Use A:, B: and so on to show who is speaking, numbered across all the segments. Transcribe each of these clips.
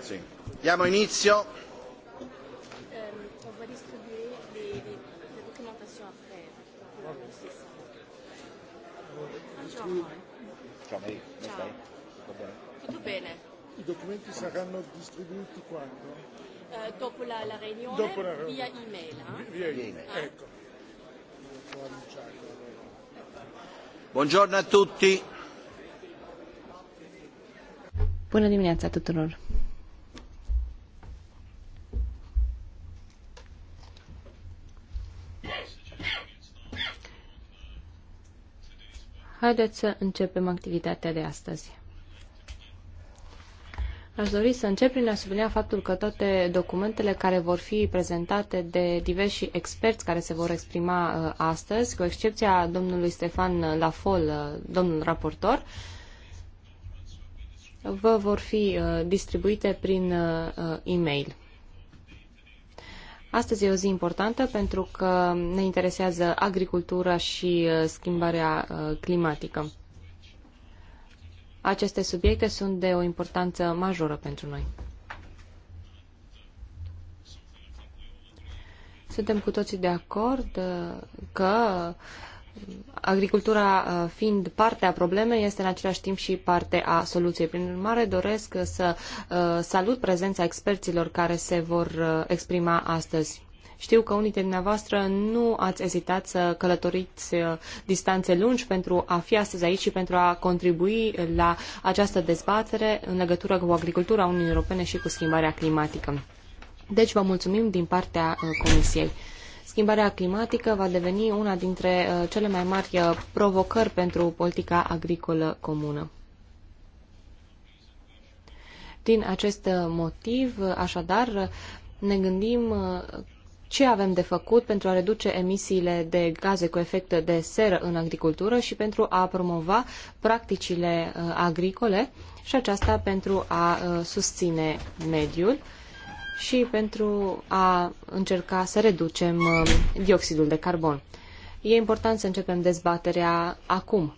A: Sì. Diamo inizio.
B: Ehm,
C: Ciao Maria, come stai? Tutto bene? Tutto bene. I documenti saranno distribuiti quando?
B: Eh, dopo la, la riunione dopo la... via email. Eh? Via, via email, eh? ecco.
A: Buongiorno a tutti.
B: Bună dimineața tuturor! Haideți să începem activitatea de astăzi. Aș dori să încep prin a sublinia faptul că toate documentele care vor fi prezentate de diversi experți care se vor exprima uh, astăzi, cu excepția domnului Stefan Lafol, uh, domnul raportor, vă vor fi uh, distribuite prin uh, uh, e-mail. Astăzi e o zi importantă pentru că ne interesează agricultura și schimbarea climatică. Aceste subiecte sunt de o importanță majoră pentru noi. Suntem cu toții de acord că agricultura uh, fiind parte a problemei, este în același timp și parte a soluției. Prin urmare, doresc să uh, salut prezența experților care se vor uh, exprima astăzi. Știu că unii dintre dumneavoastră nu ați ezitat să călătoriți distanțe lungi pentru a fi astăzi aici și pentru a contribui la această dezbatere în legătură cu agricultura Uniunii Europene și cu schimbarea climatică. Deci vă mulțumim din partea Comisiei. Schimbarea climatică va deveni una dintre uh, cele mai mari uh, provocări pentru politica agricolă comună. Din acest uh, motiv, așadar, ne gândim ce avem de făcut pentru a reduce emisiile de gaze cu efect de seră în agricultură și pentru a promova practicile agricole și aceasta pentru a susține mediul și pentru a încerca să reducem um, dioxidul de carbon. E important să începem dezbaterea acum.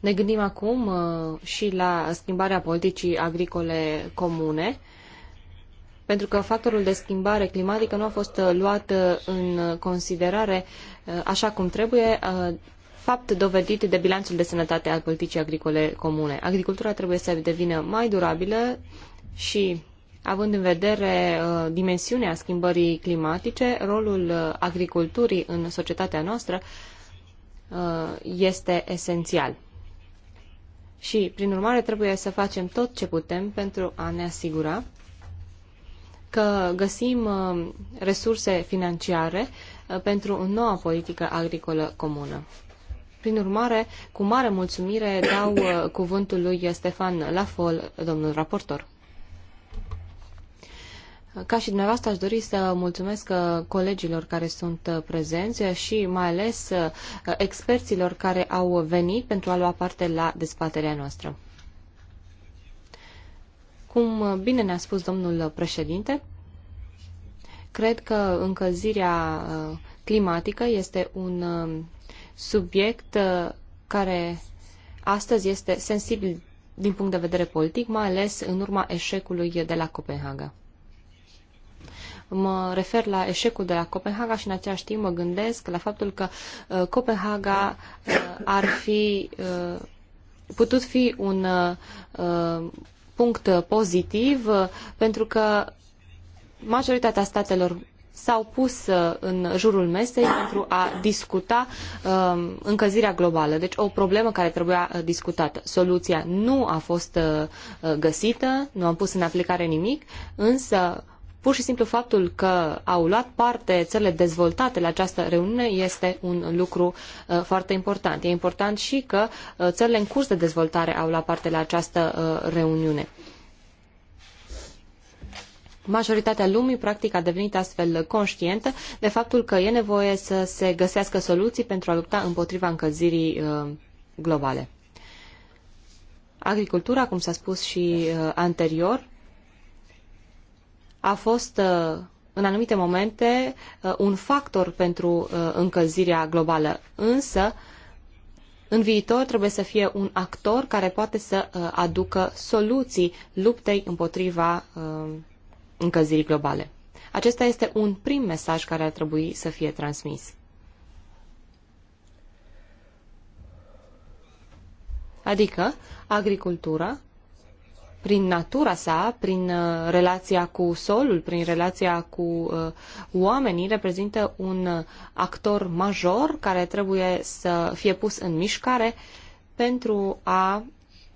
B: Ne gândim acum uh, și la schimbarea politicii agricole comune, pentru că factorul de schimbare climatică nu a fost uh, luat uh, în considerare așa cum trebuie fapt dovedit de bilanțul de sănătate al politicii agricole comune. Agricultura trebuie să devină mai durabilă și Având în vedere uh, dimensiunea schimbării climatice, rolul uh, agriculturii în societatea noastră uh, este esențial. Și, prin urmare, trebuie să facem tot ce putem pentru a ne asigura că găsim uh, resurse financiare uh, pentru o nouă politică agricolă comună. Prin urmare, cu mare mulțumire dau uh, cuvântul lui Stefan Lafol, domnul raportor. Ca și dumneavoastră aș dori să mulțumesc uh, colegilor care sunt uh, prezenți și mai ales experților care au venit pentru a lua parte la dezbaterea noastră. Cum bine ne-a spus domnul președinte, cred că încălzirea climatică este un subiect uh, care astăzi este sensibil din punct de vedere politic, mai ales în urma eșecului de la Copenhaga. Mă refer la eșecul de la Copenhaga și în același timp mă gândesc la faptul că uh, Copenhaga uh, ar fi putut fi un punct pozitiv pentru că majoritatea statelor s-au pus uh, în jurul mesei pentru a discuta um, încălzirea globală. Deci o problemă care trebuia uh, discutată. Soluția nu a fost uh, găsită, nu am pus în aplicare nimic, însă pur și simplu faptul că au luat parte țările dezvoltate la această reuniune este un lucru foarte important. E important și că țările în curs de dezvoltare au luat parte la această reuniune. Majoritatea lumii, practic, a devenit astfel conștientă de faptul că e nevoie să se găsească soluții pentru a lupta împotriva încălzirii uh, globale. Agricultura, cum s-a spus și uh, anterior, a fost uh, în anumite momente un factor pentru încălzirea globală, însă în viitor trebuie să fie un actor care poate să aducă soluții luptei împotriva încălzirii globale. Acesta este un prim mesaj care ar trebui să fie transmis. Adică, agricultura, prin natura sa, prin uh, relația cu solul, prin relația cu uh, oamenii, reprezintă un uh, actor major care trebuie să fie pus în mișcare pentru a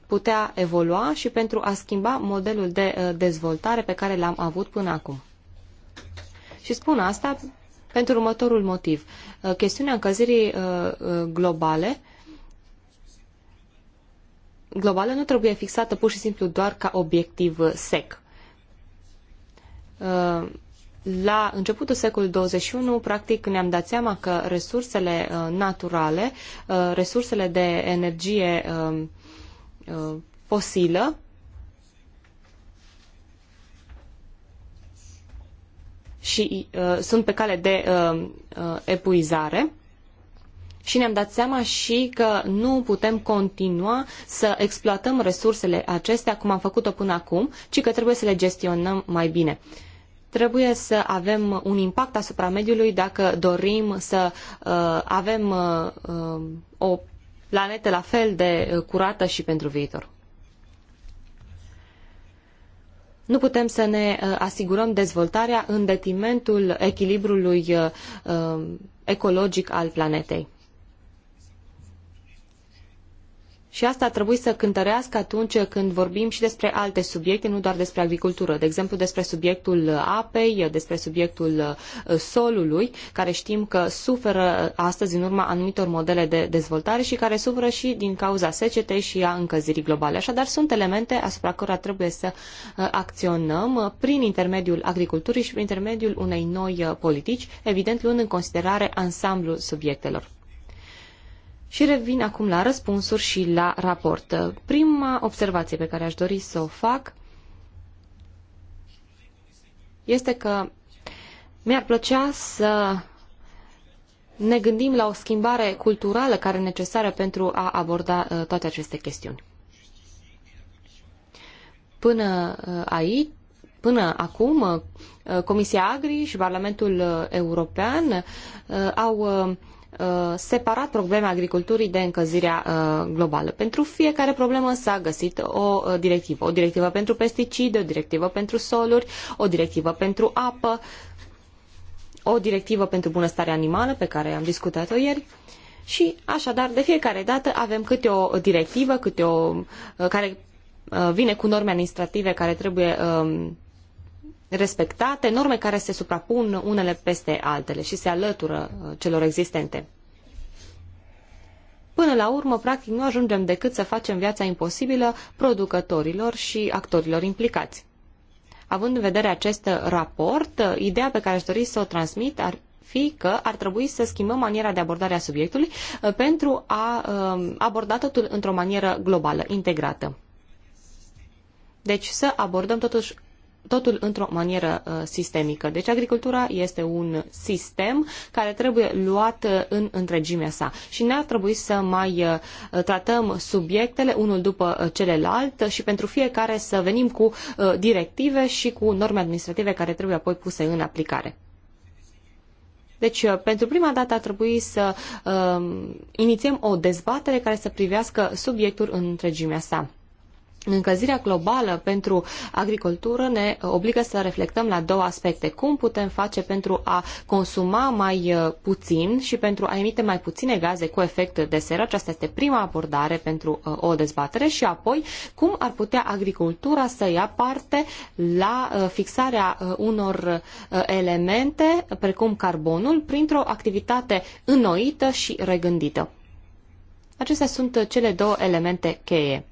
B: putea evolua și pentru a schimba modelul de uh, dezvoltare pe care l-am avut până acum. Și spun asta pentru următorul motiv. Uh, chestiunea încălzirii uh, globale globală nu trebuie fixată pur și simplu doar ca obiectiv sec. La începutul secolului 21, practic, ne-am dat seama că resursele naturale, resursele de energie Uh, fosilă și uh, sunt pe cale de uh, uh, epuizare. Și ne-am dat seama și că nu putem continua să exploatăm resursele acestea cum am făcut-o până acum, ci că trebuie să le gestionăm mai bine. Trebuie să avem un impact asupra mediului dacă dorim să uh, avem uh, uh o planetă la fel de uh, curată și pentru viitor. Nu putem să ne uh, asigurăm dezvoltarea în detrimentul echilibrului uh, ecologic al planetei. Și asta ar trebui să cântărească atunci când vorbim și despre alte subiecte, nu doar despre agricultură, de exemplu despre subiectul apei, despre subiectul uh, solului, care știm că suferă astăzi în urma anumitor modele de dezvoltare și care suferă și din cauza secetei și a încălzirii globale. Așadar, sunt elemente asupra cărora trebuie să uh, acționăm uh, prin intermediul agriculturii și prin intermediul unei noi politici, evident luând în considerare ansamblul subiectelor. Și revin acum la răspunsuri și la raport. Prima observație pe care aș dori să o fac este că mi-ar plăcea să ne gândim la o schimbare culturală care e necesară pentru a aborda uh, toate aceste chestiuni. Până uh, aici, până acum, uh, Comisia Agri și Parlamentul European au Uh, separat probleme agriculturii de încălzirea uh, globală. Pentru fiecare problemă s-a găsit o uh, directivă. O directivă pentru pesticide, o directivă pentru soluri, o directivă pentru apă, o directivă pentru bunăstarea animală, pe care am discutat-o ieri. Și așadar, de fiecare dată avem câte o directivă, câte o, care vine cu norme administrative care trebuie um, respectate, norme care se suprapun unele peste altele și se alătură uh, celor existente. Până la urmă, practic, nu ajungem decât să facem viața imposibilă producătorilor și actorilor implicați. Având în vedere acest raport, uh, ideea pe care aș dori să o transmit ar fi că ar trebui să schimbăm maniera de abordare a subiectului uh, pentru a um, aborda totul într-o manieră globală, integrată. Deci să abordăm totuși totul într-o manieră uh, sistemică. Deci agricultura este un sistem care trebuie luat uh, în întregimea sa și n-ar trebui să mai uh, tratăm subiectele unul după celălalt și pentru fiecare să venim cu directive și cu norme administrative care trebuie apoi puse în aplicare. Deci, pentru prima dată ar trebui să uh, inițiem o dezbatere care să privească subiectul în întregimea sa. Încălzirea globală pentru agricultură ne obligă să reflectăm la două aspecte. Cum putem face pentru a consuma mai uh, puțin și pentru a emite mai puține gaze cu efect de seră? Aceasta este prima abordare pentru uh, o dezbatere și apoi cum ar putea agricultura să ia parte la uh, fixarea unor elemente, precum carbonul, printr-o activitate înnoită și regândită. Acestea sunt cele două elemente cheie.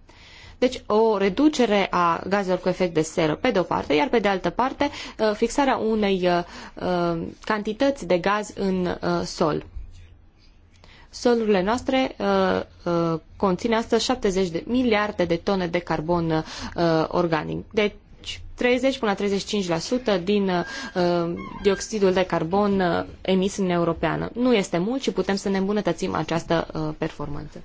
B: Deci o reducere a gazelor cu efect de seră pe de o parte, iar pe de altă parte uh, fixarea unei uh, uh, cantități de gaz în sol. Solurile noastre uh, uh, conțin astăzi 70 de miliarde de tone de carbon uh, organic. Deci 30 până la 35% din uh, dioxidul de carbon uh, emis în Europeană. Nu este mult și putem să ne îmbunătățim această uh, performanță.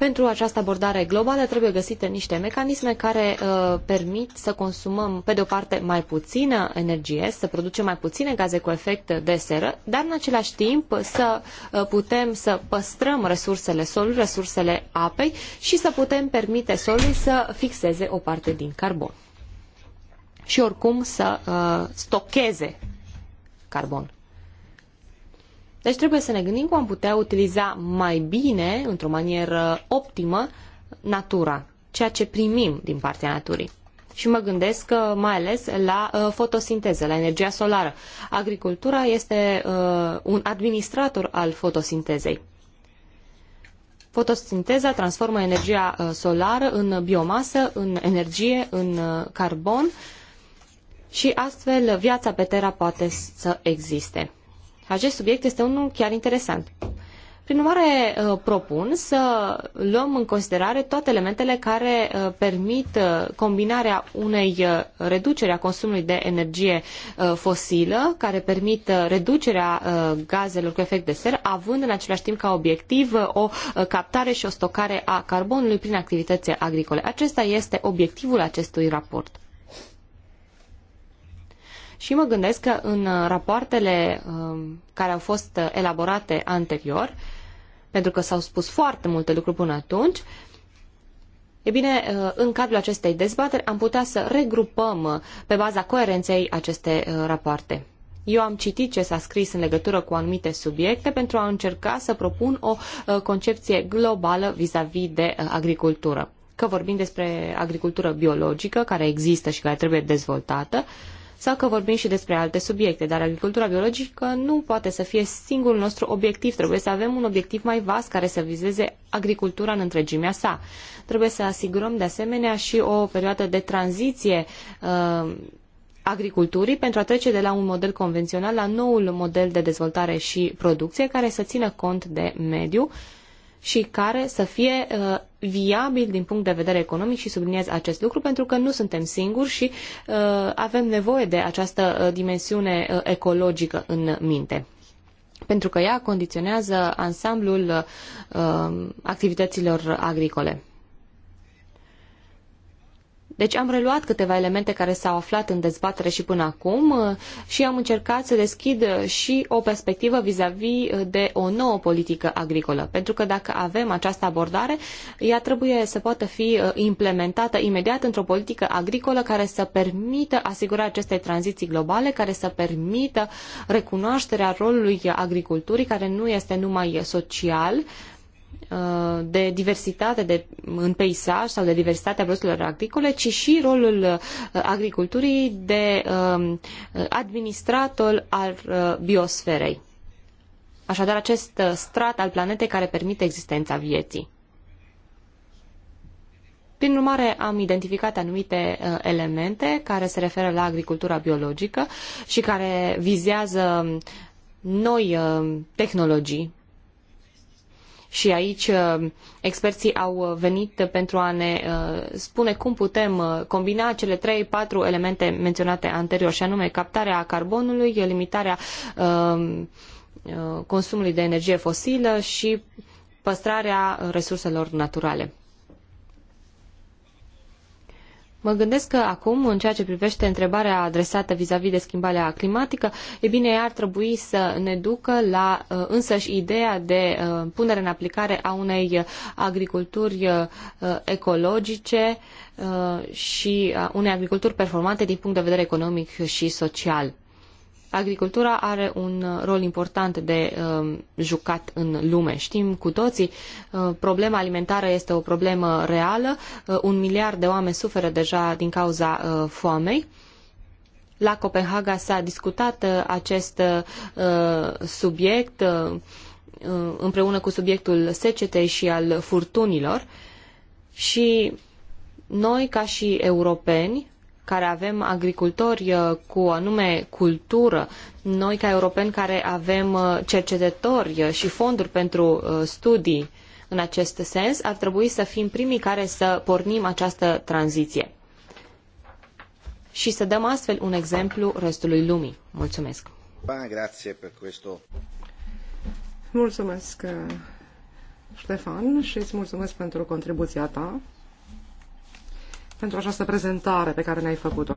B: Pentru această abordare globală trebuie găsite niște mecanisme care uh, permit să consumăm, pe de o parte, mai puțină energie, să producem mai puține gaze cu efect de seră, dar în același timp să uh, putem să păstrăm resursele solului, resursele apei și să putem permite solului să fixeze o parte din carbon. Și oricum să uh, stocheze carbon. Deci trebuie să ne gândim cum am putea utiliza mai bine, într-o manieră optimă, natura, ceea ce primim din partea naturii. Și mă gândesc uh, mai ales la uh, fotosinteză, la energia solară. Agricultura este uh, un administrator al fotosintezei. Fotosinteza transformă energia solară în biomasă, în energie, în carbon și astfel viața pe Terra poate să existe. Acest subiect este unul chiar interesant. Prin urmare, uh, propun să luăm în considerare toate elementele care uh, permit uh, combinarea unei reduceri a consumului de energie fosilă, care permit reducerea gazelor cu efect de ser, având în același timp ca obiectiv o captare și o stocare a carbonului prin activități agricole. Acesta este obiectivul acestui raport. Și mă gândesc că în uh, rapoartele um, care au fost uh, elaborate anterior, pentru că s-au spus foarte multe lucruri până atunci, E bine, uh, în cadrul acestei dezbateri am putea să regrupăm pe baza coerenței aceste rapoarte. Eu am citit ce s-a scris în legătură cu anumite subiecte pentru a încerca să propun o concepție globală vis-a-vis de agricultură. Că vorbim despre agricultură biologică care există și care trebuie dezvoltată, sau că vorbim și despre alte subiecte, dar agricultura biologică nu poate să fie singurul nostru obiectiv. Trebuie să avem un obiectiv mai vast care să vizeze agricultura în întregimea sa. Trebuie să asigurăm de asemenea și o perioadă de tranziție uh, agriculturii pentru a trece de la un model convențional la noul model de dezvoltare și producție care să țină cont de mediu uh, și care să fie uh, viabil din punct de vedere economic și subliniez acest lucru pentru că nu suntem singuri și uh, avem nevoie de această uh, dimensiune uh, ecologică în minte. Pentru că ea condiționează ansamblul uh, activităților agricole. Deci am reluat câteva elemente care s-au aflat în dezbatere și până acum uh, și am încercat să deschid uh, și o perspectivă vis-a-vis -vis uh, de o nouă politică agricolă. Pentru că dacă avem această abordare, ea trebuie să poată fi implementată imediat într-o politică agricolă care să permită asigurarea aceste tranziții globale, care să permită recunoașterea rolului agriculturii, care nu este numai social, Uh, de diversitate de, în peisaj sau de diversitatea produselor agricole, ci și rolul uh, agriculturii de um, administrator al uh, biosferei. Așadar, acest strat al planetei care permite existența vieții. Prin urmare, am identificat anumite uh, elemente care se referă la agricultura biologică și care vizează um, noi uh, tehnologii și aici uh, experții au venit pentru a ne uh, spune cum putem uh, combina cele trei, patru elemente menționate anterior, și anume captarea carbonului, limitarea um, consumului de energie fosilă și păstrarea resurselor naturale. Mă gândesc că acum, în ceea ce privește întrebarea adresată vis-a-vis -vis de schimbarea climatică, e bine, ar trebui să ne ducă la uh, însăși ideea de uh, punere în aplicare a unei uh, agriculturi ecologice și a unei agriculturi performante din punct de vedere economic și social agricultura are un uh, rol important de uh, jucat în lume. Știm cu toții, uh, problema alimentară este o problemă reală. Uh, un miliard de oameni suferă deja din cauza uh, foamei. La Copenhaga s-a discutat uh, acest uh, subiect uh, uh împreună cu subiectul secetei și al furtunilor și noi, ca și europeni, care avem agricultori uh, cu anume cultură, noi ca europeni care avem uh, cercetători uh, și fonduri pentru studii în acest sens, ar trebui să fim primii care să pornim această tranziție și să dăm astfel un exemplu restului lumii. Mulțumesc!
D: Mulțumesc, Ștefan, și îți mulțumesc pentru contribuția ta pentru această prezentare pe care ne-ai făcut-o.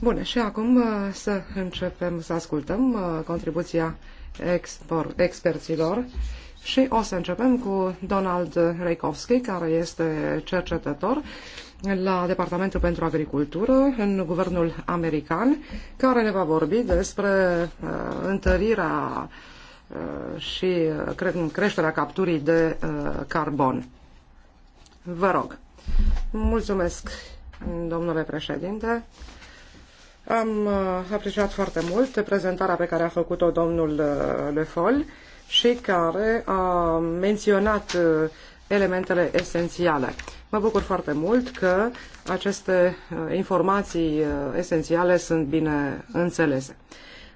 D: Bună, și acum uh, să începem să ascultăm uh, contribuția experților și o să începem cu Donald Reikovski, care este cercetător la Departamentul pentru Agricultură în guvernul american, care ne va vorbi despre uh, întărirea uh, și uh, cre- creșterea capturii de uh, carbon. Vă rog. Mulțumesc, domnule președinte. Am uh, apreciat foarte mult prezentarea pe care a făcut-o domnul uh, Le Foll și care a menționat uh, elementele esențiale. Mă bucur foarte mult că aceste informații esențiale sunt bine înțelese.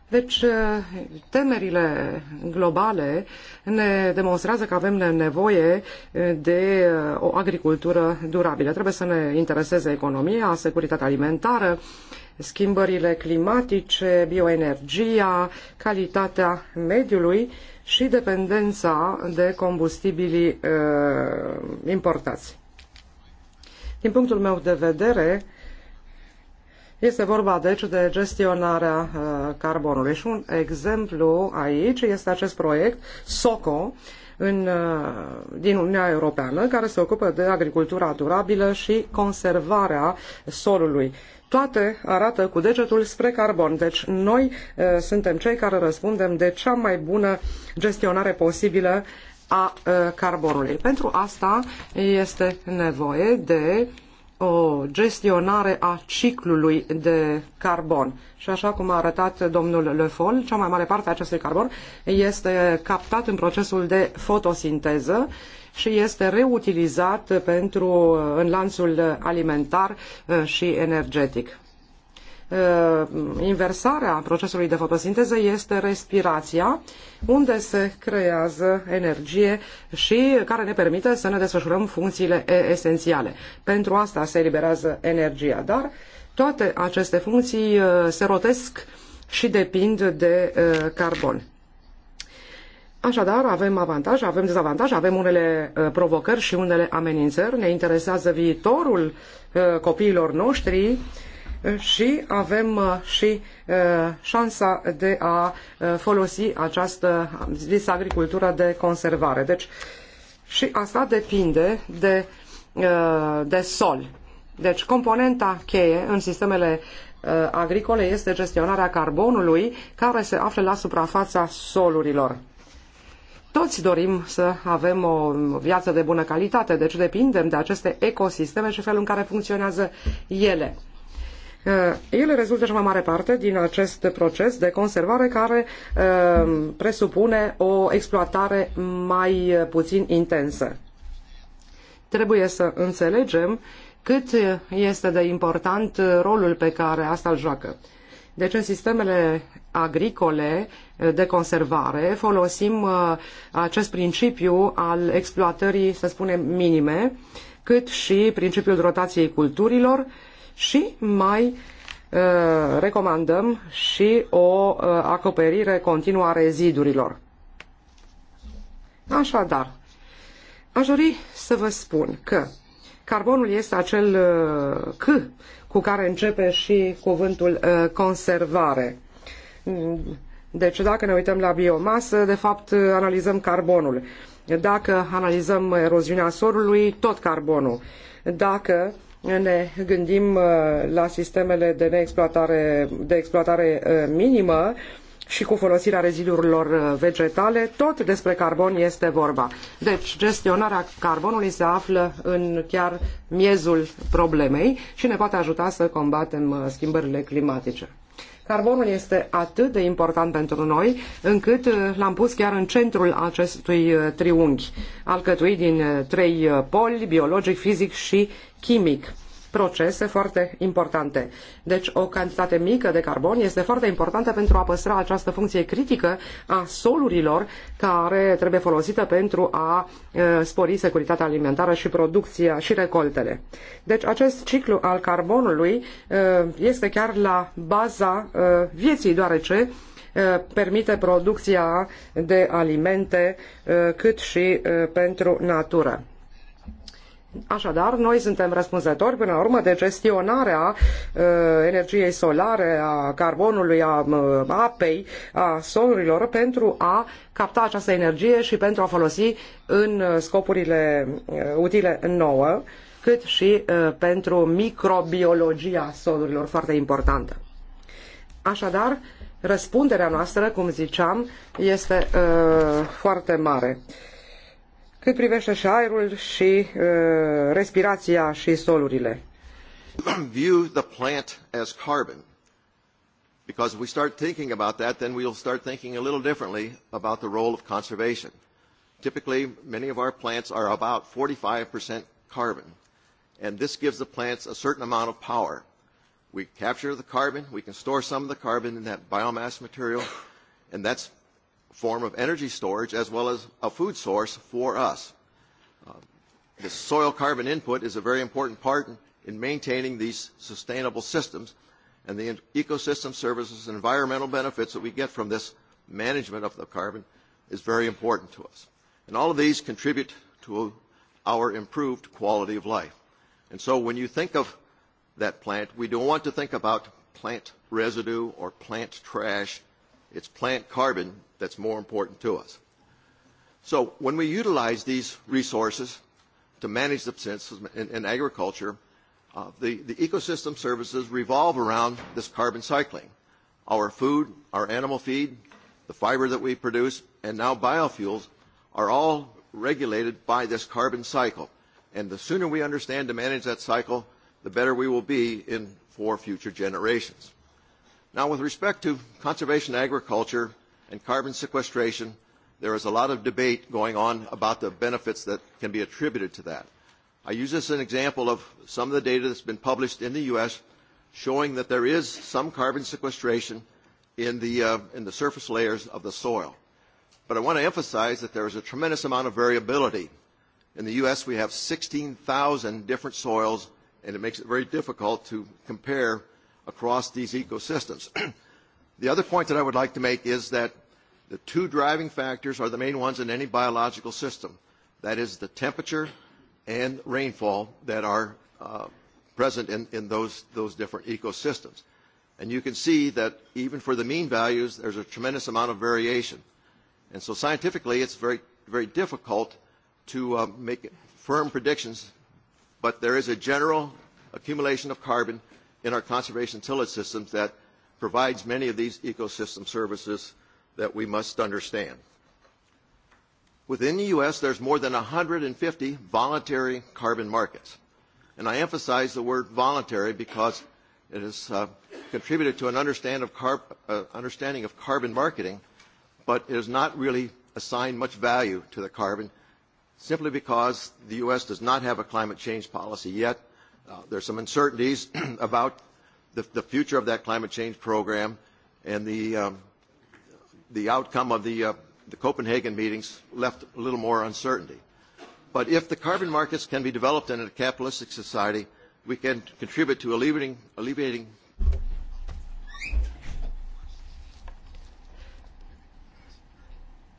D: Deci, eh, temerile globale ne demonstrează că avem nevoie eh, de eh, o agricultură durabilă. Trebuie să ne intereseze economia, securitatea alimentară, schimbările climatice, bioenergia, calitatea mediului și dependența de combustibilii importați. Din punctul meu de vedere, este vorba deci de gestionarea uh, carbonului și un exemplu aici este acest proiect SOCO în, uh, din Uniunea Europeană care se ocupă de agricultura durabilă și conservarea solului. Toate arată cu degetul spre carbon, deci noi uh, suntem cei care răspundem de cea mai bună gestionare posibilă a carbonului. Pentru asta este nevoie de uh, o gestionare a ciclului de carbon. Și așa cum a arătat domnul Le Foll, cea mai mare parte a acestui carbon este captat în procesul de fotosinteză și este reutilizat pentru, în lanțul alimentar uh, și energetic. Uh, inversarea procesului de fotosinteză este respirația, unde se creează energie și care ne permite să ne desfășurăm funcțiile esențiale. Pentru asta se eliberează energia, dar toate aceste funcții uh, se rotesc și depind de uh, carbon. Așadar, avem avantaje, avem dezavantaje, avem unele provocări și unele amenințări. Ne interesează viitorul copiilor noștri și avem uh, și uh, șansa de a uh, folosi această zisă agricultură de conservare. Deci, și asta depinde de, de sol. Deci, componenta cheie în sistemele agricole este gestionarea carbonului care se află la suprafața solurilor. Toți dorim să avem o viață de bună calitate, deci depindem de aceste ecosisteme și felul în care funcționează ele. Eh, ele rezultă și mai mare parte din acest proces de conservare care eh, presupune o exploatare mai puțin intensă. Trebuie să înțelegem cât este de important rolul pe care asta îl joacă. Deci în sistemele agricole eh, de conservare folosim acest principiu al exploatării, să spunem, minime, cât și principiul rotației culturilor, și mai uh, recomandăm și o uh, acoperire continuă a rezidurilor. Așadar, aș dori să vă spun că carbonul este acel uh, C cu care începe și cuvântul conservare. Deci dacă ne uităm la biomasă, de fapt analizăm carbonul. Dacă analizăm eroziunea sorului, tot carbonul. Dacă ne gândim uh, la sistemele de, neexploatare, de exploatare uh, minimă și cu folosirea rezidurilor uh, vegetale, tot despre carbon este vorba. Deci, gestionarea carbonului se află în chiar miezul problemei și ne poate ajuta să combatem schimbările climatice. Carbonul este atât de important pentru noi încât uh, l-am pus chiar în centrul acestui uh, triunghi, alcătuit din uh, trei poli, biologic, fizic și chimic procese foarte importante. Deci o cantitate mică de carbon este foarte importantă pentru a păstra această funcție critică a solurilor care trebuie folosită pentru a spori securitatea alimentară și producția și recoltele. Deci acest ciclu al carbonului este chiar la baza vieții, deoarece permite producția de alimente cât și pentru natură. Așadar, noi suntem răspunzători până la urmă de gestionarea uh, energiei solare, a carbonului, a uh, apei, a solurilor pentru a capta această energie și pentru a folosi în uh, scopurile uh, utile nouă, cât și uh, pentru microbiologia solurilor, foarte importantă. Așadar, răspunderea noastră, cum ziceam, este uh, foarte mare. Uh, cât privește și aerul și uh, respirația și solurile.
E: View the plant as carbon. Because if we start thinking about that, then we'll start thinking a little differently about the role of conservation. Typically, many of our plants are about 45% carbon, and this gives the plants a certain amount of power. We capture the carbon, we can store some of the carbon in that biomass material, and that's form of energy storage as well as a food source for us. Uh, the soil carbon input is a very important part in, in maintaining these sustainable systems and the ecosystem services and environmental benefits that we get from this management of the carbon is very important to us. And all of these contribute to a, our improved quality of life. And so when you think of that plant, we don't want to think about plant residue or plant trash It's plant carbon that's more important to us. So when we utilize these resources to manage the system in, in agriculture, uh, the, the ecosystem services revolve around this carbon cycling. Our food, our animal feed, the fiber that we produce, and now biofuels are all regulated by this carbon cycle. And the sooner we understand to manage that cycle, the better we will be in for future generations. Now, with respect to conservation agriculture and carbon sequestration, there is a lot of debate going on about the benefits that can be attributed to that. I use this as an example of some of the data that's been published in the U.S. showing that there is some carbon sequestration in the, uh, in the surface layers of the soil. But I want to emphasize that there is a tremendous amount of variability. In the U.S., we have 16,000 different soils, and it makes it very difficult to compare across these ecosystems. the other point that I would like to make is that the two driving factors are the main ones in any biological system. That is the temperature and rainfall that are uh, present in, in those, those different ecosystems. And you can see that even for the mean values, there's a tremendous amount of variation. And so scientifically, it's very, very difficult to uh, make firm predictions, but there is a general accumulation of carbon in our conservation tillage systems that provides many of these ecosystem services that we must understand. Within the U.S., there's more than 150 voluntary carbon markets. And I emphasize the word voluntary because it has uh, contributed to an understand of uh, understanding of carbon marketing, but it has not really assigned much value to the carbon simply because the U.S. does not have a climate change policy yet – There uh, there's some uncertainties about the, the, future of that climate change program and the, um, the outcome of the, uh, the Copenhagen meetings left a little more uncertainty. But if the carbon markets can be developed in a capitalistic society, we can contribute to alleviating, alleviating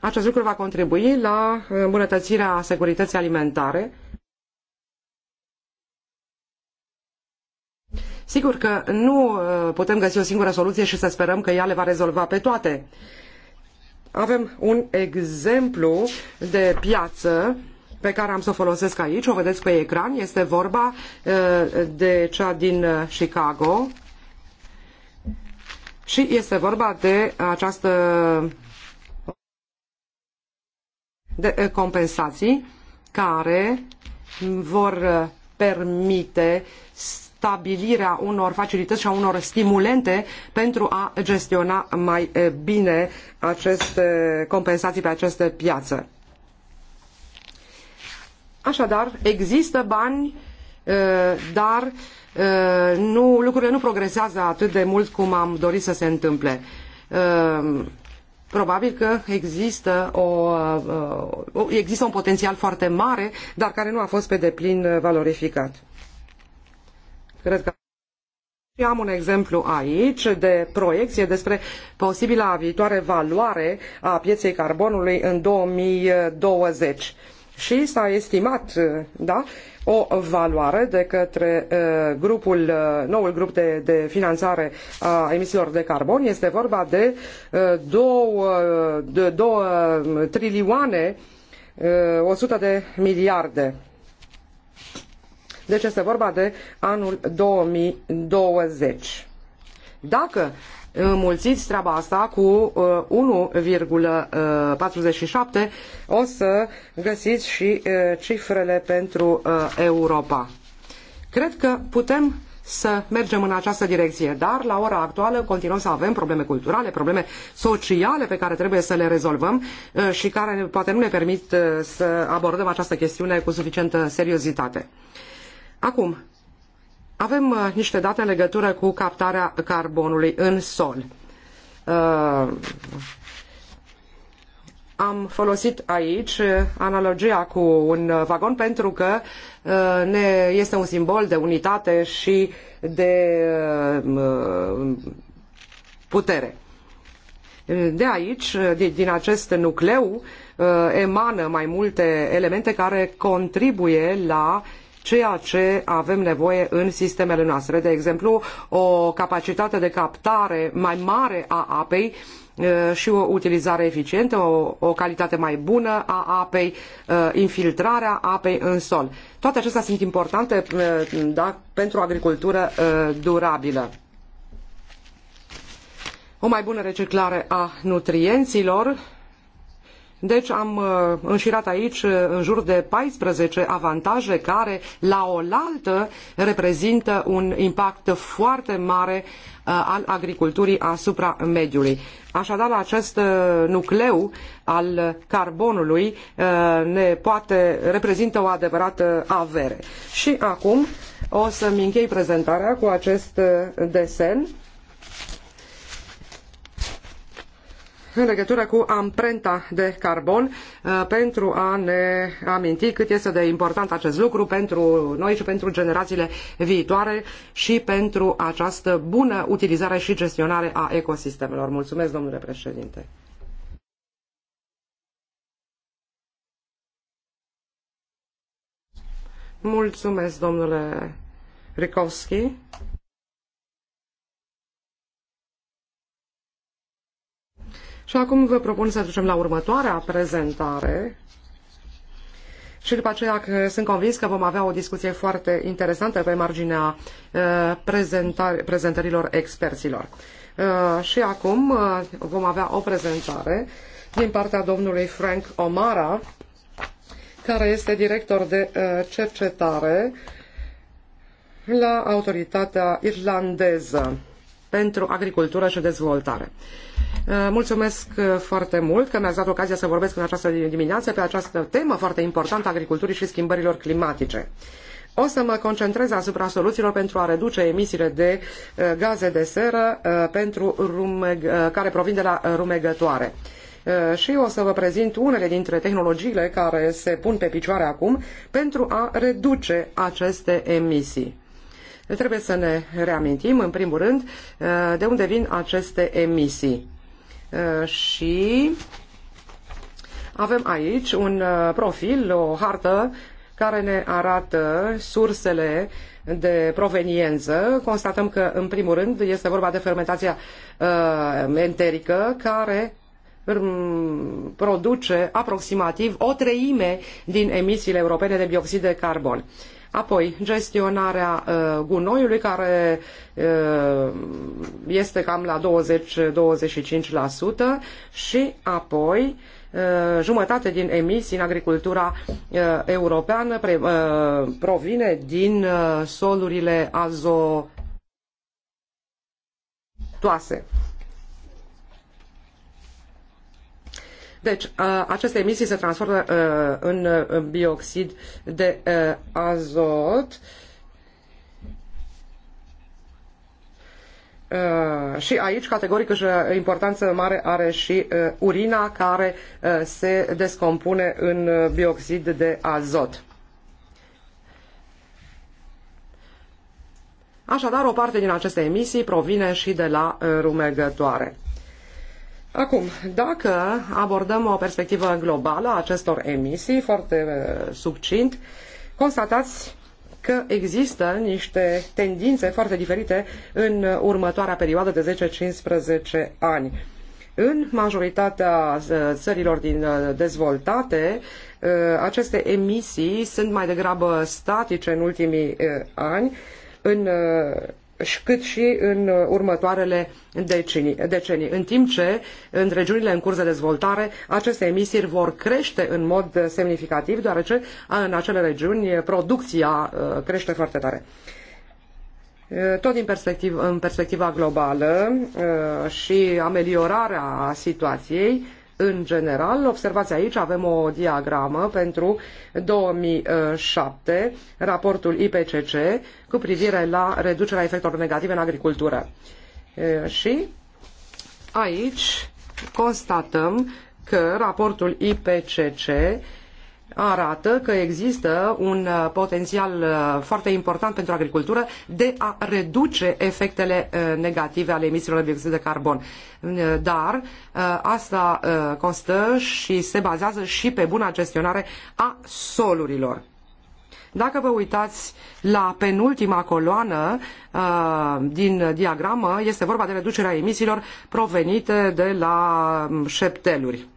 D: Acest lucru va contribui la uh, îmbunătățirea securității alimentare Sigur că nu uh, putem găsi o singură soluție și să sperăm că ea le va rezolva pe toate. Avem un exemplu de piață pe care am să o folosesc aici, o vedeți pe ecran, este vorba uh, de cea din uh, Chicago și este vorba de această de compensații care vor permite stabilirea unor facilități și a unor stimulente pentru a gestiona mai bine aceste compensații pe aceste piață. Așadar, există bani, dar nu, lucrurile nu progresează atât de mult cum am dorit să se întâmple. Probabil că există, o, există un potențial foarte mare, dar care nu a fost pe deplin valorificat. Cred că și am un exemplu aici de proiecție despre posibila viitoare valoare a pieței carbonului în 2020. Și s-a estimat da, o valoare de către uh, grupul, uh, noul grup de, de finanțare a emisiilor de carbon. Este vorba de uh, două două trilioane 100 de miliarde deci este vorba de anul 2020. Dacă mulțiți treaba asta cu 1,47, uh, uh, o să găsiți și uh, cifrele pentru Europa. Cred că putem să mergem în această direcție, dar la ora actuală continuăm să avem probleme culturale, probleme sociale pe care trebuie să le rezolvăm și care poate nu ne permit să abordăm această chestiune cu suficientă seriozitate. Acum, avem uh, niște date în legătură cu captarea carbonului în sol. Uh, am folosit aici uh, analogia cu un uh, vagon pentru că uh, ne, este un simbol de unitate și de putere. De aici, din acest nucleu, emană mai multe elemente care contribuie la uh, ceea ce avem nevoie în sistemele noastre. De exemplu, o capacitate de captare mai mare a apei și o utilizare eficientă, o, o calitate mai bună a apei, infiltrarea apei în sol. Toate acestea sunt importante da, pentru o agricultură durabilă o mai bună reciclare a nutrienților deci am uh, înșirat aici uh, în jur de 14 avantaje care la oaltă reprezintă un impact foarte mare uh, al agriculturii asupra mediului. Așadar, acest nucleu al carbonului ne poate reprezintă o adevărată avere. Și acum o să-mi închei prezentarea cu acest desen în legătură cu amprenta de carbon uh, pentru a ne aminti cât este de important acest lucru pentru noi și pentru generațiile viitoare și pentru această bună utilizare și gestionare a ecosistemelor. Mulțumesc, domnule președinte. Mulțumesc, domnule Rikovski. Și acum vă propun să ducem la următoarea prezentare. Și după aceea sunt convins că vom avea o discuție foarte interesantă pe marginea uh, prezentărilor experților. Uh, și acum uh, vom avea o prezentare din partea domnului Frank Omara, care este director de cercetare la autoritatea irlandeză pentru agricultură și dezvoltare. Uh, mulțumesc uh, foarte mult că mi-ați dat ocazia să vorbesc în această dimineață pe această temă foarte importantă a agriculturii și schimbărilor climatice. O să mă concentrez asupra soluțiilor pentru a reduce emisiile de uh, gaze de seră pentru rumeg- care provin de la rumegătoare. Și o să vă prezint unele dintre tehnologiile care se pun pe picioare acum pentru a reduce aceste emisii. Trebuie să ne reamintim, în primul rând, de unde vin aceste emisii. Uh, și avem aici un uh, profil, o hartă care ne arată sursele de proveniență. Constatăm că, în primul rând, este vorba de fermentația uh, enterică, care um, produce aproximativ o treime din emisiile europene de bioxid de carbon. Apoi, gestionarea uh, gunoiului, care uh, este cam la 20-25% și apoi uh, jumătate din emisii în agricultura europeană provine din solurile azotoase. Deci, aceste emisii se transformă în bioxid de azot și aici categoric își importanță mare are și urina care se descompune în bioxid de azot. Așadar, o parte din aceste emisii provine și de la rumegătoare. Acum, dacă abordăm o perspectivă globală a acestor emisii, foarte uh, succint, constatați că există niște tendințe foarte diferite în următoarea perioadă de 10-15 ani. În majoritatea uh, țărilor din uh, dezvoltate, aceste emisii sunt mai degrabă statice în ultimii ani. În și cât și în uh, următoarele decenii, decenii, în timp ce în regiunile în curs de dezvoltare aceste emisii vor crește în mod uh, semnificativ, deoarece în acele regiuni uh, producția crește foarte tare. Tot din perspectiv, în perspectiva globală și ameliorarea situației, în general. Observați aici, avem o diagramă pentru 2007, raportul IPCC, cu privire la reducerea efectelor negative în agricultură. Și aici constatăm că raportul IPCC arată că există un uh, potențial uh, foarte important pentru agricultură de a reduce efectele uh, negative ale emisiilor de dioxid de carbon. Dar asta constă și se bazează și pe buna gestionare a solurilor. Dacă vă uitați la penultima coloană uh, din diagramă, este vorba de reducerea emisiilor provenite de la um, șepteluri.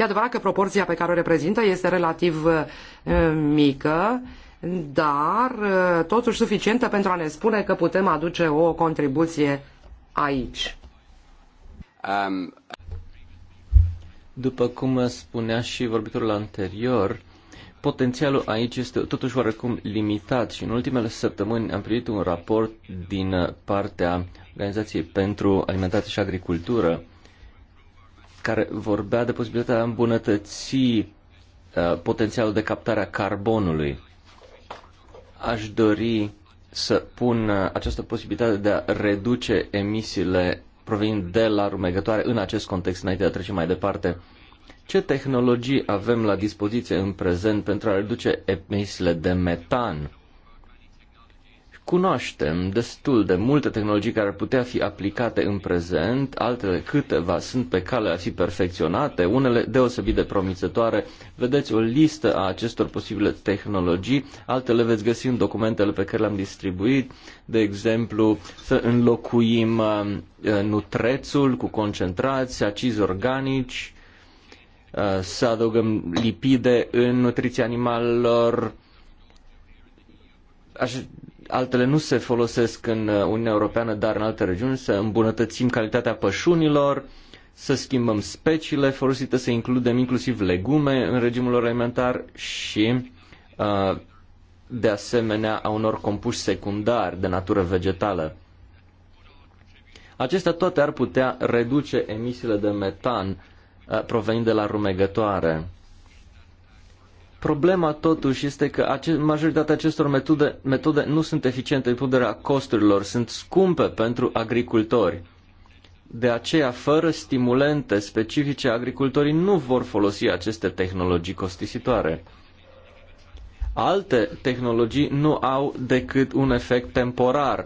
D: E adevărat că proporția pe care o reprezintă este relativ uh, mică, dar uh, totuși suficientă pentru a ne spune că putem aduce o contribuție aici.
C: Um... După cum spunea și vorbitorul anterior, potențialul aici este totuși oarecum limitat și în ultimele săptămâni am primit un raport din partea Organizației pentru Alimentație și Agricultură care vorbea de posibilitatea de a îmbunătăți uh, potențialul de captare a carbonului. Aș dori să pun uh, această posibilitate de a reduce emisiile provenind de la rumegătoare în acest context, înainte de a trece mai departe. Ce tehnologii avem la dispoziție în prezent pentru a reduce emisiile de metan? cunoaștem destul de multe tehnologii care ar putea fi aplicate în prezent, altele câteva sunt pe cale a fi perfecționate, unele deosebit de promițătoare. Vedeți o listă a acestor posibile tehnologii, altele veți găsi în documentele pe care le-am distribuit, de exemplu să înlocuim uh, nutrețul cu concentrați, acizi organici, uh, să adăugăm lipide în nutriția animalelor, altele nu se folosesc în uh, Uniunea Europeană, dar în alte regiuni, să îmbunătățim calitatea pășunilor, să schimbăm speciile folosite, să includem inclusiv legume în regimul lor alimentar și uh, de asemenea a unor compuși secundari de natură vegetală. Acestea toate ar putea reduce emisiile de metan uh, provenind de la rumegătoare. Problema totuși este că majoritatea acestor metode, metode nu sunt eficiente din punct de vedere costurilor, sunt scumpe pentru agricultori. De aceea, fără stimulente specifice, agricultorii nu vor folosi aceste tehnologii costisitoare. Alte tehnologii nu au decât un efect temporar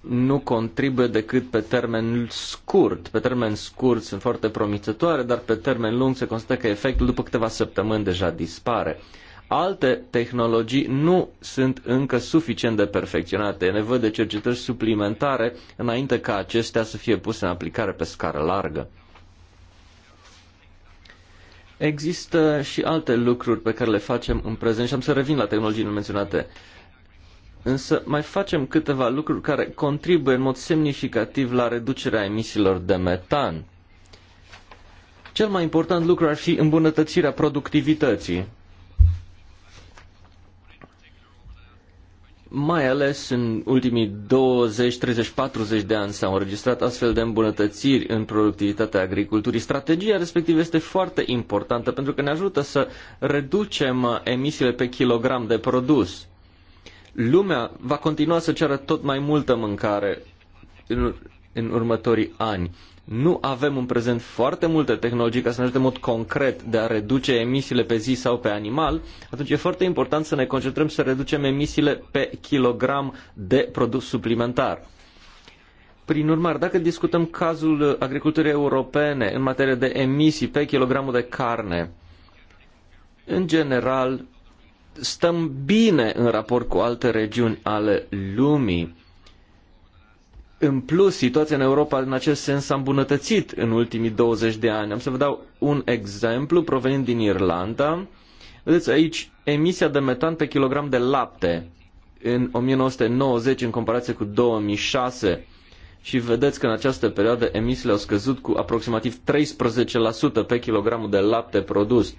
C: nu contribuie decât pe termen scurt. Pe termen scurt sunt foarte promițătoare, dar pe termen lung se constată că efectul după câteva săptămâni deja dispare. Alte tehnologii nu sunt încă suficient de perfecționate. E nevoie de cercetări suplimentare înainte ca acestea să fie puse în aplicare pe scară largă. Există și alte lucruri pe care le facem în prezent și am să revin la tehnologiile menționate Însă mai facem câteva lucruri care contribuie în mod semnificativ la reducerea emisiilor de metan. Cel mai important lucru ar fi îmbunătățirea productivității, mai ales în ultimii 20, 30, 40 de ani s-au înregistrat astfel de îmbunătățiri în productivitatea agriculturii. Strategia respectivă este foarte importantă pentru că ne ajută să reducem uh, emisiile pe kilogram de produs lumea va continua să ceară tot mai multă mâncare în, în următorii ani. Nu avem în prezent foarte multe tehnologii ca să ne ajute în mod concret de a reduce emisiile pe zi sau pe animal, atunci e foarte important să ne concentrăm să reducem emisiile pe kilogram de produs suplimentar. Prin urmare, dacă discutăm cazul agriculturii europene în materie de emisii pe kilogramul de carne, în general, stăm bine în raport cu alte regiuni ale lumii. În plus, situația în Europa în acest sens s-a îmbunătățit în ultimii 20 de ani. Am să vă dau un exemplu provenind din Irlanda. Vedeți aici emisia de metan pe kilogram de lapte în 1990 în comparație cu 2006 și vedeți că în această perioadă emisiile au scăzut cu aproximativ 13% pe kilogramul de lapte produs.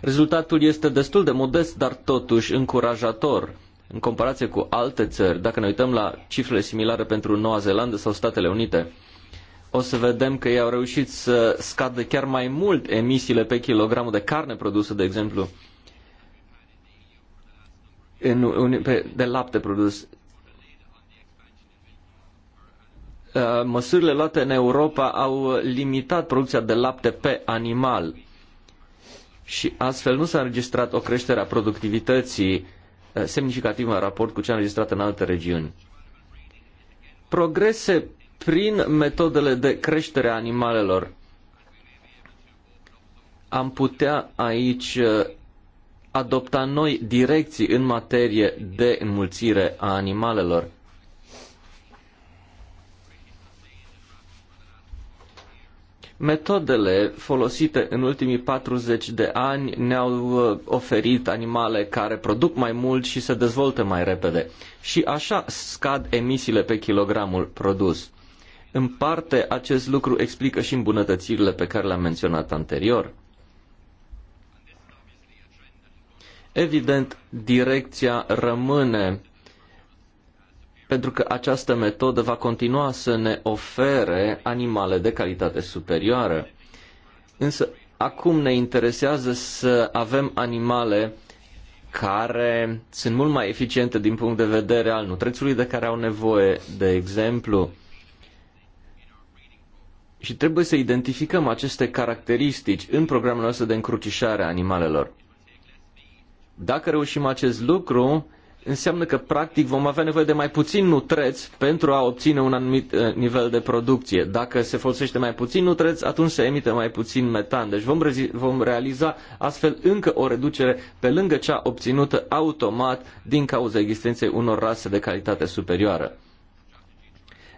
C: Rezultatul este destul de modest, dar totuși încurajator în comparație cu alte țări. Dacă ne uităm la cifrele similare pentru Noua Zeelandă sau Statele Unite, o să vedem că ei au reușit să scadă chiar mai mult emisiile pe kilogramul de carne produsă, de exemplu, în, de lapte produs. Uh, măsurile luate în Europa au limitat producția de lapte pe animal și astfel nu s-a înregistrat o creștere a productivității eh, semnificativă în raport cu cea înregistrată în alte regiuni. Progrese prin metodele de creștere a animalelor. Am putea aici eh, adopta noi direcții în materie de înmulțire a animalelor. Metodele folosite în ultimii 40 de ani ne-au uh, oferit animale care produc mai mult și se dezvoltă mai repede. Și așa scad emisiile pe kilogramul produs. În parte, acest lucru explică și îmbunătățirile pe care le-am menționat anterior. Evident, direcția rămâne pentru că această metodă va continua să ne ofere animale de calitate superioară. Însă acum ne interesează să avem animale care sunt mult mai eficiente din punct de vedere al nutrețului de care au nevoie, de exemplu. Și trebuie să identificăm aceste caracteristici în programul nostru de încrucișare a animalelor. Dacă reușim acest lucru, înseamnă că practic vom avea nevoie de mai puțin nutreți pentru a obține un anumit eh, nivel de producție. Dacă se folosește mai puțin nutreți, atunci se emite mai puțin metan. Deci vom, vom realiza astfel încă o reducere pe lângă cea obținută automat din cauza existenței unor rase de calitate superioară.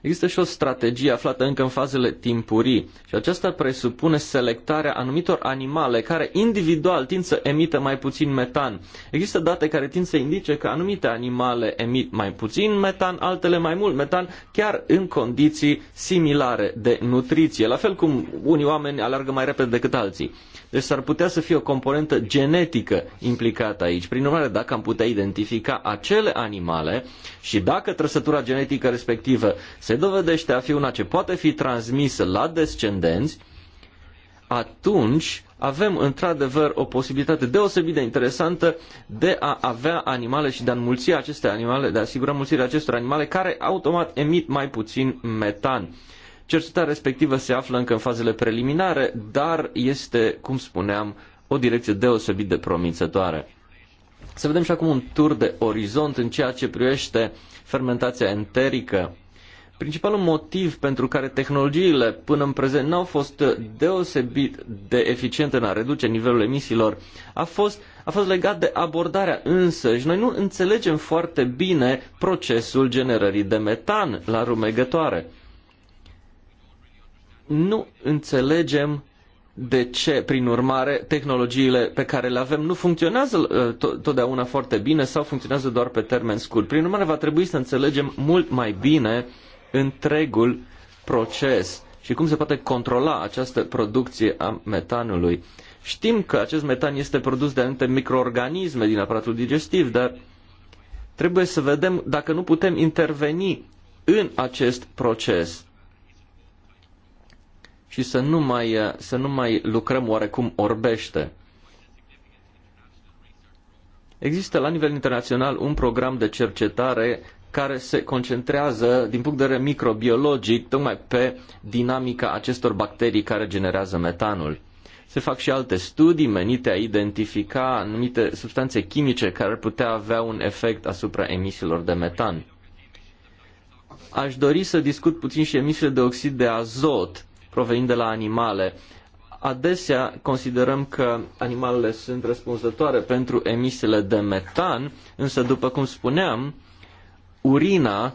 C: Există și o strategie aflată încă în fazele timpurii și aceasta presupune selectarea anumitor animale care individual tind să emită mai puțin metan. Există date care tind să indice că anumite animale emit mai puțin metan, altele mai mult metan, chiar în condiții similare de nutriție, la fel cum unii oameni alergă mai repede decât alții. Deci s-ar putea să fie o componentă genetică implicată aici. Prin urmare, dacă am putea identifica acele animale și dacă trăsătura genetică respectivă se dovedește a fi una ce poate fi transmisă la descendenți, atunci avem într-adevăr o posibilitate deosebit de interesantă de a avea animale și de a înmulți aceste animale, de a asigura mulțirea acestor animale care automat emit mai puțin metan. Cercetarea respectivă se află încă în fazele preliminare, dar este, cum spuneam, o direcție deosebit de promițătoare. Să vedem și acum un tur de orizont în ceea ce privește fermentația enterică. Principalul motiv pentru care tehnologiile până în prezent n-au fost deosebit de eficiente în a reduce nivelul emisiilor a fost, a fost legat de abordarea însă și noi nu înțelegem foarte bine procesul generării de metan la rumegătoare nu înțelegem de ce, prin urmare, tehnologiile pe care le avem nu funcționează uh, totdeauna foarte bine sau funcționează doar pe termen scurt. Prin urmare, va trebui să înțelegem mult mai bine întregul proces și cum se poate controla această producție a metanului. Știm că acest metan este produs de anumite microorganisme din aparatul digestiv, dar trebuie să vedem dacă nu putem interveni în acest proces și să nu mai, eh, să nu mai lucrăm oarecum orbește. Există la nivel internațional un program de cercetare care se concentrează din punct de vedere microbiologic tocmai pe dinamica acestor bacterii care generează metanul. Se fac și alte studii menite a identifica anumite substanțe chimice care ar putea avea un efect asupra emisiilor de metan. Aș dori să discut puțin și emisiile de oxid de azot, provenind de la animale. Adesea considerăm că animalele sunt răspunzătoare pentru emisiile de metan, însă, după cum spuneam, urina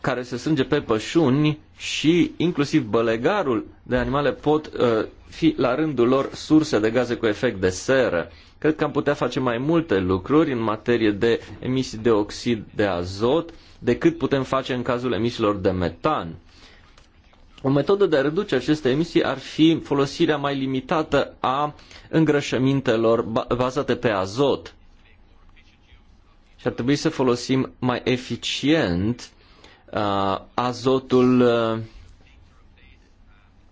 C: care se strânge pe pășuni și inclusiv bălegarul de animale pot uh, fi la rândul lor surse de gaze cu efect de seră. Cred că am putea face mai multe lucruri în materie de emisii de oxid de azot decât putem face în cazul emisiilor de metan. O metodă de a reduce aceste emisii ar fi folosirea mai limitată a îngrășămintelor bazate pe azot. Și ar trebui să folosim mai eficient uh, azotul uh,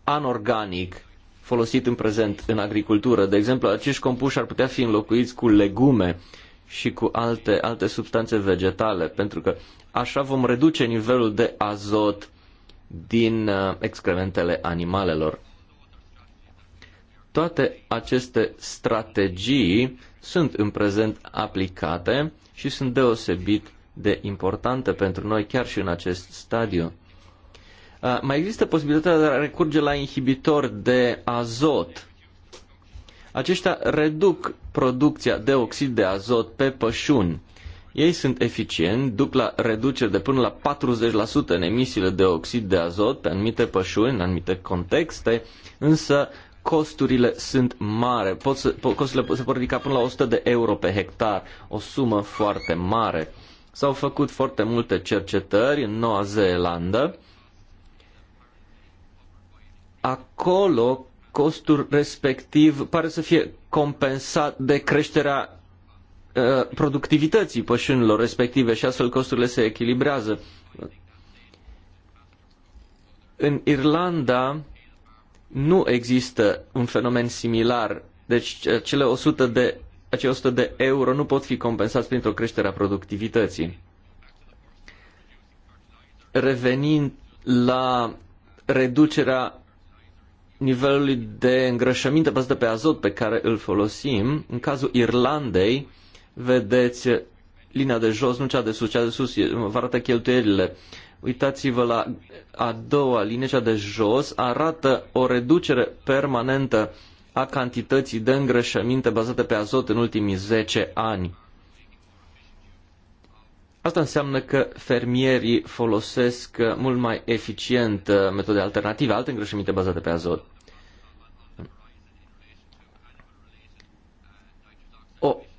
C: anorganic folosit în prezent în agricultură. De exemplu, acești compuși ar putea fi înlocuiți cu legume și cu alte, alte substanțe vegetale, pentru că așa vom reduce nivelul de azot din uh, excrementele animalelor. Toate aceste strategii sunt în prezent aplicate și sunt deosebit de importante pentru noi chiar și în acest stadiu. Uh, mai există posibilitatea de a recurge la inhibitori de azot. Aceștia reduc producția de oxid de azot pe pășuni ei sunt eficienți, duc la reduceri de până la 40% în emisiile de oxid de azot pe anumite pășuni, în anumite contexte, însă costurile sunt mare. Pot să, pot, costurile pot, se pot ridica până la 100 de euro pe hectar, o sumă foarte mare. S-au făcut foarte multe cercetări în Noua Zeelandă. Acolo costul respectiv pare să fie compensat de creșterea Uh, productivității pășunilor respective și astfel costurile se echilibrează. În Irlanda nu există un fenomen similar, deci cele 100 de, acei 100 de euro nu pot fi compensați printr-o creștere a productivității. Revenind la reducerea nivelului de îngrășăminte bazată pe azot pe care îl folosim, în cazul Irlandei, vedeți linia de jos, nu cea de sus, cea de sus vă arată cheltuielile. Uitați-vă la a doua linie, cea de jos, arată o reducere permanentă a cantității de îngrășăminte bazate pe azot în ultimii 10 ani. Asta înseamnă că fermierii folosesc mult mai eficient uh, metode alternative, alte îngrășăminte bazate pe azot.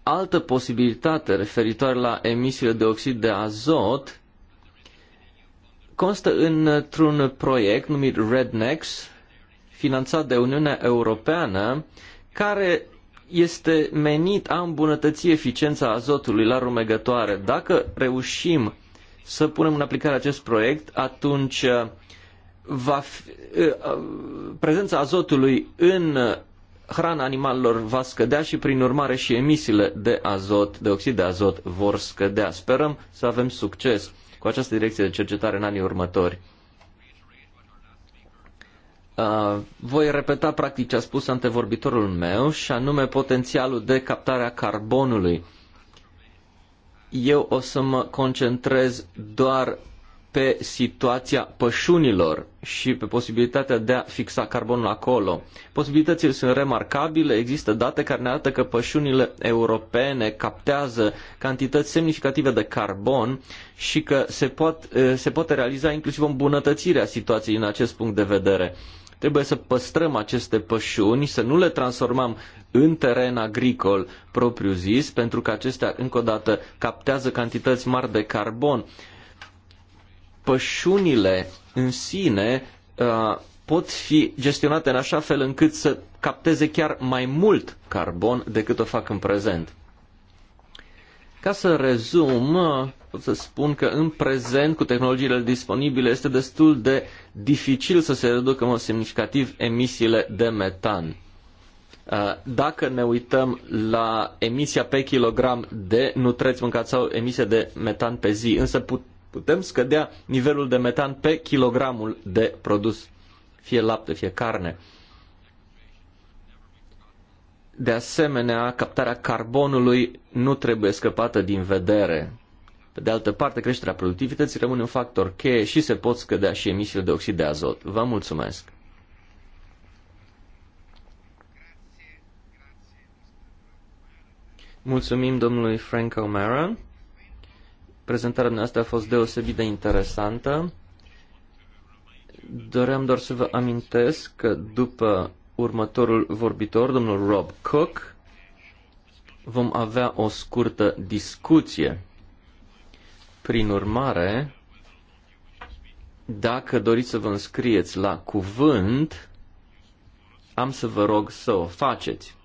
C: altă posibilitate referitoare la emisiile de oxid de azot constă într-un proiect numit Rednex, finanțat de Uniunea Europeană, care este menit a îmbunătăți eficiența azotului la rumegătoare. Dacă reușim să punem în aplicare acest proiect, atunci uh, va fi, uh, uh, prezența azotului în hrana animalelor va scădea și prin urmare și emisiile de azot, de oxid de azot vor scădea. Sperăm să avem succes cu această direcție de cercetare în anii următori. Uh, voi repeta practic ce a spus antevorbitorul meu și anume potențialul de captare a carbonului. Eu o să mă concentrez doar pe situația pășunilor și pe posibilitatea de a fixa carbonul acolo. Posibilitățile sunt remarcabile, există date care ne arată că pășunile europene captează cantități semnificative de carbon și că se, pot, eh, se poate realiza inclusiv o îmbunătățire a situației în acest punct de vedere. Trebuie să păstrăm aceste pășuni, să nu le transformăm în teren agricol propriu zis, pentru că acestea, încă o dată, captează cantități mari de carbon pășunile în sine uh, pot fi gestionate în așa fel încât să capteze chiar mai mult carbon decât o fac în prezent. Ca să rezum, uh, pot să spun că în prezent, cu tehnologiile disponibile, este destul de dificil să se reducă în semnificativ emisiile de metan. Uh, dacă ne uităm la emisia pe kilogram de nutreți mâncați sau emisia de metan pe zi, însă put, putem scădea nivelul de metan pe kilogramul de produs, fie lapte, fie carne. De asemenea, captarea carbonului nu trebuie scăpată din vedere. Pe de altă parte, creșterea productivității rămâne un factor cheie și se pot scădea și emisiile de oxid de azot. Vă mulțumesc! Mulțumim domnului Frank O'Mara. Prezentarea noastră a fost deosebit de interesantă. Doream doar să vă amintesc că după următorul vorbitor, domnul Rob Cook, vom avea o scurtă discuție. Prin urmare, dacă doriți să vă înscrieți la cuvânt, am să vă rog să o faceți.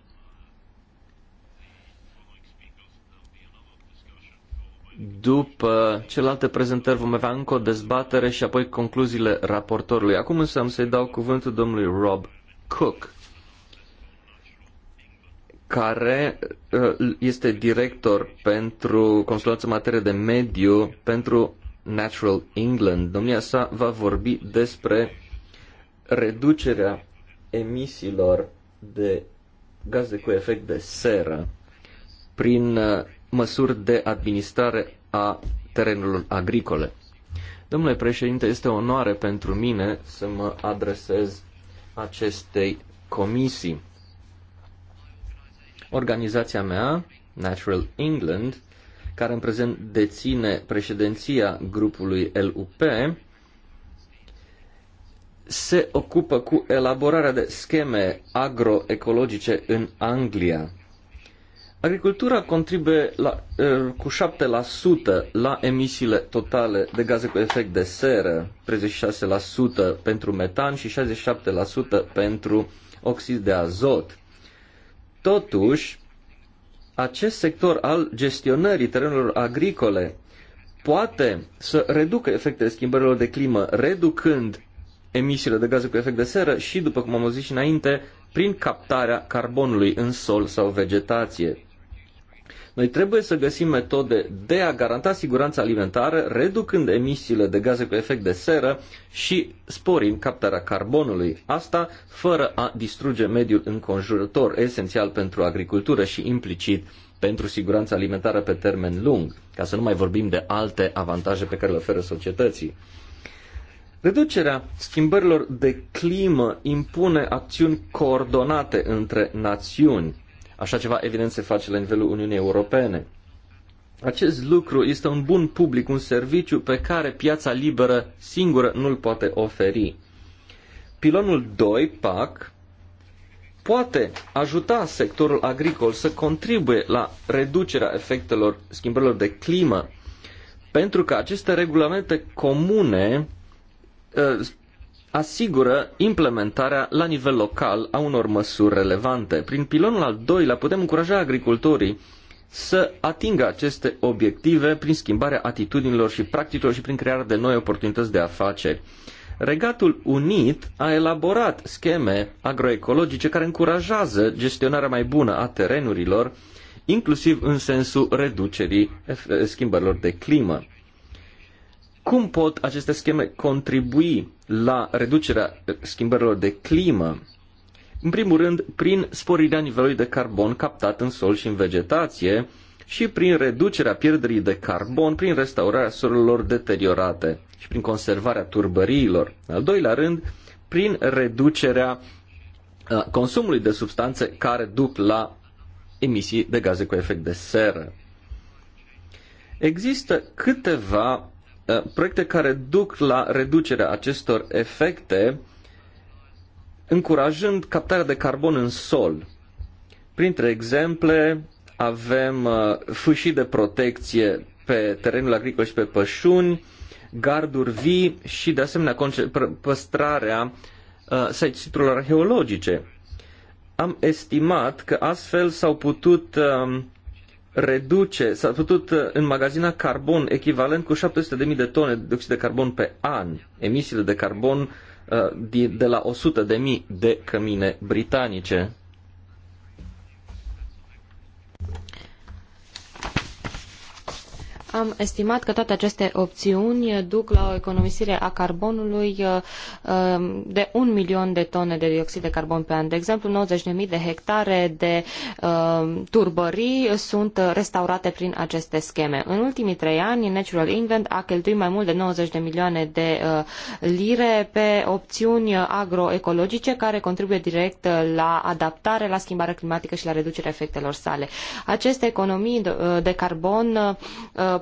C: După celelalte prezentări vom avea încă o dezbatere și apoi concluziile raportorului. Acum însă am să-i dau cuvântul domnului Rob Cook, care uh, este director pentru consulență în materie de mediu pentru Natural England. Domnia sa va vorbi despre reducerea emisiilor de gaze cu efect de seră prin uh, măsuri de administrare a terenurilor agricole. Domnule președinte, este o onoare pentru mine să mă adresez acestei comisii. Organizația mea, Natural England, care în prezent deține președinția grupului LUP, se ocupă cu elaborarea de scheme agroecologice în Anglia. Agricultura contribuie la, er, cu 7% la emisiile totale de gaze cu efect de seră, 36% pentru metan și 67% pentru oxid de azot. Totuși, acest sector al gestionării terenurilor agricole poate să reducă efectele schimbărilor de climă, reducând emisiile de gaze cu efect de seră și, după cum am zis și înainte, prin captarea carbonului în sol sau vegetație. Noi trebuie să găsim metode de a garanta siguranța alimentară, reducând emisiile de gaze cu efect de seră și sporind captarea carbonului. Asta fără a distruge mediul înconjurător, esențial pentru agricultură și implicit pentru siguranța alimentară pe termen lung, ca să nu mai vorbim de alte avantaje pe care le oferă societății. Reducerea schimbărilor de climă impune acțiuni coordonate între națiuni. Așa ceva, evident, se face la nivelul Uniunii Europene. Acest lucru este un bun public, un serviciu pe care piața liberă singură nu-l poate oferi. Pilonul 2, PAC, poate ajuta sectorul agricol să contribuie la reducerea efectelor schimbărilor de climă, pentru că aceste regulamente comune ă, asigură implementarea la nivel local a unor măsuri relevante. Prin pilonul al doilea putem încuraja agricultorii să atingă aceste obiective prin schimbarea atitudinilor și practicilor și prin crearea de noi oportunități de afaceri. Regatul Unit a elaborat scheme agroecologice care încurajează gestionarea mai bună a terenurilor, inclusiv în sensul reducerii schimbărilor de climă. Cum pot aceste scheme contribui la reducerea schimbărilor de climă? În primul rând, prin sporirea nivelului de carbon captat în sol și în vegetație și prin reducerea pierderii de carbon, prin restaurarea solurilor deteriorate și prin conservarea turbăriilor. În al doilea rând, prin reducerea consumului de substanțe care duc la emisii de gaze cu efect de seră. Există câteva Uh, proiecte care duc la reducerea acestor efecte, încurajând captarea de carbon în sol. Printre exemple avem uh, fâșii de protecție pe terenul agricol și pe pășuni, garduri vii și de asemenea păstrarea uh, site-urilor arheologice. Am estimat că astfel s-au putut um, reduce, s-a putut uh, înmagazina carbon echivalent cu 700.000 de tone de dioxid de carbon pe an, emisiile de carbon uh, de la 100.000 de cămine britanice.
B: Am estimat că toate aceste opțiuni duc la o economisire a carbonului uh, um, de un milion de tone de dioxid de carbon pe an. De exemplu, 90.000 de hectare de um, turbării sunt restaurate prin aceste scheme. În ultimii trei ani, Natural England a cheltuit mai mult de 90 de milioane de uh, lire pe opțiuni agroecologice care contribuie direct la adaptare, la schimbarea climatică și la reducerea efectelor sale. Aceste economii uh, de carbon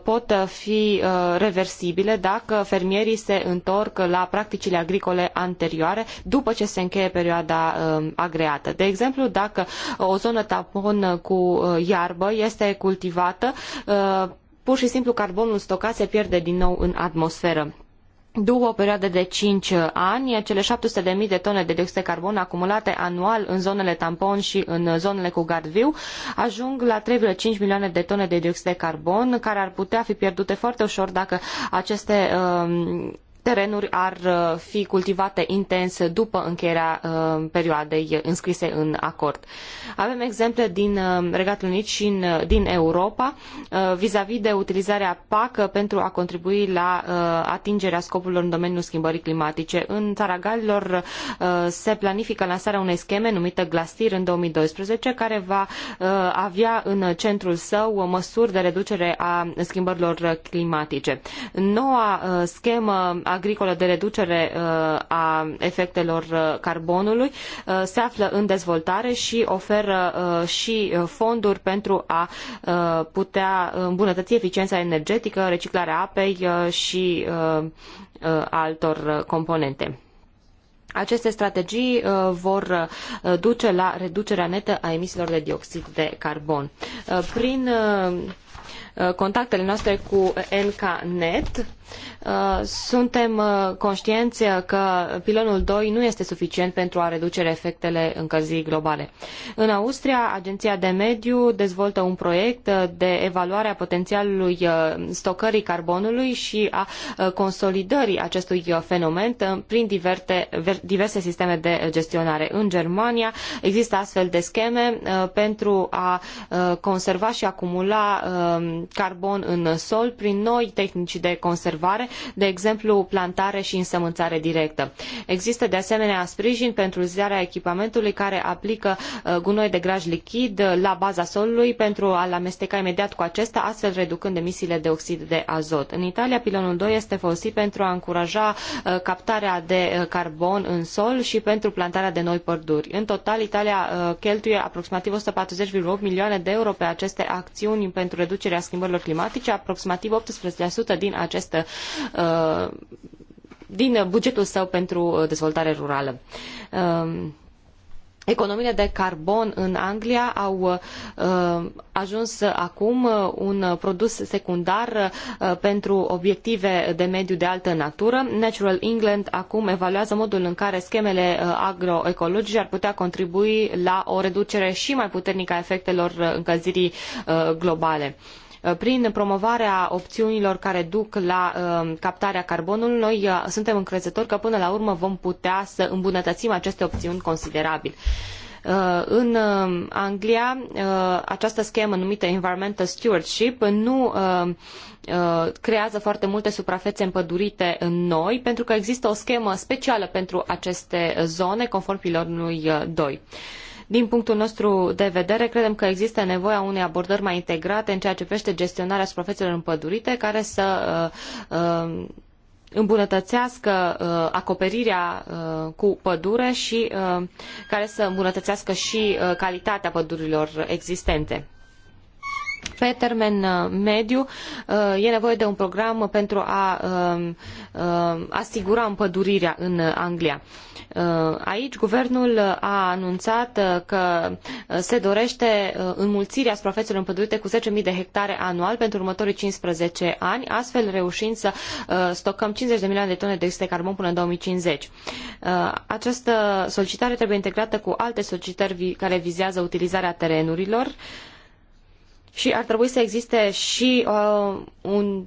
B: pot uh, fi uh, reversibile dacă fermierii se întorc la practicile agricole anterioare după ce se încheie perioada um, agreată. De exemplu, dacă o zonă tapon cu uh, iarbă este cultivată, pur și simplu carbonul stocat se pierde din nou în atmosferă după o perioadă de cinci ani, cele 700.000 de tone de dioxid de carbon acumulate anual în zonele tampon și în zonele cu gard viu ajung la 3,5 milioane de tone de dioxid de carbon, care ar putea fi pierdute foarte ușor dacă aceste um, terenuri ar uh, fi cultivate intens după încheierea uh, perioadei înscrise în acord. Avem exemple din uh, Regatul Unit și din Europa vis a -vis de utilizarea PAC pentru a contribui la atingerea scopurilor în domeniul schimbării climatice. În țara Galilor se planifică lansarea unei scheme numită Glastir în 2012 care va avea în centrul său măsuri de reducere a schimbărilor climatice. Noua schemă a agricolă de reducere uh, a efectelor uh, carbonului uh, se află în dezvoltare și oferă și fonduri pentru a putea îmbunătăți eficiența energetică, reciclarea apei și altor componente. Aceste strategii vor duce la reducerea netă a emisiilor de dioxid de carbon. Prin contactele noastre cu NKNet, Uh, suntem uh, conștienți că pilonul 2 nu este suficient pentru a reduce efectele încălzirii globale. În Austria, Agenția de Mediu dezvoltă un proiect uh, de evaluare a potențialului stocării carbonului și a consolidării acestui fenomen prin diverse sisteme de gestionare. În Germania există astfel de scheme pentru a conserva și acumula carbon în sol prin noi tehnici de conservare conservare, de exemplu plantare și însămânțare directă. Există de asemenea sprijin pentru utilizarea echipamentului care aplică uh, gunoi de graj lichid uh, la baza solului pentru a-l amesteca imediat cu acesta, astfel reducând emisiile de oxid de azot. În Italia, pilonul 2 este folosit pentru a încuraja uh, captarea de carbon în sol și pentru plantarea de noi păduri. În total, Italia cheltuie aproximativ 140,8 milioane de euro pe aceste acțiuni pentru reducerea schimbărilor climatice, aproximativ 18% din acest Uh, din bugetul său pentru dezvoltare rurală. Um, economiile de carbon în Anglia au uh, ajuns acum un produs secundar uh, pentru obiective de mediu de altă natură. Natural England acum evaluează modul în care schemele agroecologice ar putea contribui la o reducere și mai puternică a efectelor încălzirii globale. Uh, Uh, prin promovarea opțiunilor care duc la uh, captarea carbonului, noi uh, suntem încrezători că până la urmă vom putea să îmbunătățim aceste opțiuni considerabil. În Anglia, această schemă numită Environmental Stewardship nu creează foarte multe suprafețe împădurite în noi, pentru că există o schemă specială pentru aceste zone, conform pilonului 2. Din punctul nostru de vedere, credem că există nevoia unei abordări mai integrate în ceea ce privește gestionarea suprafețelor împădurite, care să uh, uh îmbunătățească uh, acoperirea uh, cu pădure și care să îmbunătățească și calitatea pădurilor existente. Pe termen uh, mediu uh, e nevoie de un program pentru a um, uh, asigura împădurirea în Anglia. Aici guvernul a anunțat că se dorește înmulțirea suprafețelor împădurite cu 10.000 de hectare anual pentru următorii 15 ani, astfel reușind să stocăm 50 de milioane de tone de de carbon până în 2050. Această solicitare trebuie integrată cu alte solicitări care vizează utilizarea terenurilor, și ar trebui să existe și uh, un,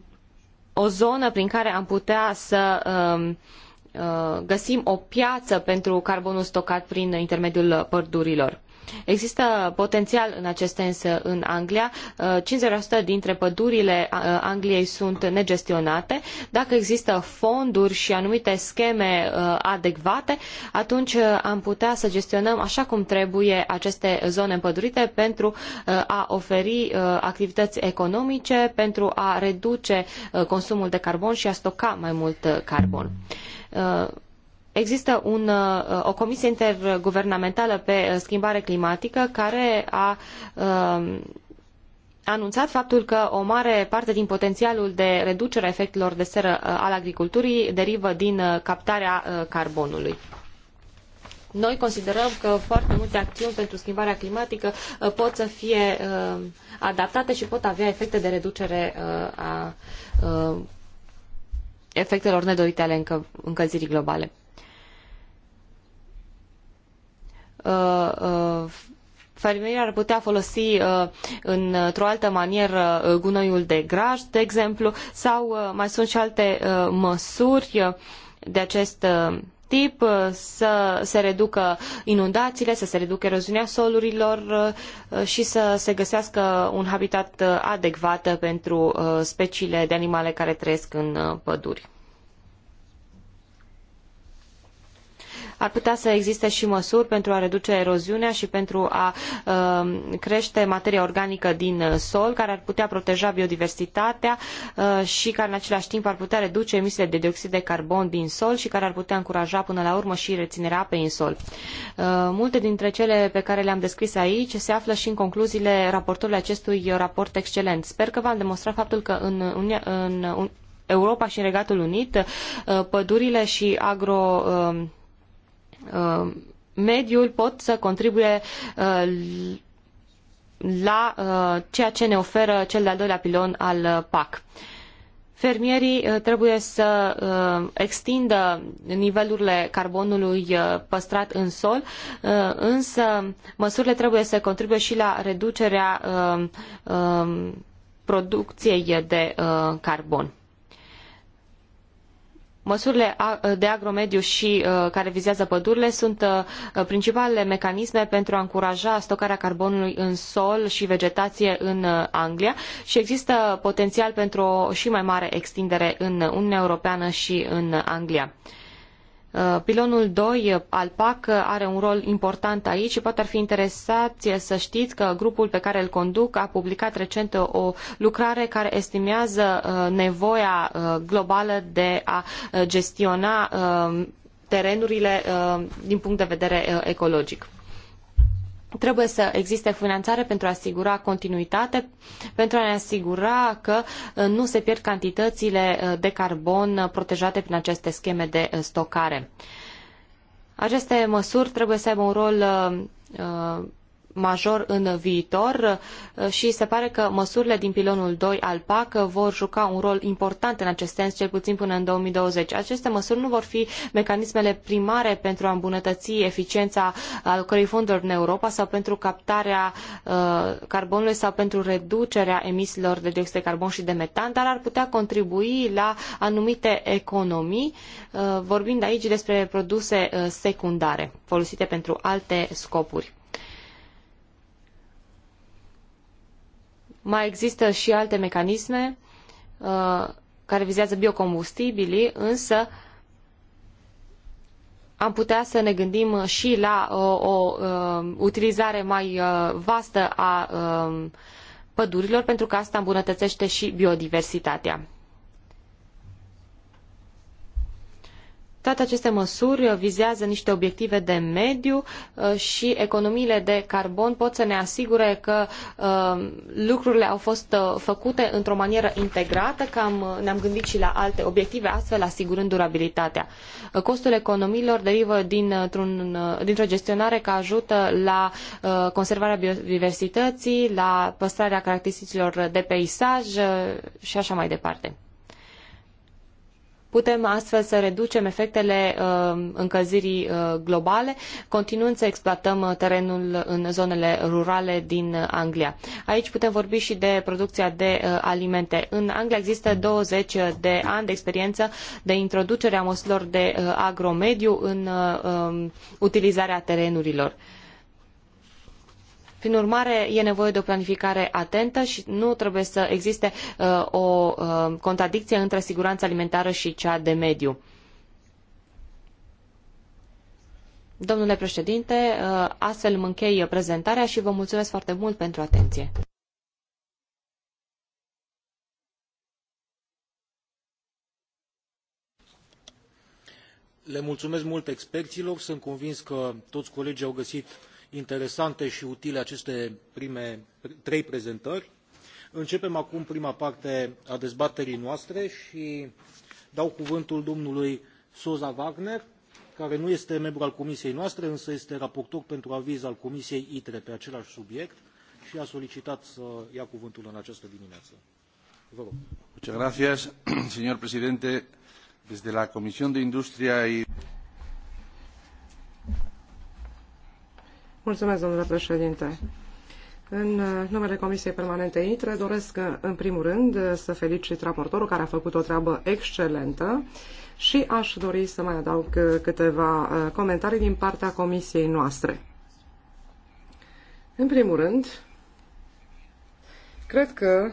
B: o zonă prin care am putea să uh, uh, găsim o piață pentru carbonul stocat prin intermediul pădurilor. Există potențial în acest sens în Anglia. 50% dintre pădurile uh, Angliei sunt negestionate. Dacă există fonduri și anumite scheme uh, adecvate, atunci uh, am putea să gestionăm așa cum trebuie aceste zone împădurite pentru a oferi activități economice, pentru a reduce consumul de carbon și a stoca mai mult carbon. Uh, Există un, uh, o comisie interguvernamentală pe uh, schimbare climatică care a uh, anunțat faptul că o mare parte din potențialul de reducere a efectelor de seră al agriculturii derivă din captarea carbonului. Noi considerăm că foarte multe acțiuni pentru schimbarea climatică pot să fie adaptate și pot avea efecte de reducere a efectelor nedorite ale încălzirii globale. Uh, uh, fermierii ar putea folosi uh, într-o altă manieră gunoiul de graj, de exemplu, sau mai sunt și alte măsuri de acest tip, să se reducă inundațiile, să se reducă eroziunea solurilor și să se găsească un habitat adecvat pentru speciile de animale care trăiesc în păduri. ar putea să existe și măsuri pentru a reduce eroziunea și pentru a um, crește materia organică din uh, sol, care ar putea proteja biodiversitatea uh, și care în același timp ar putea reduce emisiile de dioxid de carbon din sol și care ar putea încuraja până la urmă și reținerea apei în sol. Uh, multe dintre cele pe care le-am descris aici se află și în concluziile raportului acestui raport excelent. Sper că v-am demonstrat faptul că în, în, în Europa și în Regatul Unit pădurile și agro um, Uh, mediul pot să contribuie uh, la uh, ceea ce ne oferă cel de-al doilea pilon al PAC. Fermierii trebuie să extindă nivelurile carbonului păstrat în sol, însă măsurile trebuie să contribuie și la reducerea producției de carbon. Măsurile de agromediu și uh, care vizează pădurile sunt uh, principalele mecanisme pentru a încuraja stocarea carbonului în sol și vegetație în uh, Anglia și există potențial pentru o și mai mare extindere în Uniunea Europeană și în Anglia. Uh, pilonul 2 uh, al PAC uh, are un rol important aici și poate ar fi interesați să știți că grupul pe care îl conduc a publicat recent o lucrare care estimează nevoia globală de a gestiona terenurile din punct de vedere ecologic. Trebuie să existe finanțare pentru a asigura continuitate, pentru a ne asigura că uh, nu se pierd cantitățile uh, de carbon uh, protejate prin aceste scheme de stocare. Aceste măsuri trebuie să aibă un rol major în viitor uh, și se pare că măsurile din pilonul 2 al PAC vor juca un rol important în acest sens, cel puțin până în 2020. Aceste măsuri nu vor fi mecanismele primare pentru a îmbunătăți eficiența alocării fondurilor în Europa sau pentru captarea uh, carbonului sau pentru reducerea emisiilor de dioxid de carbon și de metan, dar ar putea contribui la anumite economii, uh, vorbind aici despre produse secundare folosite pentru alte scopuri. Mai există și alte mecanisme uh, care vizează biocombustibilii, însă am putea să ne gândim și la o, uh, o uh, utilizare mai uh, vastă a uh, pădurilor, pentru că asta îmbunătățește și biodiversitatea. Toate aceste măsuri vizează niște obiective de mediu uh, și economiile de carbon pot să ne asigure că uh, lucrurile au fost uh, făcute într-o manieră integrată, că am, ne-am gândit și la alte obiective, astfel asigurând durabilitatea. Costul economiilor derivă dintr-un, dintr-o gestionare care ajută la conservarea biodiversității, la păstrarea caracteristicilor de peisaj și așa mai departe. Putem astfel să reducem efectele uh, încălzirii uh, globale, continuând să exploatăm uh, terenul în zonele rurale din Anglia. Aici putem vorbi și de producția de alimente. În Anglia există 20 de ani de experiență de introducere a măsurilor de agromediu în um, utilizarea terenurilor. Prin urmare, e nevoie de o planificare atentă și nu trebuie să existe uh, o uh, contradicție între siguranța alimentară și cea de mediu. Domnule președinte, uh, astfel îmi închei prezentarea și vă mulțumesc foarte mult pentru atenție.
A: Le mulțumesc mult experților. Sunt convins că toți colegii au găsit interesante și utile aceste prime trei prezentări. Începem acum prima parte a dezbaterii noastre și dau cuvântul domnului Soza Wagner, care nu este membru al comisiei noastre, însă este raportor pentru aviz al comisiei ITRE pe același subiect și a solicitat să ia cuvântul în această dimineață.
D: Vă rog.
B: Muchas gracias, señor presidente. Desde la Comisión de
C: Industria y
D: Mulțumesc, domnule președinte. În uh, numele Comisiei Permanente ITRE doresc uh, în primul rând uh, să felicit raportorul care a făcut o treabă excelentă și aș dori să mai adaug câteva comentarii din partea Comisiei noastre. În primul rând, cred că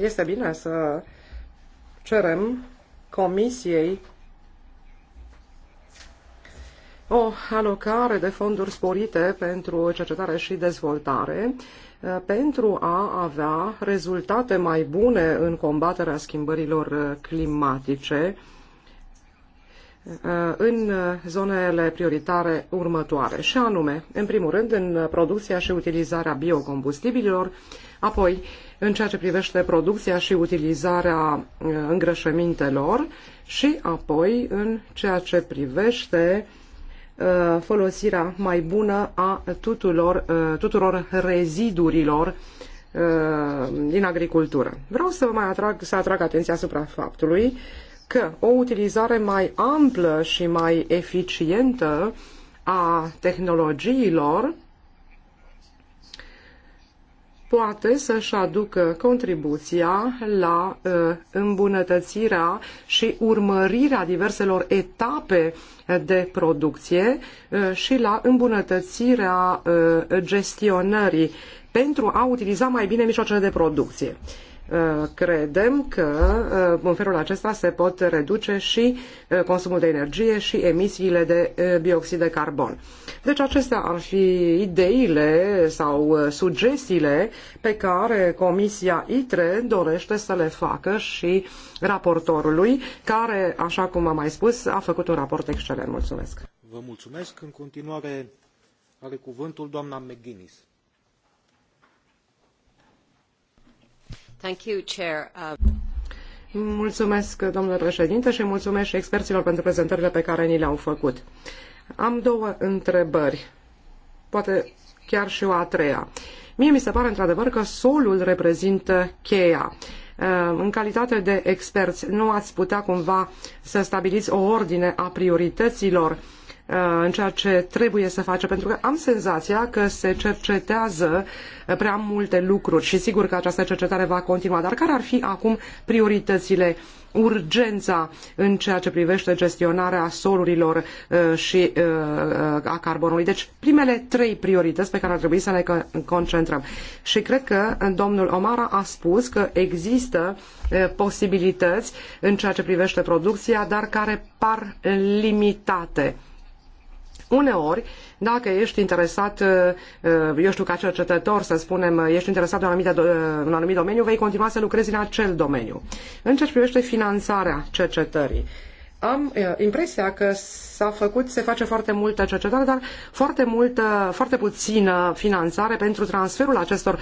D: este bine să cerem Comisiei o alocare de fonduri sporite pentru cercetare și dezvoltare eh, pentru a avea rezultate mai bune în combaterea schimbărilor eh, climatice eh, în zonele prioritare următoare, și anume, în primul rând, în producția și utilizarea biocombustibililor, apoi în ceea ce privește producția și utilizarea îngrășămintelor și apoi în ceea ce privește uh, Uh, folosirea mai bună a tuturor, uh, tuturor rezidurilor uh, din agricultură. Vreau să vă mai atrag, să atrag atenția asupra faptului că o utilizare mai amplă și mai eficientă a tehnologiilor poate să-și aducă contribuția la uh, îmbunătățirea și urmărirea diverselor etape de producție uh, și la îmbunătățirea uh, gestionării pentru a utiliza mai bine mijloacele de producție. Uh, credem că uh, în felul acesta se pot reduce și uh, consumul de energie și emisiile de bioxid de carbon. Deci acestea ar fi ideile sau sugestiile pe care Comisia ITRE dorește să le facă și raportorului, care, așa cum am mai spus, a făcut un raport excelent. Mulțumesc!
A: Vă mulțumesc! În continuare are cuvântul doamna McGuinness.
E: Uh,
D: mulțumesc, domnule președinte, și mulțumesc și experților pentru prezentările pe care ni le-au făcut. Am două întrebări, poate chiar și o a treia. Mie mi se pare într-adevăr că solul reprezintă cheia. Uh, în calitate de experți, nu ați putea cumva să stabiliți o ordine a priorităților uh, în ceea ce trebuie să face, pentru că am senzația că se cercetează prea multe lucruri și sigur că această cercetare va continua. Dar care ar fi acum prioritățile, urgența în ceea ce privește gestionarea solurilor uh, și uh, uh, a carbonului? Deci primele trei priorități pe care ar trebui să ne concentrăm. Și cred că domnul Omara a spus că există posibilități în ceea ce privește producția, dar care par limitate Uneori, dacă ești interesat, uh, eu știu, ca cercetător, să spunem, uh, ești interesat de un anumit, uh, un anumit domeniu, vei continua să lucrezi în acel domeniu. În ce privește finanțarea cercetării, am impresia că s-a făcut, se face foarte multă cercetare, dar foarte, multă, foarte puțină finanțare pentru transferul acestor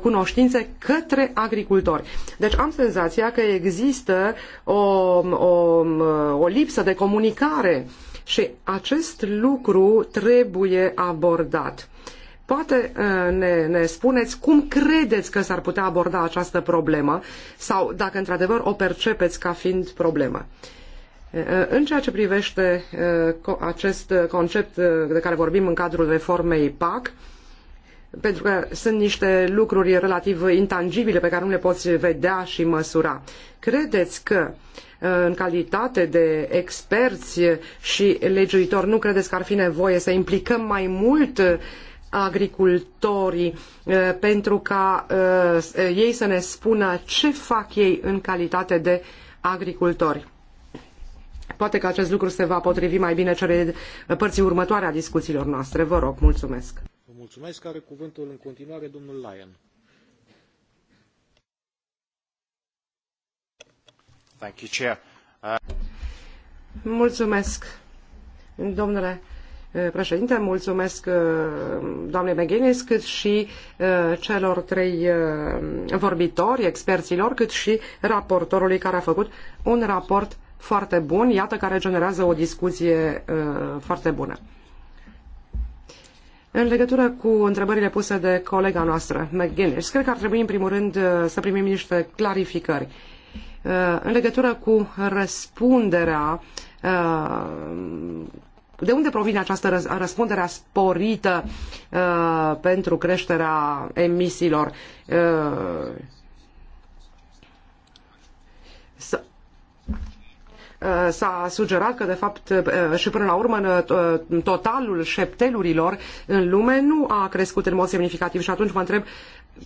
D: cunoștințe către agricultori. Deci am senzația că există o, o, o lipsă de comunicare și acest lucru trebuie abordat. Poate uh, ne, ne spuneți cum credeți că s-ar putea aborda această problemă sau dacă într-adevăr o percepeți ca fiind problemă. Uh, în ceea ce privește uh, acest concept de care vorbim în cadrul reformei PAC, pentru că sunt niște lucruri relativ intangibile pe care nu le poți vedea și măsura. Credeți că uh, în calitate de experți și legiuitori, nu credeți că ar fi nevoie să implicăm mai mult agricultorii uh, pentru ca uh, ei să ne spună ce fac ei în calitate de agricultori? Poate că acest lucru se va potrivi mai bine cele părții următoare a discuțiilor noastre. Vă rog, mulțumesc.
A: Mulțumesc. Are cuvântul în continuare domnul Lyon.
E: Thank you, Chair.
D: Mulțumesc, domnule eh, președinte, mulțumesc eh, doamnei McGuinness, cât și eh, celor trei vorbitori, experților, cât și raportorului care a făcut un raport foarte bun, iată, care generează o discuție foarte bună. În legătură cu întrebările puse de colega noastră, McGuinness, cred că ar trebui în primul rând uh, să primim niște clarificări. Uh, în legătură cu răspunderea, uh, de unde provine această răspundere sporită pentru creșterea emisiilor? Uh, s-a sugerat că, de fapt, uh, și până la urmă, uh, totalul șeptelurilor în lume nu a crescut în mod semnificativ și atunci mă întreb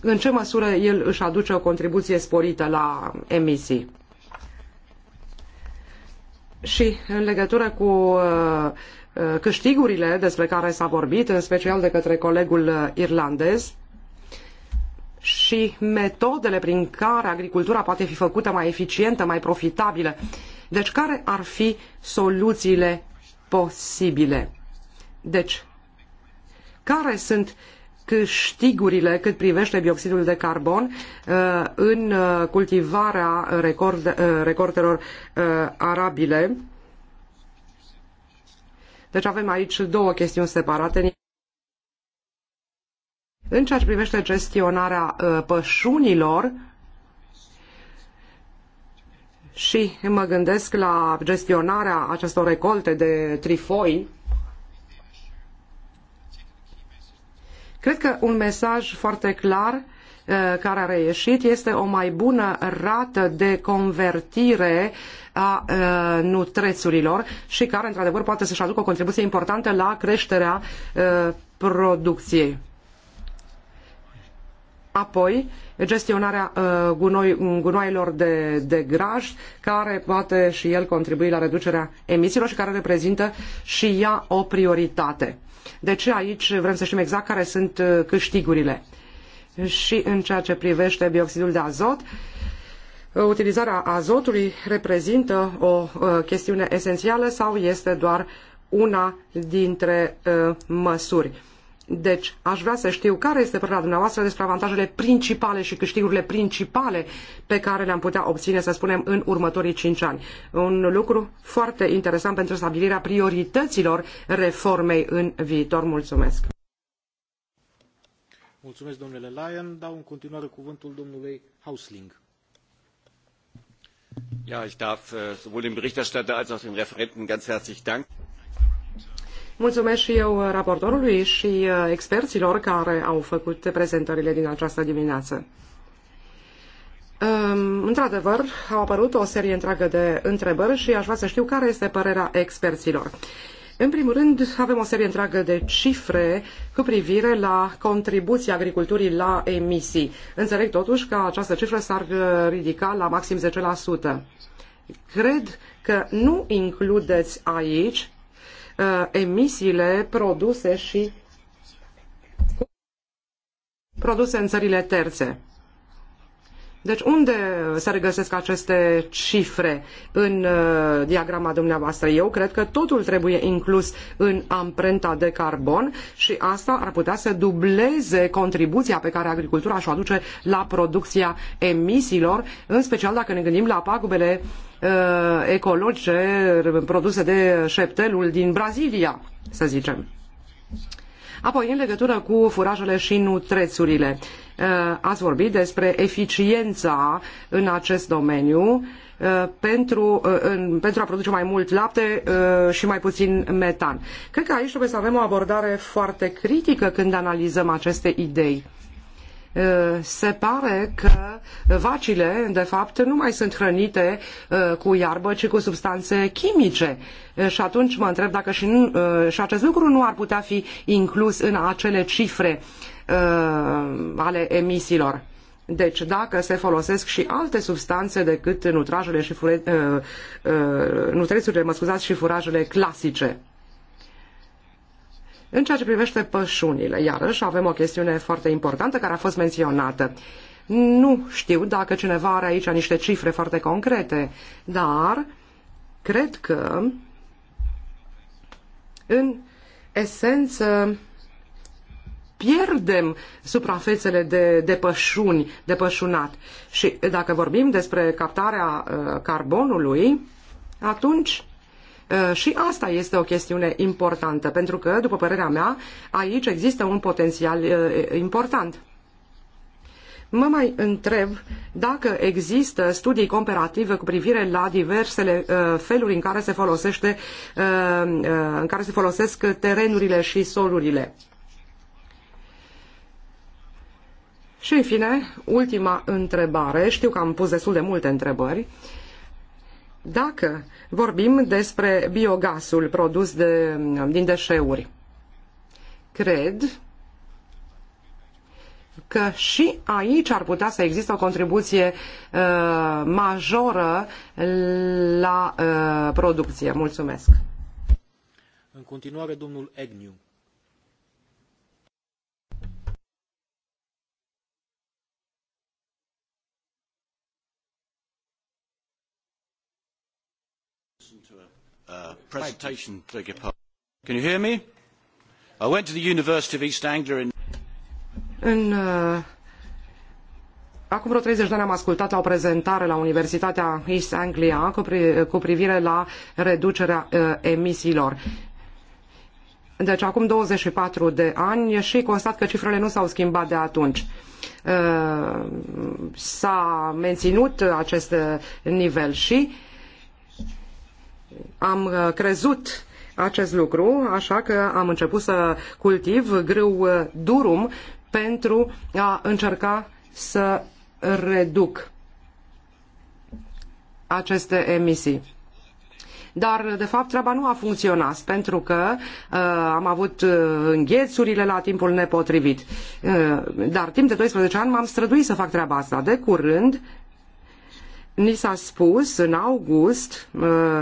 D: în ce măsură el își aduce o contribuție sporită la emisii. Și în legătură cu câștigurile despre care s-a vorbit, în special de către colegul irlandez, și metodele prin care agricultura poate fi făcută mai eficientă, mai profitabilă. Uh, deci care ar fi soluțiile posibile? Deci, care sunt câștigurile cât privește bioxidul de carbon uh, în uh, cultivarea record, uh, recordelor arabile? Deci avem aici două chestiuni separate. În ceea ce privește gestionarea pășunilor, și mă gândesc la gestionarea acestor recolte de trifoi. Cred că un mesaj foarte clar uh, care a reieșit este o mai bună rată de convertire a uh, nutrețurilor și care, într-adevăr, poate să-și aducă o contribuție importantă la creșterea uh, producției. Apoi, gestionarea uh, gunoi, gunoaielor de, de graj, care poate și el contribui la reducerea emisiilor și care reprezintă și ea o prioritate. Deci aici vrem să știm exact care sunt uh, câștigurile. Și în ceea ce privește bioxidul de azot, utilizarea azotului reprezintă o uh, chestiune esențială sau este doar una dintre măsuri deci, aș vrea să știu care este părerea dumneavoastră despre avantajele principale și câștigurile principale pe care le-am putea obține, să spunem, în următorii cinci ani. Un lucru foarte interesant pentru stabilirea priorităților reformei în viitor. Mulțumesc!
A: Mulțumesc, domnule Lyon. Dau în continuare cuvântul domnului Hausling.
C: Ja, ich darf eh, sowohl dem Berichterstatter als auch dem Referenten ganz herzlich danken.
D: Mulțumesc și eu raportorului și uh, experților care au făcut prezentările din această dimineață. Um, într-adevăr, au apărut o serie întreagă de întrebări și aș vrea să știu care este părerea experților. În primul rând, avem o serie întreagă de cifre cu privire la contribuția agriculturii la emisii. Înțeleg totuși că această cifră s-ar uh, ridica la maxim 10%. Cred că nu includeți aici Uh, emisiile produse și produse în țările terțe. Deci unde se regăsesc aceste cifre în uh, diagrama dumneavoastră? Eu cred că totul trebuie inclus în amprenta de carbon și asta ar putea să dubleze contribuția pe care agricultura și-o aduce la producția emisiilor, în special dacă ne gândim la pagubele uh, Uh, ecologice produse de șeptelul din Brazilia, să zicem. Apoi, în legătură cu furajele și nutrețurile, uh, ați vorbit despre eficiența în acest domeniu uh, pentru, pentru a produce mai mult lapte și mai puțin metan. Cred că aici trebuie să avem o abordare foarte critică când analizăm aceste idei se pare că vacile, de fapt, nu mai sunt hrănite cu iarbă, ci cu substanțe chimice. Și atunci mă întreb dacă și, nu, și acest lucru nu ar putea fi inclus în acele cifre ale emisiilor. Deci, dacă se folosesc și alte substanțe decât nutrajele și fure, uh, uh, mă scuzați, și furajele clasice. În ceea ce privește pășunile, iarăși avem o chestiune foarte importantă care a fost menționată. Nu știu dacă cineva are aici niște cifre foarte concrete, dar cred că în esență pierdem suprafețele de, de pășuni, de pășunat. Și dacă vorbim despre captarea uh, carbonului, atunci și asta este o chestiune importantă, pentru că, după părerea mea, aici există un potențial important. Mă mai întreb dacă există studii comparative cu privire la diversele uh, feluri în care se folosește, uh, uh, în care se folosesc terenurile și solurile. Și în fine, ultima întrebare, știu că am pus destul de multe întrebări, uh, dacă vorbim despre biogazul produs de, din deșeuri, cred că și aici ar putea să existe o contribuție uh, majoră la uh, producție. Mulțumesc.
A: În continuare, domnul Egniu.
E: Uh, presentation.
A: Can you hear me? I went to the University of East Anglia in...
D: În, uh, acum vreo 30 de ani am ascultat la o prezentare la Universitatea East Anglia cu, pri, cu privire la reducerea uh, emisiilor. Deci acum 24 de ani și constat că cifrele nu s-au schimbat de atunci. Uh, s-a menținut acest nivel și am uh, crezut acest lucru, așa că am început să cultiv grâu uh, durum pentru a încerca să reduc aceste emisii. Dar, de fapt, treaba nu a funcționat, pentru că uh, am avut uh, înghețurile la timpul nepotrivit. Uh, dar timp de 12 ani m-am străduit să fac treaba asta. De curând, ni s-a spus, în august, uh,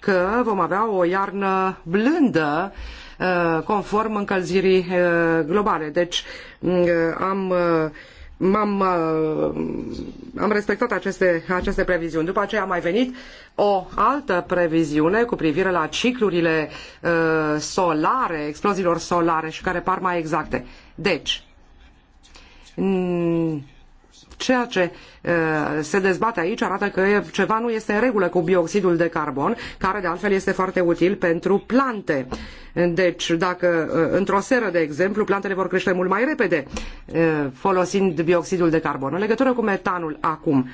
D: că vom avea o iarnă blândă uh, conform încălzirii uh, globale. Deci mm, uh, am am am respectat aceste, aceste previziuni. După aceea a mai venit o altă previziune cu privire la ciclurile uh, solare, exploziilor solare și care par mai exacte. Deci, mm, Ceea ce se dezbate aici arată că ceva nu este în regulă cu bioxidul de carbon, care de altfel este foarte util pentru plante. Deci, dacă într-o seră, de exemplu, plantele vor crește mult mai repede folosind bioxidul de carbon. În legătură cu metanul acum,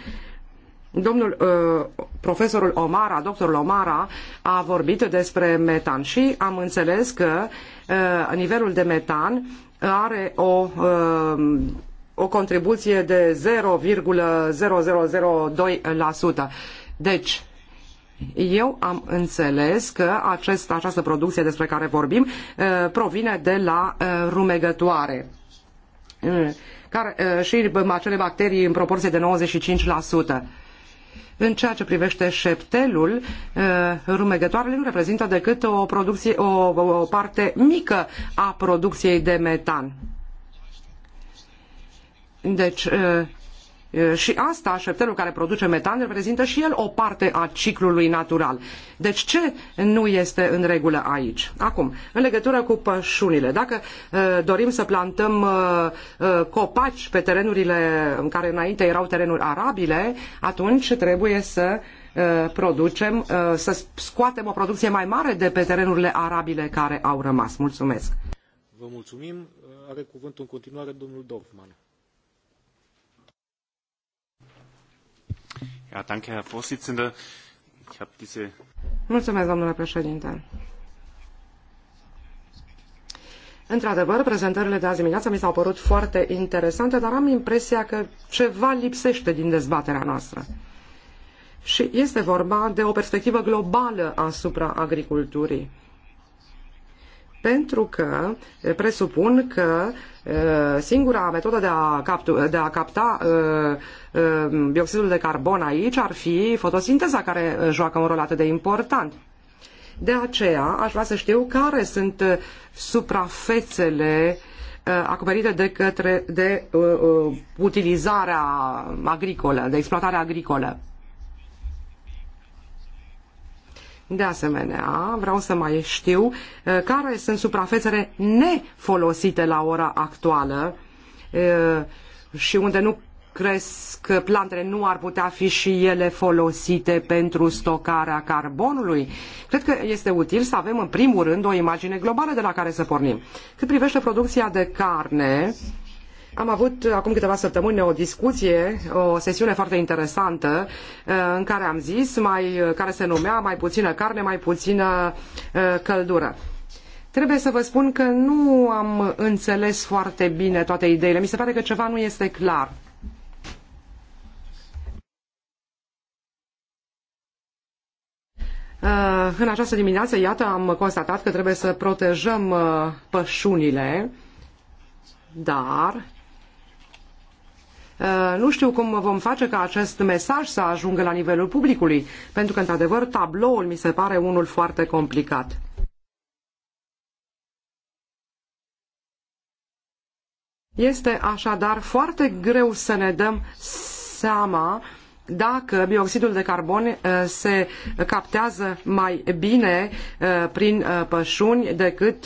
D: Domnul uh, profesorul Omara, doctorul Omara, a vorbit despre metan și am înțeles că nivelul de metan are o o contribuție de 0,0002%. Deci, eu am înțeles că acest, această producție despre care vorbim uh, provine de la uh, rumegătoare uh, care, și acele bacterii în proporție de 95%. În ceea ce privește șeptelul, rumegătoarele nu reprezintă decât o, producție, o, o parte mică a producției de metan. Deci, și asta, șeptelul care produce metan, reprezintă și el o parte a ciclului natural. Deci ce nu este în regulă aici? Acum, în legătură cu pășunile, dacă dorim să plantăm copaci pe terenurile în care înainte erau terenuri arabile, atunci trebuie să producem, să scoatem o producție mai mare de pe terenurile arabile care au rămas. Mulțumesc!
A: Vă mulțumim. Are cuvântul în continuare domnul Dorfman.
C: Ja, danke, Herr Vorsitzender. Ich habe diese...
D: Mulțumesc, domnule președinte. Într-adevăr, prezentările de azi dimineață mi s-au părut foarte interesante, dar am impresia că ceva lipsește din dezbaterea noastră. Și este vorba de o perspectivă globală asupra agriculturii pentru că presupun că singura metodă de a, captu- de a capta bioxidul de carbon aici ar fi fotosinteza care joacă un rol atât de important. De aceea aș vrea să știu care sunt suprafețele acoperite de către de uh, uh, utilizarea agricolă, de exploatarea agricolă. De asemenea, vreau să mai știu care sunt suprafețele nefolosite la ora actuală și unde nu cresc plantele nu ar putea fi și ele folosite pentru stocarea carbonului? Cred că este util să avem în primul rând o imagine globală de la care să pornim. Cât privește producția de carne, am avut acum câteva săptămâni o discuție, o sesiune foarte interesantă eh, în care am zis mai, care se numea mai puțină carne, mai puțină eh, căldură. Trebuie să vă spun că nu am înțeles foarte bine toate ideile. Mi se pare că ceva nu este clar. Eh, în această dimineață, iată, am constatat că trebuie să protejăm pășunile, dar Uh, nu știu cum vom face ca acest mesaj să ajungă la nivelul publicului, pentru că, într-adevăr, tabloul mi se pare unul foarte complicat. Este așadar foarte greu să ne dăm seama dacă bioxidul de carbon uh, se captează mai bine uh, prin pășuni decât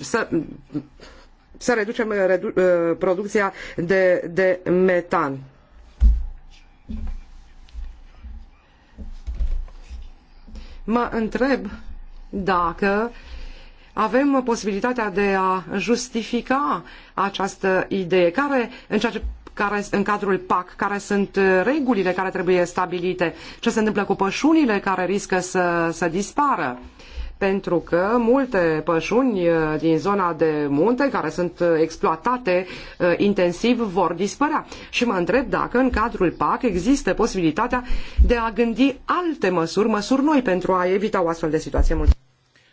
D: să să reducem uh, redu uh, producția de, de metan. Mă întreb dacă avem posibilitatea de a justifica această idee care, în ceea ce care, în cadrul PAC, care sunt uh, regulile care trebuie stabilite, ce se întâmplă cu pășunile care riscă să, să dispară pentru că multe pășuni uh, din zona de munte care sunt uh, exploatate uh, intensiv vor dispărea. Și mă întreb dacă în cadrul PAC există posibilitatea de a gândi alte măsuri, măsuri noi pentru a evita o astfel de situație. Mulțumesc.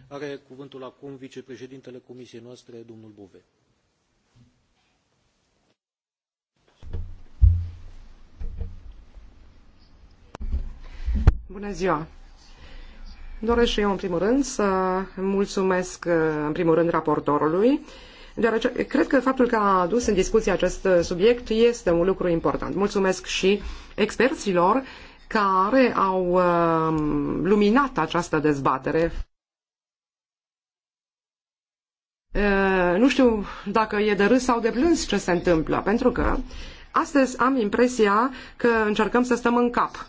A: Are cuvântul acum vicepreședintele comisiei noastre, domnul Bove.
D: Bună ziua! Doresc și eu, în primul rând, să mulțumesc, uh, în primul rând, raportorului, deoarece cred că faptul că a adus în discuție acest uh, subiect este un lucru important. Mulțumesc și experților care au uh, luminat această dezbatere. Nu știu dacă e de râs sau de plâns ce se întâmplă, pentru că astăzi am impresia că încercăm să stăm în cap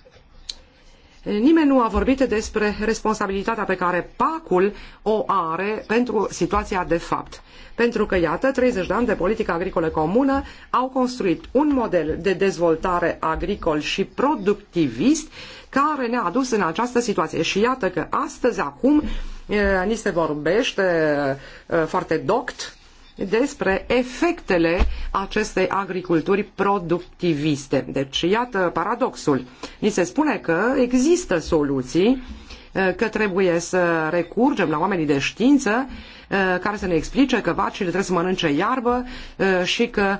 D: Nimeni nu a vorbit despre responsabilitatea pe care PAC-ul o are pentru situația de fapt. Pentru că, iată, 30 de ani de politică agricolă comună au construit un model de dezvoltare agricol și productivist care ne-a adus în această situație. Și iată că astăzi, acum, eh, ni se vorbește eh, foarte doct despre efectele acestei agriculturi productiviste. Deci, iată paradoxul. Ni se spune că există soluții, eh, că trebuie să recurgem la oamenii de știință eh, care să ne explice că vacile trebuie să mănânce iarbă eh, și că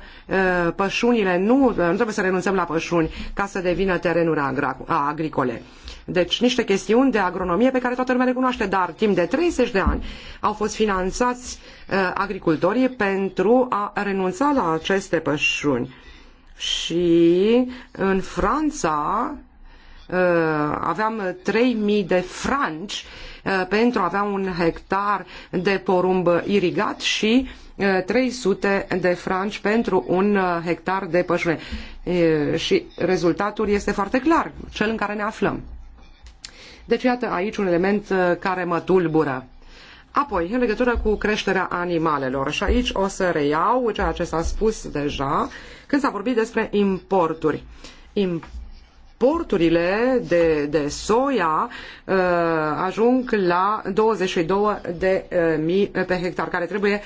D: pășunile nu, nu trebuie să renunțăm la pășuni ca să devină terenuri agricole. Deci niște chestiuni de agronomie pe care toată lumea le cunoaște, dar timp de 30 de ani au fost finanțați uh, agricultorii pentru a renunța la aceste pășuni. Și în Franța uh, aveam 3.000 de franci uh, pentru a avea un hectar de porumb irigat și 300 de franci pentru un hectar de pășune. Și rezultatul este foarte clar, cel în care ne aflăm. Deci, iată aici un element uh, care mă tulbură. Apoi, în legătură cu creșterea animalelor, și aici o să reiau ceea ce s-a spus deja când s-a vorbit despre importuri. Importurile de, de soia uh, ajung la 22 de uh, mii pe hectar, care trebuie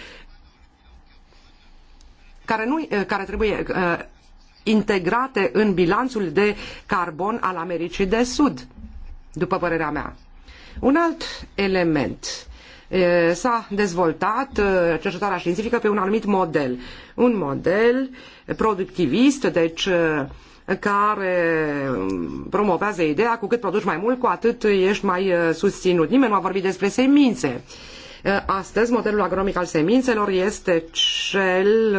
D: care, nu, uh, care trebuie uh, integrate în bilanțul de carbon al Americii de Sud după părerea mea. Un alt element s-a dezvoltat cercetarea științifică pe un anumit model. Un model productivist, deci care mm, promovează ideea cu cât produci mai mult, cu atât ești mai susținut. Nimeni nu a vorbit despre semințe. Astăzi, modelul agronomic al semințelor este cel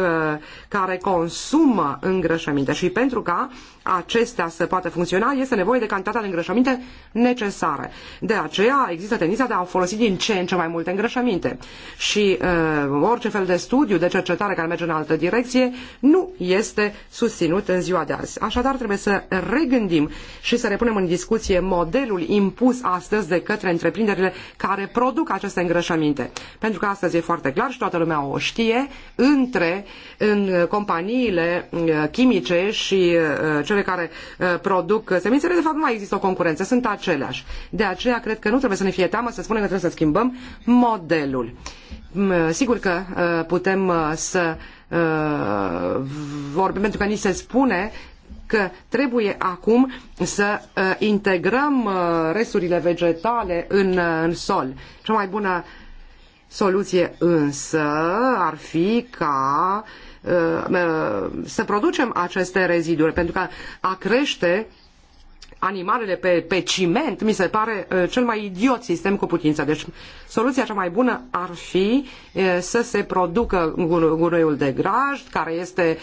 D: care consumă îngrășăminte și pentru ca acestea să poată funcționa, este nevoie de cantitatea de îngrășăminte necesare. De aceea există tendința de a folosi din ce în ce mai multe îngrășăminte. Și uh, orice fel de studiu, de cercetare care merge în altă direcție, nu este susținut în ziua de azi. Așadar, trebuie să regândim și să repunem în discuție modelul impus astăzi de către întreprinderile care produc aceste îngrășăminte. Pentru că astăzi e foarte clar și toată lumea o știe, între în companiile uh, chimice și uh, cele care uh, produc semințele, de fapt nu mai există o concurență, sunt aceleași. De aceea cred că nu trebuie să ne fie teamă să spunem că trebuie să schimbăm modelul. Mm, uh, sigur că uh, putem să vorbim, pentru că ni se spune că trebuie acum să integrăm resturile vegetale în, în sol. Cea mai bună soluție însă ar fi ca uh, Uh, uh, să producem aceste reziduri, pentru că a crește animalele pe, pe ciment, mi se pare uh, cel mai idiot sistem cu putință. Deci soluția cea mai bună ar fi să se producă gunoiul de grajd care este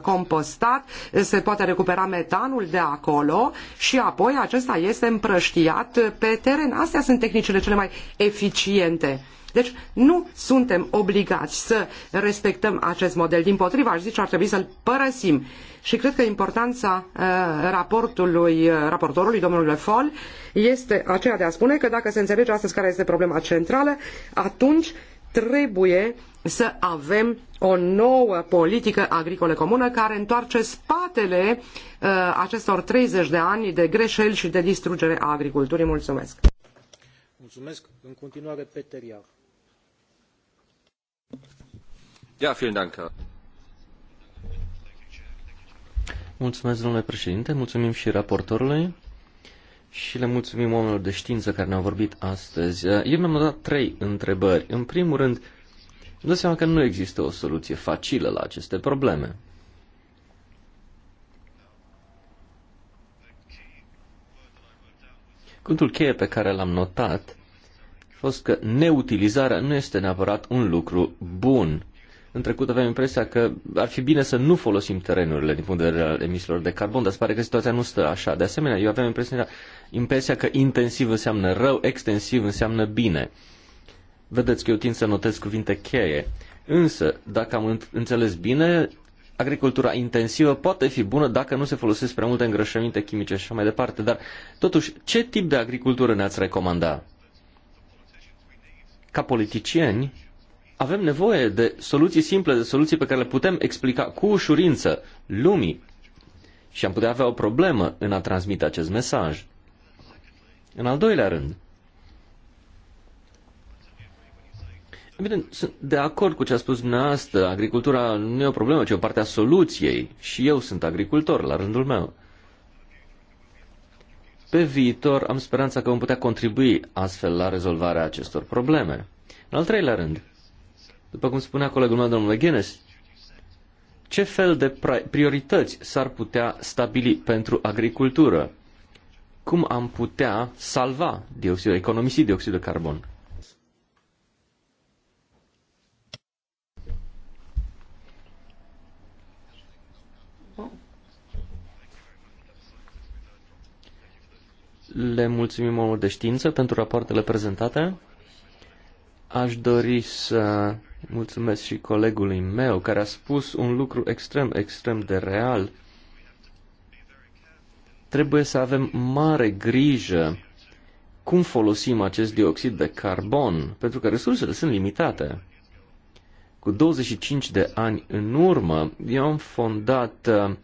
D: compostat, se poate recupera metanul de acolo și apoi acesta este împrăștiat pe teren. Astea sunt tehnicile cele mai eficiente deci nu suntem obligați să respectăm acest model. Din potriva, aș zice, ar trebui să-l părăsim. Și cred că importanța uh, raportului, uh, raportorului, domnului Le Foll, este aceea de a spune că dacă se înțelege astăzi care este problema centrală, atunci trebuie să avem o nouă politică agricolă comună care întoarce spatele uh, acestor 30 de ani de greșeli și de distrugere a agriculturii. Mulțumesc!
A: Mulțumesc! În continuare, Peter Iar.
C: Mulțumesc, domnule președinte, mulțumim și raportorului și le mulțumim oamenilor de știință care ne-au vorbit astăzi. Eu mi-am dat trei întrebări. În primul rând, îmi seama că nu există o soluție facilă la aceste probleme. Cuntul cheie pe care l-am notat a fost că neutilizarea nu este neapărat un lucru bun. În trecut aveam impresia că ar fi bine să nu folosim terenurile din punct de vedere al emisiilor de carbon, dar se pare că situația nu stă așa. De asemenea, eu aveam impresia, impresia că intensiv înseamnă rău, extensiv înseamnă bine. Vedeți că eu tind să notez cuvinte cheie. Însă, dacă am înțeles bine, agricultura intensivă poate fi bună dacă nu se folosesc prea multe îngrășăminte chimice și așa mai departe. Dar, totuși, ce tip de agricultură ne-ați recomanda? Ca politicieni, avem nevoie de soluții simple, de soluții pe care le putem explica cu ușurință lumii și am putea avea o problemă în a transmite acest mesaj. În al doilea rând, Evident, sunt de acord cu ce a spus dumneavoastră. Agricultura nu e o problemă, ci o parte a soluției. Și eu sunt agricultor, la rândul meu. Pe viitor am speranța că vom putea contribui astfel la rezolvarea acestor probleme. În al treilea rând, după cum spunea colegul meu, domnul Guinness, ce fel de priorități s-ar putea stabili pentru agricultură? Cum am putea salva dioxidul, economisi dioxidul de carbon? Le mulțumim omul de știință pentru rapoartele prezentate. Aș dori să Mulțumesc și colegului meu care a spus un lucru extrem, extrem de real. Trebuie să avem mare grijă cum folosim acest dioxid de carbon, pentru că resursele sunt limitate. Cu 25 de ani în urmă, eu am fondat uh,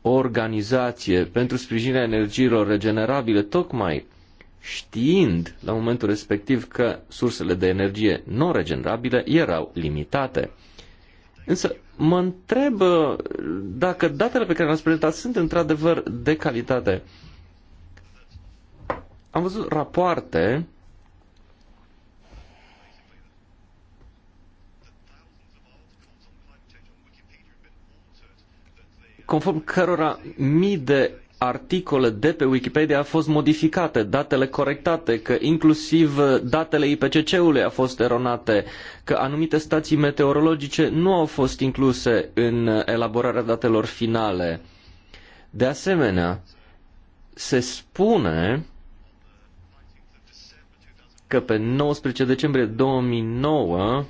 C: o organizație pentru sprijinirea energiilor regenerabile, tocmai știind la momentul respectiv că sursele de energie non-regenerabile erau limitate. Însă mă întreb uh, dacă datele pe care le-ați prezentat sunt într-adevăr de calitate. Am văzut rapoarte conform cărora mii de articole de pe Wikipedia au fost modificate, datele corectate, că inclusiv uh, datele IPCC-ului au fost eronate, că anumite stații meteorologice nu au fost incluse în uh, elaborarea datelor finale. De asemenea, se spune că pe 19 decembrie 2009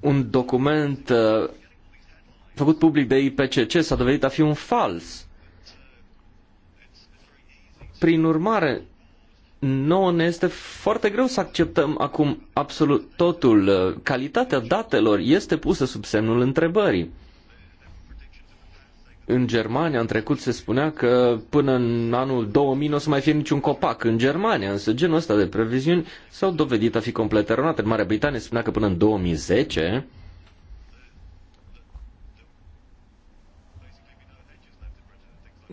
C: un document uh, făcut public de IPCC s-a dovedit a fi un fals. Prin urmare, nouă ne este foarte greu să acceptăm acum absolut totul. Calitatea datelor este pusă sub semnul întrebării. În Germania, în trecut, se spunea că până în anul 2000 nu o să mai fie niciun copac în Germania, însă genul ăsta de previziuni s-au dovedit a fi complet eronate. În Marea Britanie spunea că până în 2010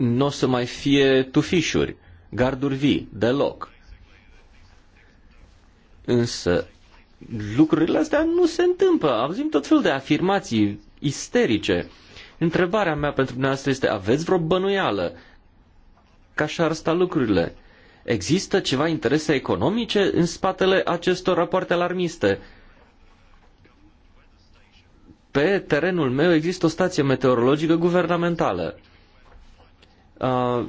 C: nu o să mai fie tufișuri, garduri vii, deloc. Însă, lucrurile astea nu se întâmplă. Auzim tot felul de afirmații isterice. Întrebarea mea pentru dumneavoastră este, aveți vreo bănuială? Ca așa ar sta lucrurile. Există ceva interese economice în spatele acestor rapoarte alarmiste? Pe terenul meu există o stație meteorologică guvernamentală. Uh,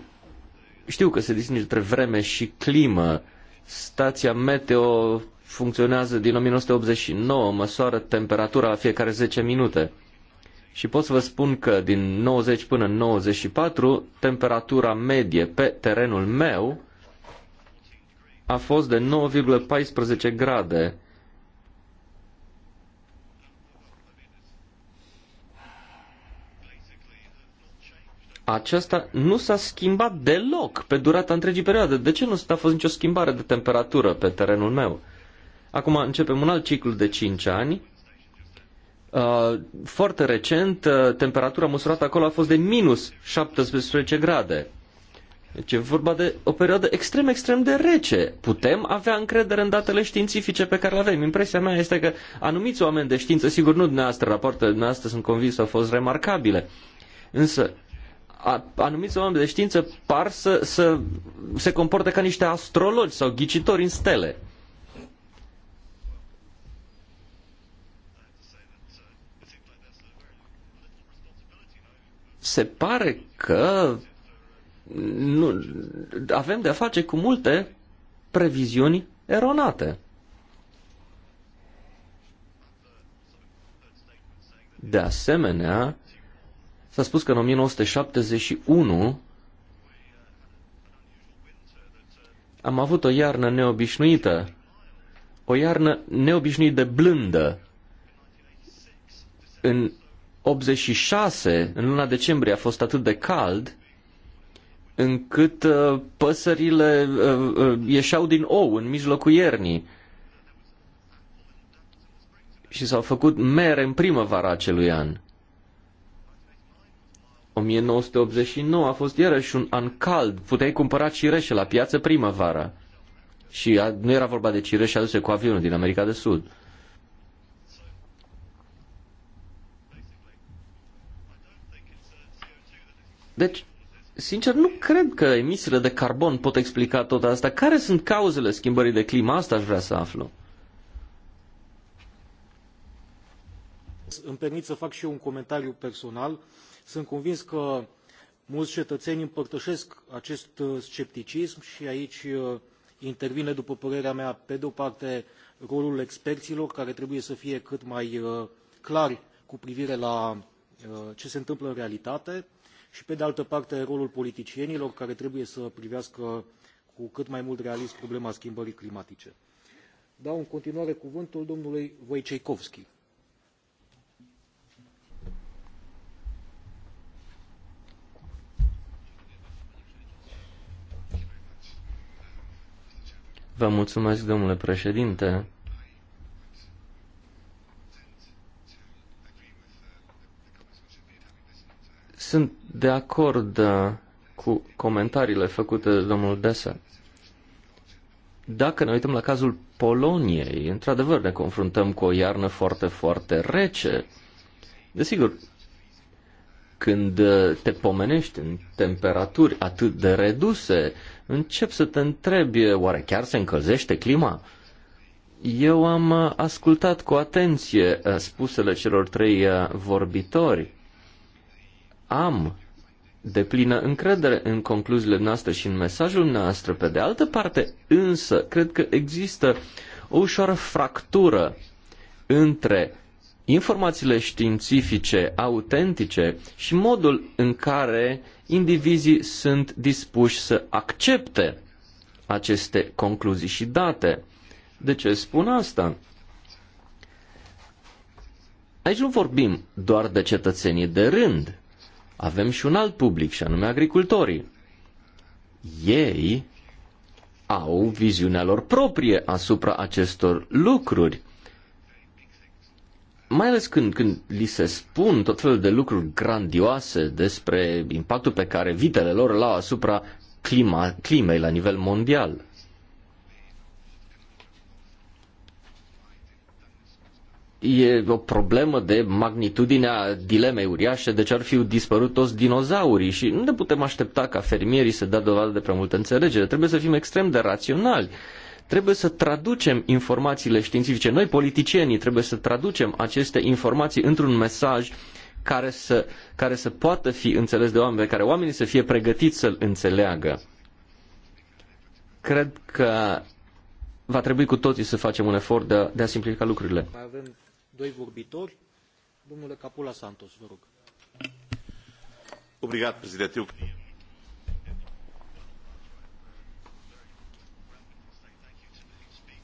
C: știu că se distinge între vreme și climă. Stația meteo funcționează din 1989, măsoară temperatura la fiecare 10 minute. Și pot să vă spun că din 90 până în 94, temperatura medie pe terenul meu a fost de 9,14 grade aceasta nu s-a schimbat deloc pe durata întregii perioade. De ce nu a fost nicio schimbare de temperatură pe terenul meu? Acum începem un alt ciclu de 5 ani. Uh, foarte recent, uh, temperatura măsurată acolo a fost de minus 17 grade. Deci e vorba de o perioadă extrem, extrem de rece. Putem avea încredere în datele științifice pe care le avem. Impresia mea este că anumiți oameni de știință, sigur nu dumneavoastră, rapoartele dumneavoastră sunt convins au fost remarcabile, însă anumiți oameni de știință par să, să se comporte ca niște astrologi sau ghicitori în stele. Se pare că nu, avem de-a face cu multe previziuni eronate. De asemenea, S-a spus că în 1971 am avut o iarnă neobișnuită, o iarnă neobișnuit de blândă. În 86, în luna decembrie, a fost atât de cald încât uh, păsările uh, uh, ieșeau din ou în mijlocul iernii și s-au făcut mere în primăvara acelui an. 1989 a fost iarăși un an cald. Puteai cumpăra cireșe la piață primăvara. Și a, nu era vorba de cireșe aduse cu avionul din America de Sud. Deci, sincer, nu cred că emisiile de carbon pot explica tot asta. Care sunt cauzele schimbării de climă? Asta aș vrea să aflu.
A: Îmi permit să fac și eu un comentariu personal. Uh, sunt convins că mulți cetățeni împărtășesc acest uh, scepticism și aici uh, intervine, după părerea mea, pe de o parte rolul experților, care trebuie să fie cât mai uh, clari cu privire la ce se întâmplă în realitate și, pe de altă parte, rolul politicienilor, care trebuie să privească cu cât mai mult realism problema schimbării climatice. Dau în continuare cuvântul domnului Wojciechowski.
C: Vă mulțumesc, domnule președinte. Sunt de acord uh, cu comentariile făcute de domnul Dessa. Dacă ne uităm la cazul Poloniei, într-adevăr ne confruntăm cu o iarnă foarte, foarte rece. Desigur, când uh, te pomenești în temperaturi atât de reduse, încep să te întrebi, oare chiar se încălzește clima? Eu am uh, ascultat cu atenție uh, spusele celor trei uh, vorbitori. Am de plină încredere în concluziile noastre și în mesajul nostru. Pe de altă parte, însă, cred că există o ușoară fractură între informațiile științifice autentice și modul în care indivizii sunt dispuși să accepte aceste concluzii și date. De ce spun asta? Aici nu vorbim doar de cetățenii de rând. Avem și un alt public, și anume agricultorii. Ei au viziunea lor proprie asupra acestor lucruri mai ales când, când li se spun tot felul de lucruri grandioase despre impactul pe care vitele lor îl au asupra clima, climei la nivel mondial. E o problemă de magnitudinea dilemei uriașe, deci ar fi dispărut toți dinozaurii și nu ne putem aștepta ca fermierii să dea dovadă de prea multă înțelegere. Trebuie să fim extrem de raționali. Uh, Trebuie să traducem informațiile științifice. Noi, politicienii, trebuie să traducem aceste informații într-un mesaj care să, care să poată fi înțeles de oameni, pe care oamenii să fie pregătiți să-l înțeleagă. Cred că va trebui cu toții să facem un efort de, de a simplifica lucrurile.
A: Mai avem doi vorbitori. Domnule Capula Santos, vă rog.
C: Obrigat, președinte.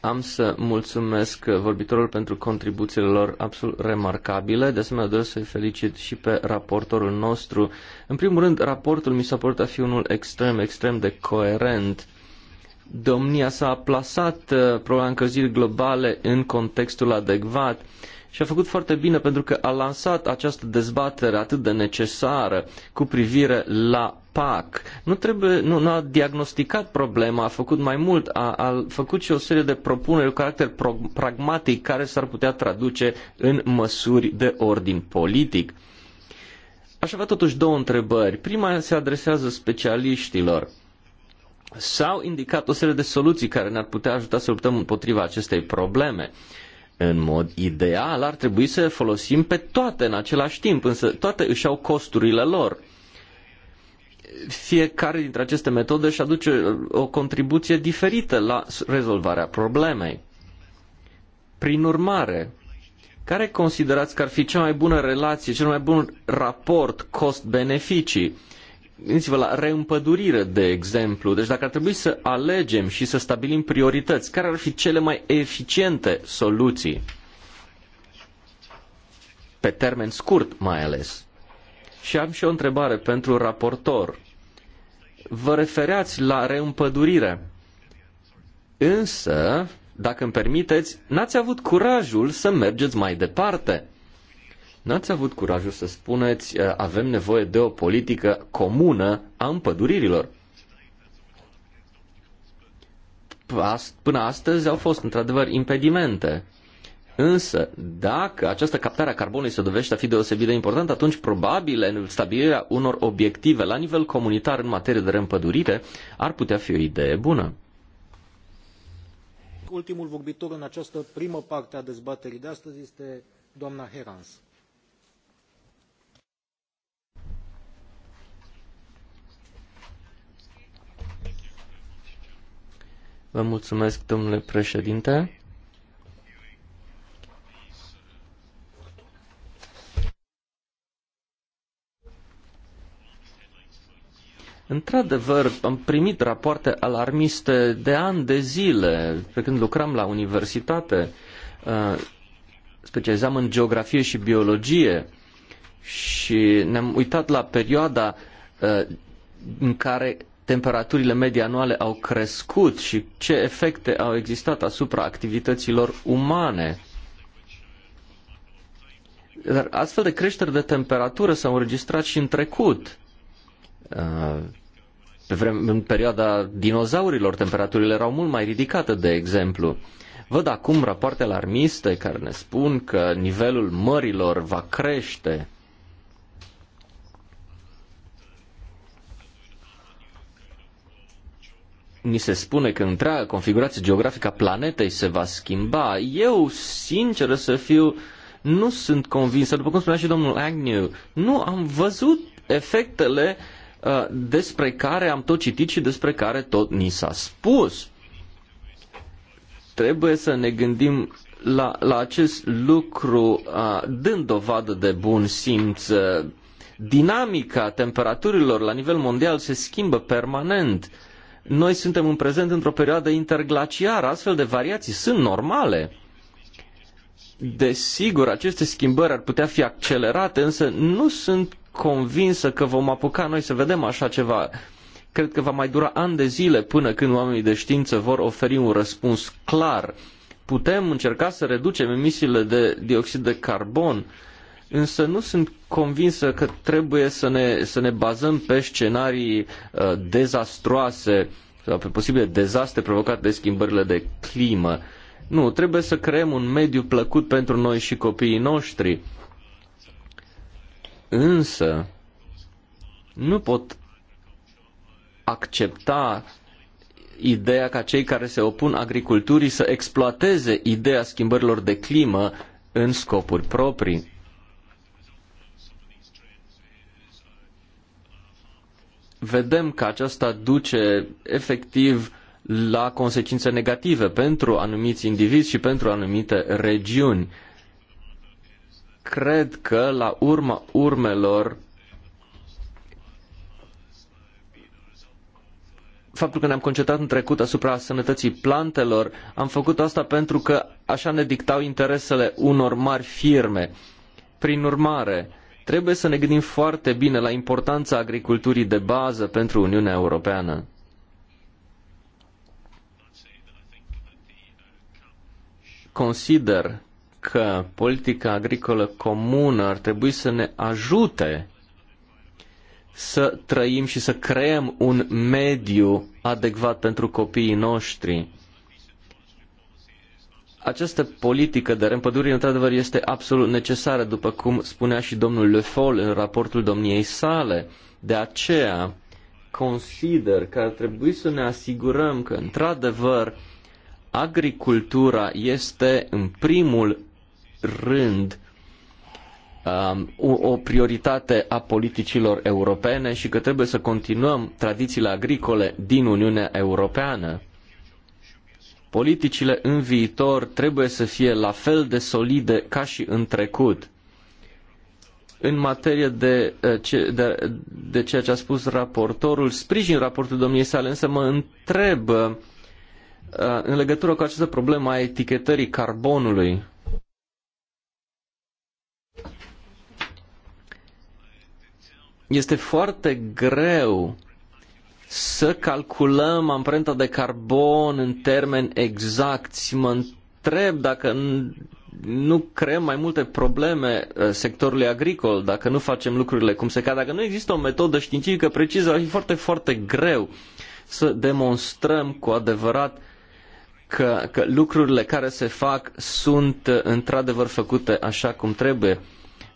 C: Am să mulțumesc vorbitorul pentru contribuțiile lor absolut remarcabile. De asemenea, doresc să-i felicit și pe raportorul nostru. În primul rând, raportul mi s-a părut a fi unul extrem, extrem de coerent. Domnia s-a plasat uh, problema încălzirii globale în contextul adecvat și a făcut foarte bine pentru că a lansat această dezbatere atât de necesară cu privire la opac. nu, trebuie, nu, nu a diagnosticat problema, a făcut mai mult, a, a făcut și o serie de propuneri cu caracter pro, pragmatic care s-ar putea traduce în măsuri de ordin politic. Aș avea totuși două întrebări. Prima se adresează specialiștilor. S-au indicat o serie de soluții care ne-ar putea ajuta să luptăm împotriva acestei probleme. În mod ideal ar trebui să folosim pe toate în același timp, însă toate își au costurile lor fiecare dintre aceste metode își aduce o contribuție diferită la rezolvarea problemei. Prin urmare, care considerați că ar fi cea mai bună relație, cel mai bun raport cost-beneficii? Gândiți-vă la reîmpădurire, de exemplu. Deci dacă ar trebui să alegem și să stabilim priorități, care ar fi cele mai eficiente soluții? Pe termen scurt, mai ales. Și am și o întrebare pentru raportor. Vă refereați la reîmpădurire. Însă, dacă îmi permiteți, n-ați avut curajul să mergeți mai departe. N-ați avut curajul să spuneți eh, avem nevoie de o politică comună a împăduririlor. Până astăzi au fost într-adevăr impedimente Însă, dacă această captare a carbonului se dovedește a fi deosebit de importantă, atunci probabil stabilirea unor obiective la nivel comunitar în materie de reîmpădurire ar putea fi o idee bună.
A: Ultimul vorbitor în această primă parte a dezbaterii de astăzi este doamna Herans.
C: Vă mulțumesc, domnule președinte. Într-adevăr, am primit rapoarte alarmiste de ani de zile, pe când lucram la universitate, uh, specializam în geografie și biologie și ne-am uitat la perioada uh, în care temperaturile medii anuale au crescut și ce efecte au existat asupra activităților umane. Dar astfel de creșteri de temperatură s-au înregistrat și în trecut. Pe în perioada dinozaurilor temperaturile erau mult mai ridicate, de exemplu. Văd acum rapoarte alarmiste care ne spun că nivelul mărilor va crește. Ni se spune că întreaga configurație geografică a planetei se va schimba. Eu, sincer să fiu, nu sunt convins. după cum spunea și domnul Agnew, nu am văzut efectele uh, Uh, despre care am tot citit și despre care tot ni s-a spus. Trebuie să ne gândim la, la acest lucru uh, dând dovadă de bun simț. Uh, dinamica temperaturilor la nivel mondial se schimbă permanent. Noi suntem în prezent într-o perioadă interglaciară, astfel de variații sunt normale. Desigur, aceste schimbări ar putea fi accelerate, însă nu sunt convinsă că vom apuca noi să vedem așa ceva. Cred că va mai dura ani de zile până când oamenii de știință vor oferi un răspuns clar. Putem încerca să reducem emisiile de dioxid de carbon, însă nu sunt convinsă că trebuie să ne, să ne bazăm pe scenarii uh, dezastroase sau pe posibile dezastre provocate de schimbările de climă. Nu, trebuie să creăm un mediu plăcut pentru noi și copiii noștri însă nu pot accepta ideea ca cei care se opun agriculturii să exploateze ideea schimbărilor de climă în scopuri proprii. Vedem că aceasta duce efectiv la consecințe negative pentru anumiți indivizi și pentru anumite regiuni cred că la urma urmelor faptul că ne-am concentrat în trecut asupra sănătății plantelor, am făcut asta pentru că așa ne dictau interesele unor mari firme. Prin urmare, trebuie să ne gândim foarte bine la importanța agriculturii de bază pentru Uniunea Europeană. Consider că politica agricolă comună ar trebui să ne ajute să trăim și să creăm un mediu adecvat pentru copiii noștri. Această politică de reîmpădurire, într-adevăr, este absolut necesară, după cum spunea și domnul Le Foll în raportul domniei sale. De aceea, consider că ar trebui să ne asigurăm că, într-adevăr, agricultura este în primul rând um, o prioritate a politicilor europene și că trebuie să continuăm tradițiile agricole din Uniunea Europeană. Politicile în viitor trebuie să fie la fel de solide ca și în trecut. În materie de, uh, ce, de, de ceea ce a spus raportorul, sprijin raportul domniei sale, însă mă întreb uh, în legătură cu această problemă a etichetării carbonului Este foarte greu să calculăm amprenta de carbon în termeni exacti. Mă întreb dacă nu creăm mai multe probleme uh, sectorului agricol, dacă nu facem lucrurile cum se cade, dacă nu există o metodă științifică precisă, va fi foarte, foarte greu să demonstrăm cu adevărat că, că lucrurile care se fac sunt uh, într-adevăr făcute așa cum trebuie.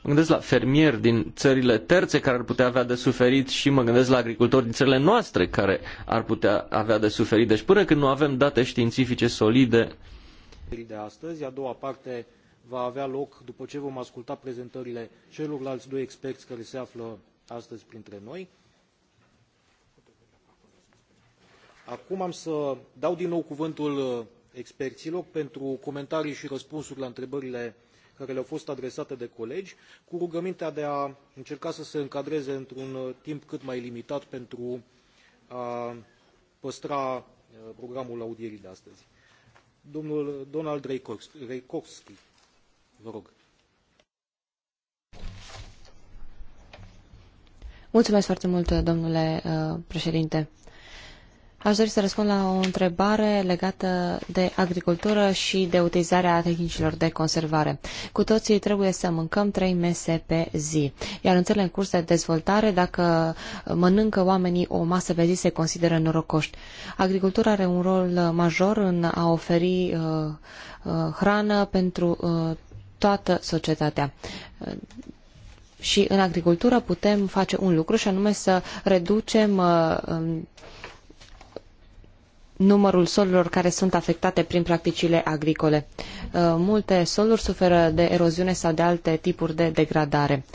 C: Mă gândesc la fermieri din țările terțe care ar putea avea de suferit și mă gândesc la agricultori din țările noastre care ar putea avea de suferit. Deci până când nu avem date științifice solide...
A: ...de astăzi, a doua parte va avea loc după ce vom asculta prezentările celorlalți doi experți care se află astăzi printre noi. Acum am să dau din nou cuvântul uh, experților pentru comentarii și răspunsuri la întrebările care le-au fost adresate de colegi, cu rugămintea de a încerca să se încadreze într-un uh, timp cât mai limitat pentru a păstra uh, programul audierii de astăzi. Domnul uh, Donald Reikowski, vă rog.
B: Mulțumesc foarte mult, domnule președinte. Aș dori să răspund la o întrebare legată de agricultură și de utilizarea tehnicilor de conservare. Cu toții trebuie să mâncăm trei mese pe zi, iar în țările în curs de dezvoltare, dacă mănâncă oamenii o masă pe zi, se consideră norocoși. Agricultura are un rol major în a oferi uh, uh, hrană pentru uh, toată societatea. Uh, și în agricultură putem face un lucru și anume să reducem uh, um, numărul solurilor care sunt afectate prin practicile agricole. Uh, multe soluri suferă de eroziune sau de alte tipuri de degradare.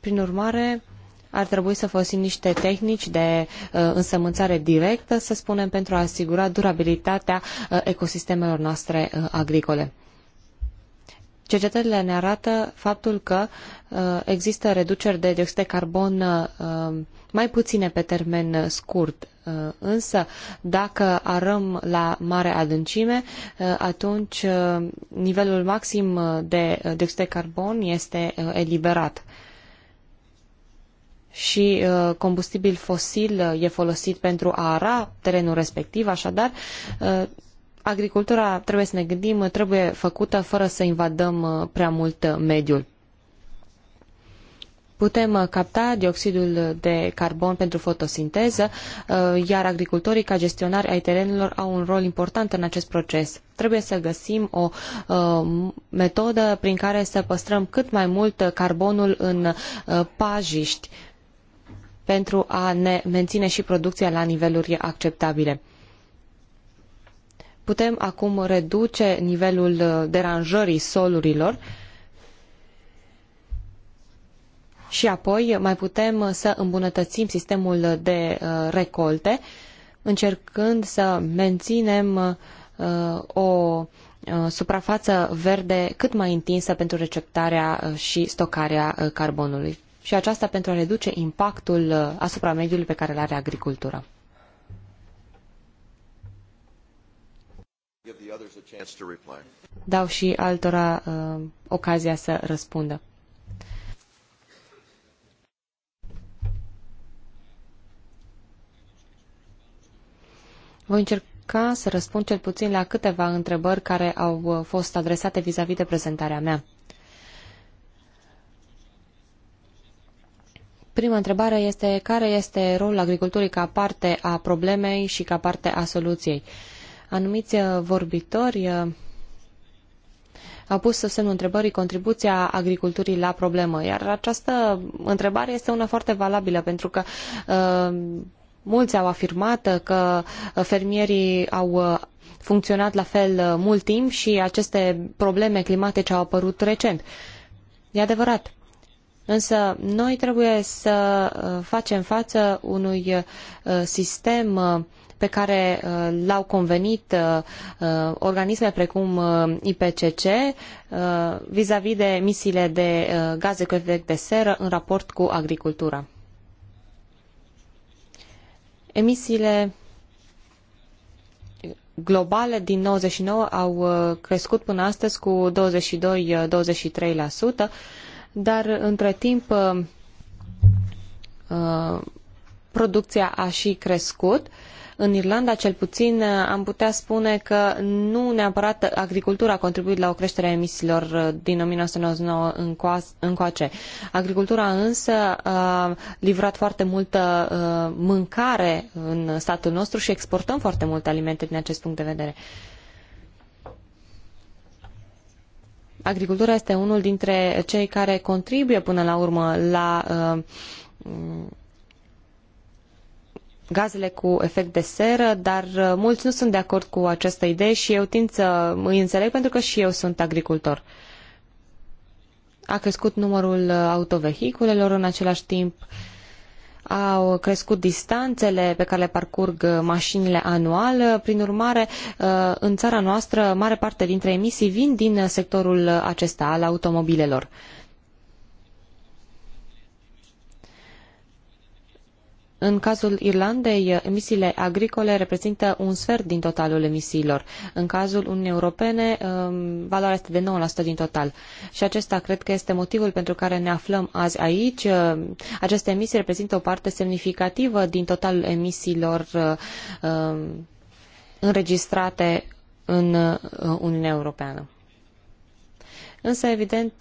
B: Prin urmare, ar trebui să folosim niște tehnici de uh, însămânțare directă, să spunem, pentru a asigura durabilitatea uh, ecosistemelor noastre agricole. Cercetările ne arată faptul că există reduceri de dioxid de carbon mai puține pe termen scurt Uh, însă, dacă arăm la mare adâncime, uh, atunci uh, nivelul maxim de dioxid de carbon este eliberat și combustibil fosil e folosit pentru a ara terenul respectiv, așadar agricultura, trebuie să ne gândim, trebuie făcută fără să invadăm prea mult mediul putem uh, capta dioxidul de carbon pentru fotosinteză, uh, iar agricultorii ca gestionari ai terenurilor au un rol important în acest proces. Trebuie să găsim o uh, metodă prin care să păstrăm cât mai mult carbonul în pajiști pentru a ne menține și producția la niveluri acceptabile putem acum reduce nivelul deranjării solurilor și apoi mai putem să îmbunătățim sistemul de uh, recolte, încercând să menținem uh, o uh, suprafață verde cât mai întinsă pentru receptarea și stocarea carbonului. Și aceasta pentru a reduce impactul asupra mediului pe care îl are agricultura. Dau și altora uh, ocazia să răspundă. Voi încerca să răspund cel puțin la câteva întrebări care au uh, fost adresate vis-a-vis de prezentarea mea. Prima întrebare este care este rolul agriculturii ca parte a problemei și ca parte a soluției. Anumiți uh, vorbitori uh, au pus să semnul întrebării contribuția agriculturii la problemă, iar această întrebare este una foarte valabilă pentru că Mulți au afirmat că fermierii au uh, funcționat la fel uh, mult timp și aceste probleme climatice au apărut recent. E adevărat. Însă noi trebuie să uh, facem față unui sistem pe care l-au convenit organisme precum IPCC vis-a-vis de emisiile de gaze cu efect de seră în raport cu agricultura. Emisiile globale din 99 au uh, crescut până astăzi cu 22-23%, dar între timp uh, uh, producția a și crescut în Irlanda, cel puțin, am putea spune că nu neapărat agricultura a contribuit la o creștere a emisiilor din 1999 încoace. Agricultura însă a livrat foarte multă mâncare în statul nostru și exportăm foarte multe alimente din acest punct de vedere. Agricultura este unul dintre cei care contribuie până la urmă la uh, gazele cu efect de seră, dar uh, mulți nu sunt de acord cu această idee și eu tind să îi înțeleg pentru că și eu sunt agricultor. A crescut numărul uh, autovehiculelor în același timp, au crescut distanțele pe care le parcurg uh, mașinile anual. Prin urmare, în țara noastră, mare parte dintre emisii vin din sectorul acesta al automobilelor. În cazul Irlandei, emisiile agricole reprezintă un sfert din totalul emisiilor. În cazul Uniunii Europene, um, valoarea este de 9% din total. Și acesta cred că este motivul pentru care ne aflăm azi aici. Um, aceste emisii reprezintă o parte semnificativă din totalul emisiilor um, înregistrate în uh, Uniunea Europeană. Însă, evident,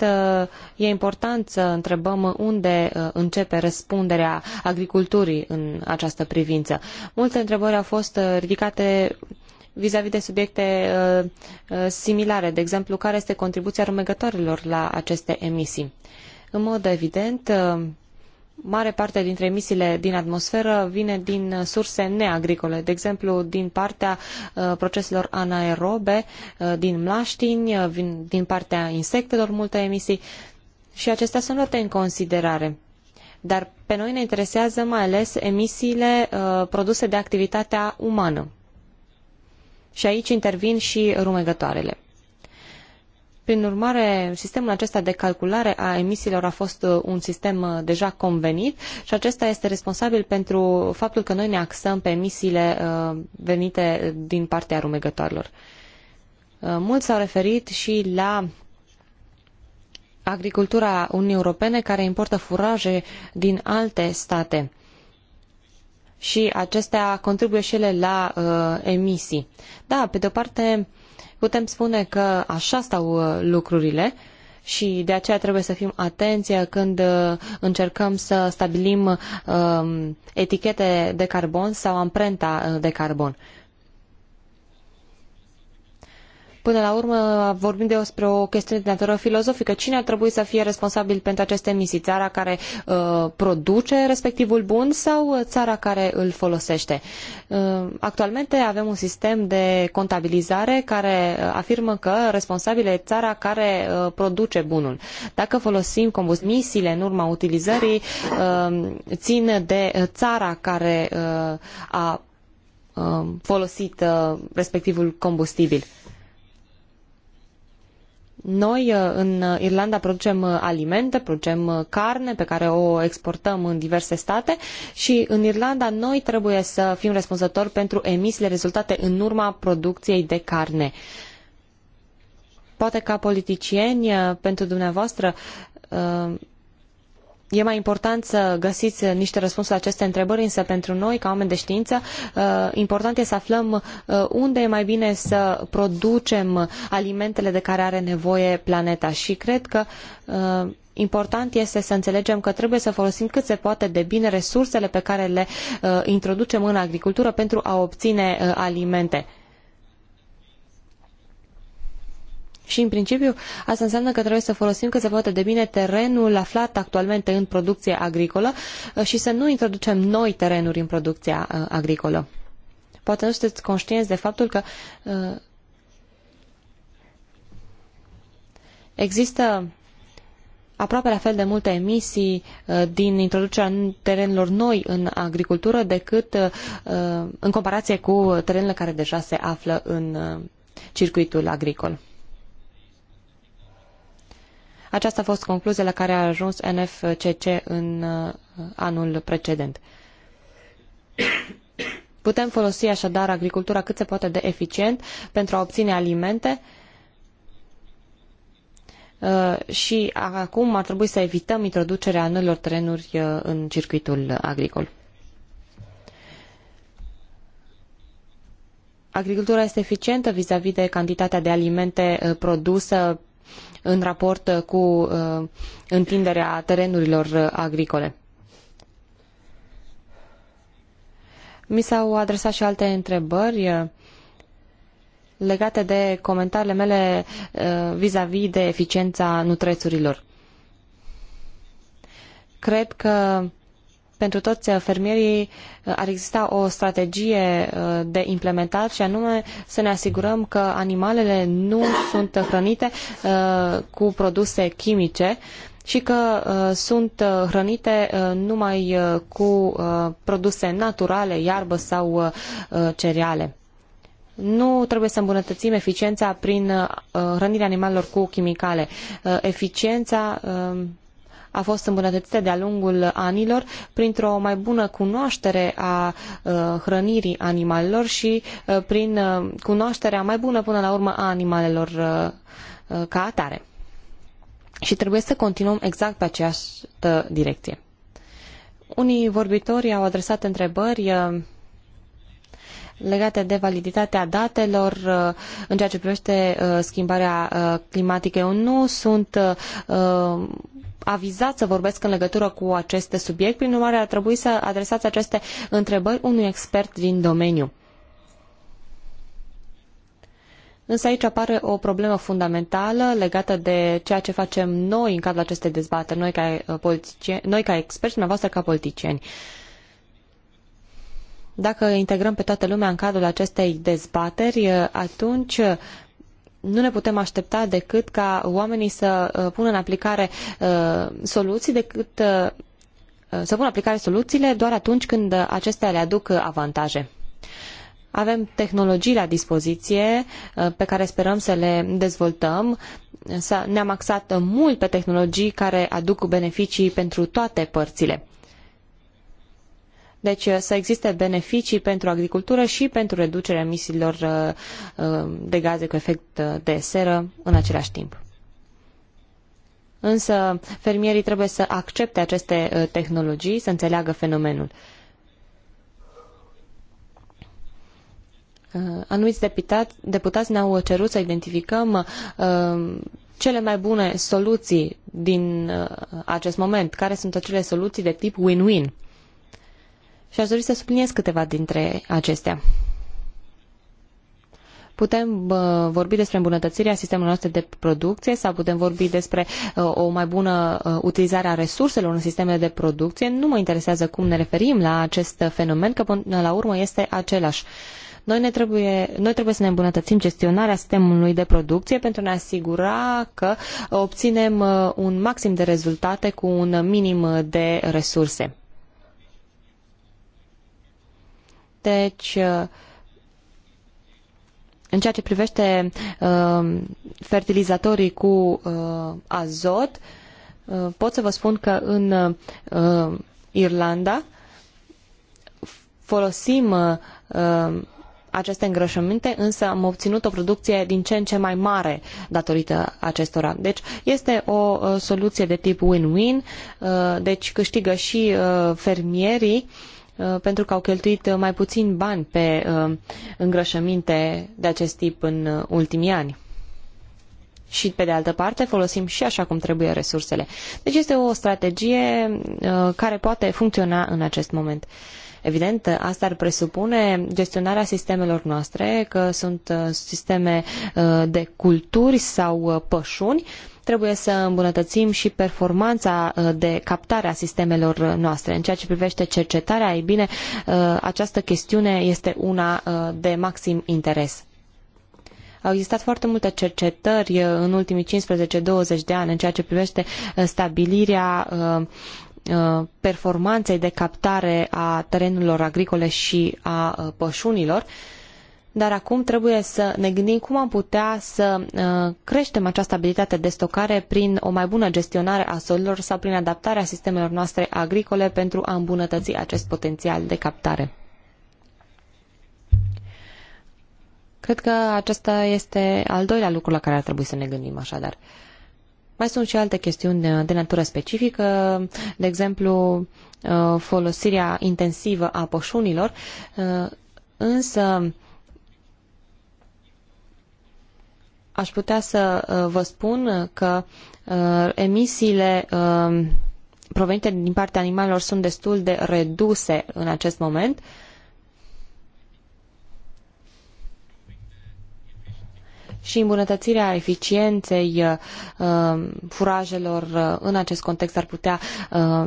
B: e important să întrebăm unde uh, începe răspunderea agriculturii în această privință. Multe întrebări au fost uh, ridicate vis-a-vis de subiecte uh, similare, de exemplu, care este contribuția rumegătorilor la aceste emisii. În mod evident, mare parte dintre emisiile din atmosferă vine din surse neagricole, de exemplu din partea uh, proceselor anaerobe, uh, din mlaștini, uh, din partea insectelor multe emisii și acestea sunt luate în considerare. Dar pe noi ne interesează mai ales emisiile produse de activitatea umană. Și aici intervin și rumegătoarele. Prin urmare, sistemul acesta de calculare a emisiilor a fost uh, un sistem uh, deja convenit și acesta este responsabil pentru faptul că noi ne axăm pe emisiile uh, venite din partea rumegătorilor. Mulți s-au referit și la agricultura Uniunii Europene care importă furaje din alte state și acestea contribuie și ele la emisii. Da, pe de o parte Putem spune că așa stau uh, lucrurile și de aceea trebuie să fim atenți uh, când uh, încercăm să stabilim um, etichete de carbon sau amprenta de carbon. Până la urmă vorbim despre o chestiune de natură filozofică. Cine ar trebui să fie responsabil pentru aceste emisii? Țara care uh, produce respectivul bun sau uh, țara care îl folosește? Uh, actualmente avem un sistem de contabilizare care uh, afirmă că responsabilă e țara care uh, produce bunul. Dacă folosim combustibilele în urma utilizării, uh, țin de uh, țara care a folosit respectivul combustibil. Noi uh, în uh, Irlanda producem uh, alimente, producem carne pe care o exportăm în diverse state și în Irlanda noi trebuie să fim răspunzători pentru emisiile rezultate în urma producției de carne. Poate ca politicieni, pentru dumneavoastră, E mai important să găsiți niște răspunsuri la aceste întrebări, însă pentru noi, ca oameni de știință, uh, important este să aflăm uh, unde e mai bine să producem alimentele de care are nevoie planeta. Și cred că uh, important este să înțelegem că trebuie să folosim cât se poate de bine resursele pe care le introducem în agricultură pentru a obține alimente. Și, în principiu, asta înseamnă că trebuie să folosim cât se poate de bine terenul aflat actualmente în producție agricolă uh, și să nu introducem noi terenuri în producția uh, agricolă. Poate nu sunteți conștienți de faptul că uh, există aproape la fel de multe emisii din introducerea terenilor noi în agricultură decât în comparație cu terenurile care deja se află în circuitul agricol. Aceasta a fost concluzia la care a ajuns NFCC în uh, anul precedent. Putem folosi așadar agricultura cât se poate de eficient pentru a obține alimente uh, și acum ar trebui să evităm introducerea noilor terenuri uh, în circuitul agricol. Agricultura este eficientă vis-a-vis de cantitatea de alimente produsă în raport uh, cu uh, întinderea terenurilor uh, agricole. Mi s-au adresat și alte întrebări legate de comentariile mele vis-a-vis -vis de eficiența nutrețurilor. Cred că pentru toți uh, fermierii uh, ar exista o strategie uh, de implementat și anume să ne asigurăm că animalele nu sunt hrănite cu produse chimice și că sunt hrănite numai cu produse naturale, iarbă sau cereale. Nu trebuie să îmbunătățim eficiența prin hrănirea animalelor cu chimicale. Eficiența a fost îmbunătățită de-a lungul anilor printr-o mai bună cunoaștere a uh, hrănirii animalelor și uh, prin uh, cunoașterea mai bună până la urmă a animalelor ca atare. Și trebuie să continuăm exact pe această direcție. Unii vorbitori au adresat întrebări legate de validitatea datelor în ceea ce privește schimbarea climatică. Eu nu sunt avizat să vorbesc în legătură cu aceste subiect, prin urmare ar trebui să adresați aceste întrebări unui expert din domeniu. Însă aici apare o problemă fundamentală legată de ceea ce facem noi în cadrul acestei dezbateri, noi ca, uh, politicieni, noi ca experți, dumneavoastră ca politicieni. Dacă integrăm pe toată lumea în cadrul acestei dezbateri, uh, atunci uh, nu ne putem aștepta decât ca oamenii să uh, pună în aplicare uh, soluții decât uh, să pună în aplicare soluțiile doar atunci când acestea le aduc avantaje. Avem tehnologii la dispoziție pe care sperăm să le dezvoltăm. Ne-am axat mult pe tehnologii care aduc beneficii pentru toate părțile. Deci uh, să existe beneficii pentru agricultură și pentru reducerea emisiilor uh, uh, de gaze cu efect de seră în același timp. Însă fermierii trebuie să accepte aceste tehnologii, să înțeleagă fenomenul. Anumiți deputați, deputați ne-au cerut să identificăm cele mai bune soluții din acest moment, care sunt acele soluții de tip win-win. Și aș dori să subliniez câteva dintre acestea. Putem uh, vorbi despre îmbunătățirea sistemului nostru de producție sau putem vorbi despre uh, o mai bună uh, utilizare a resurselor în sistemele de producție. Nu mă interesează cum ne referim la acest fenomen, că până la urmă este același. Noi, ne trebuie, noi trebuie să ne îmbunătățim gestionarea sistemului de producție pentru a ne asigura că obținem uh, un maxim de rezultate cu un minim de resurse. Deci, uh, în ceea ce privește uh, fertilizatorii cu uh, azot, uh, pot să vă spun că în uh, Irlanda folosim uh, uh aceste îngrășăminte, însă am obținut o producție din ce în ce mai mare datorită acestora. Deci este o uh, soluție de tip win-win, deci câștigă și fermierii Uh, pentru că au cheltuit uh, mai puțin bani pe uh, îngrășăminte de acest tip în ultimii ani. Și, pe de altă parte, folosim și așa cum trebuie resursele. Deci este o strategie care poate funcționa în acest moment. Evident, asta ar presupune gestionarea sistemelor noastre, că sunt sisteme de culturi sau pășuni, Trebuie să îmbunătățim și performanța uh, de captare a sistemelor noastre. În ceea ce privește cercetarea, ei bine, uh, această chestiune este una uh, de maxim interes. Au existat foarte multe cercetări în ultimii 15-20 de ani în ceea ce privește stabilirea performanței de captare a terenurilor agricole și a pășunilor dar acum trebuie să ne gândim cum am putea să uh, creștem această abilitate de stocare prin o mai bună gestionare a solilor sau prin adaptarea sistemelor noastre agricole pentru a îmbunătăți acest potențial de captare. Cred că acesta este al doilea lucru la care ar trebui să ne gândim așadar. Mai sunt și alte chestiuni de natură specifică, de exemplu uh, folosirea intensivă a pășunilor, uh, însă aș putea să uh, vă spun că uh, emisiile um, provenite din partea animalelor sunt destul de reduse în acest moment. Și îmbunătățirea eficienței uh, um, furajelor în acest context ar putea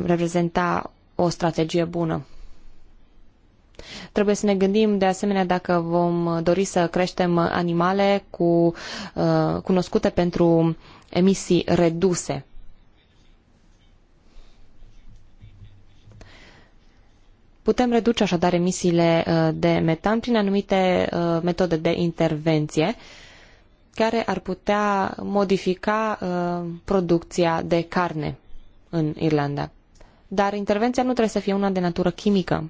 B: reprezenta o strategie bună. Trebuie să ne gândim de asemenea dacă vom dori să creștem animale cu, uh, cunoscute pentru emisii reduse. Putem reduce așadar emisiile uh, de metan prin anumite uh, metode de intervenție care ar putea modifica uh, producția de carne în Irlanda. Dar intervenția nu trebuie să fie una de natură chimică,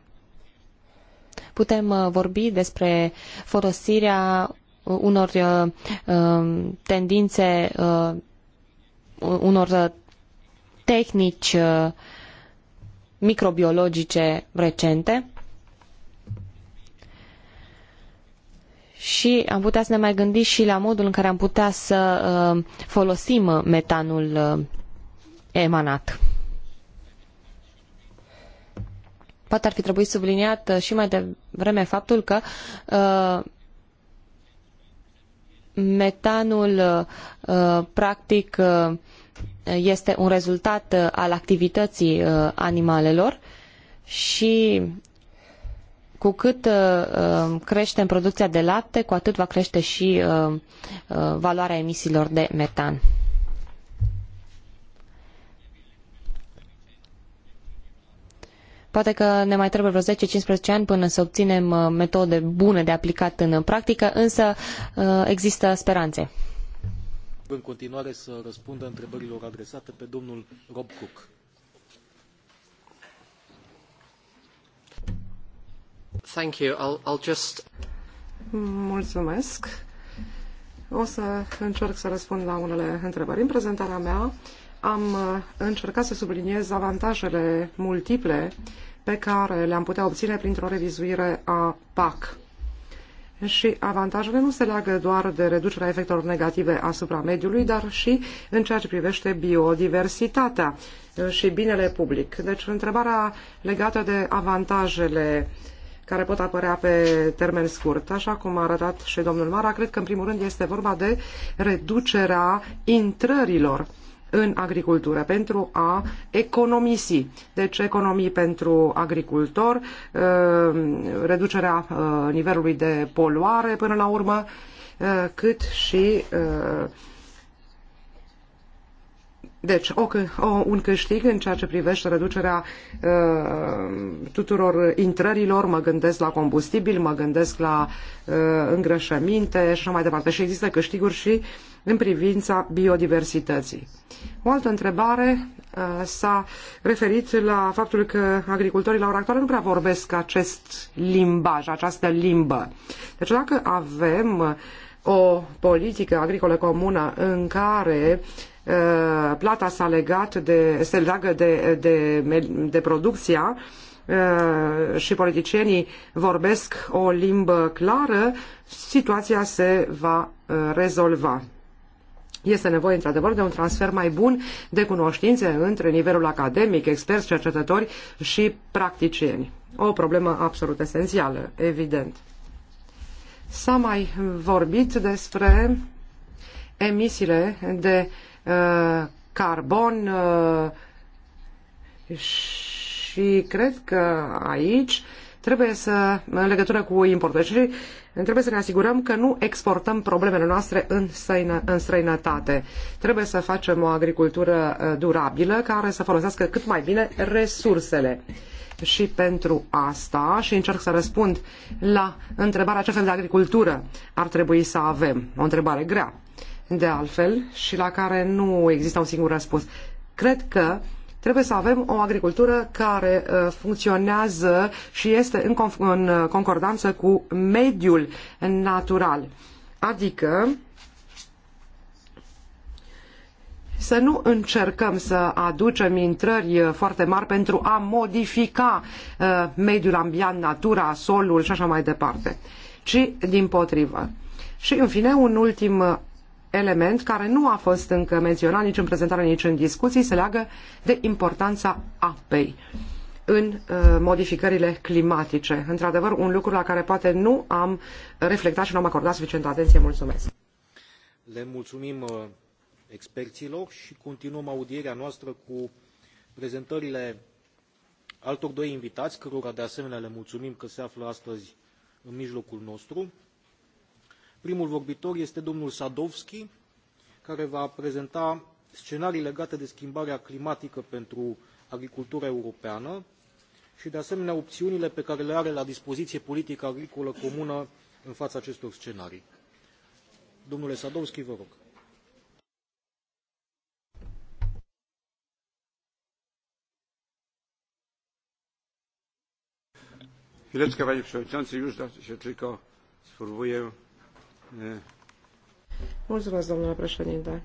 B: Putem uh, vorbi despre folosirea uh, unor uh, um, tendințe, unor tehnici microbiologice recente și am putea să ne mai gândim și la modul în care am putea să folosim metanul emanat. Poate ar fi trebuit subliniat uh, și mai devreme faptul că uh, metanul uh, practic este un rezultat al activității animalelor și cu cât crește în producția de lapte, cu atât va crește și valoarea emisiilor de metan. Poate că ne mai trebuie vreo 10-15 ani până să obținem uh, metode bune de aplicat în uh, practică, însă uh, există speranțe.
A: În continuare să răspundă întrebărilor adresate pe domnul Rob Cook.
D: Thank you. I'll, I'll just... Mulțumesc. O să încerc să răspund la unele întrebări. În prezentarea mea am uh, încercat să subliniez avantajele multiple pe care le-am putea obține printr-o revizuire a PAC. Și avantajele nu se leagă doar de reducerea efectelor negative asupra mediului, dar și în ceea ce privește biodiversitatea uh, și binele public. Deci întrebarea legată de avantajele care pot apărea pe termen scurt. Așa cum a arătat și domnul Mara, cred că în primul rând este vorba de reducerea intrărilor în agricultură pentru a economisi. Deci economii pentru agricultor, uh, reducerea uh, nivelului de poluare până la urmă, uh, cât și deci, o, o, un câștig în ceea ce privește reducerea uh, tuturor intrărilor, mă gândesc la combustibil, mă gândesc la uh, îngrășăminte și așa mai departe. Și există câștiguri și în privința biodiversității. O altă întrebare uh, s-a referit la faptul că agricultorii la ora actuală nu prea vorbesc acest limbaj, această limbă. Deci dacă avem o politică agricolă comună în care uh, Uh, plata s-a legat de, se leagă de, de, de producția uh, și politicienii vorbesc o limbă clară, situația se va uh, rezolva. Este nevoie, într-adevăr, de un transfer mai bun de cunoștințe între nivelul academic, experți, cercetători și practicieni. O problemă absolut esențială, evident. S-a mai vorbit despre emisiile de uh, Uh, carbon uh, și cred că aici trebuie să, în legătură cu importul, și trebuie să ne asigurăm că nu exportăm problemele noastre în, străină, în străinătate. Trebuie să facem o agricultură uh, durabilă care să folosească cât mai bine resursele. Și pentru asta, și încerc să răspund la întrebarea ce fel de agricultură ar trebui să avem, o întrebare grea, de altfel, și la care nu există un singur răspuns. Cred că trebuie să avem o agricultură care uh, funcționează și este în, în uh, concordanță cu mediul natural. Adică să nu încercăm să aducem intrări uh, foarte mari pentru a modifica mediul ambient, natura, solul și așa mai departe, ci din potrivă. Și în fine, un ultim element care nu a fost încă menționat nici în prezentare, nici în discuții, se leagă de importanța apei în uh, modificările climatice. Într-adevăr, un lucru la care poate nu am reflectat și nu am acordat suficientă atenție. Mulțumesc!
A: Le mulțumim uh, experților și continuăm audierea noastră cu prezentările altor doi invitați, cărora de asemenea le mulțumim că se află astăzi în mijlocul nostru. Primul vorbitor este domnul Sadovski, care va prezenta scenarii legate de schimbarea climatică pentru agricultura europeană și, de asemenea, opțiunile pe care le are la dispoziție politica agricolă comună în fața acestor scenarii. Domnule Sadovski, vă rog.
C: Chwileczkę, panie przewodniczący, już da się tylko spróbuję
D: Mulțumesc, domnule președinte.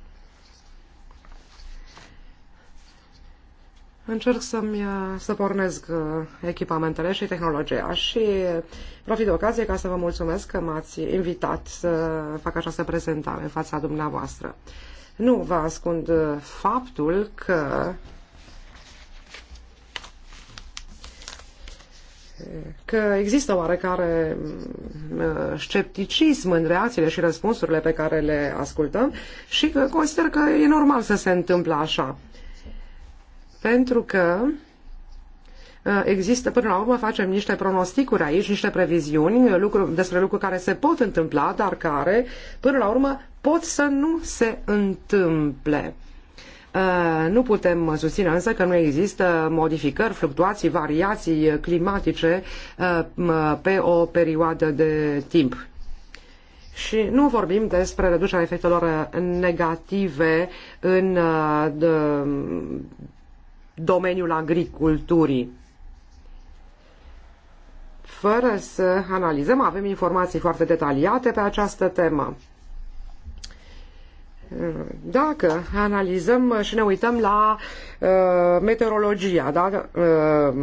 D: Încerc să-mi uh, să pornesc uh, echipamentele și tehnologia și profit de ocazie ca să vă mulțumesc că m-ați invitat să fac această prezentare în fața dumneavoastră. Nu vă ascund uh, faptul că că există oarecare mm, scepticism în reacțiile și răspunsurile pe care le ascultăm și că consider că e normal să se întâmple așa. Pentru că uh, există, până la urmă, facem niște pronosticuri aici, niște previziuni lucruri, despre lucruri care se pot întâmpla, dar care, până la urmă, pot să nu se întâmple. Eh, nu putem susține însă că nu există modificări, fluctuații, variații climatice eh, pe o perioadă de timp. Și nu vorbim despre reducerea efectelor negative în eh, domeniul agriculturii. Fără să analizăm, avem informații foarte detaliate pe această temă. Dacă analizăm și ne uităm la uh, meteorologia, da? uh,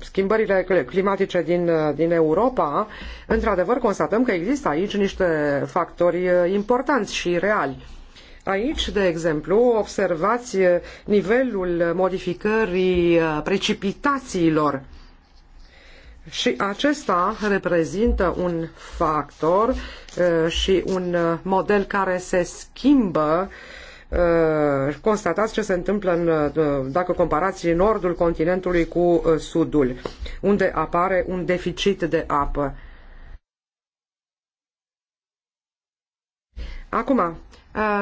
D: schimbările climatice din, uh, din Europa, într-adevăr constatăm că există aici niște factori uh, importanți și reali. Aici, de exemplu, observați nivelul modificării uh, precipitațiilor uh, și acesta reprezintă un factor uh, și un uh, model care se schimbă uh, constatați ce se întâmplă în, dacă comparați nordul continentului cu sudul, unde apare un deficit de apă. Acum,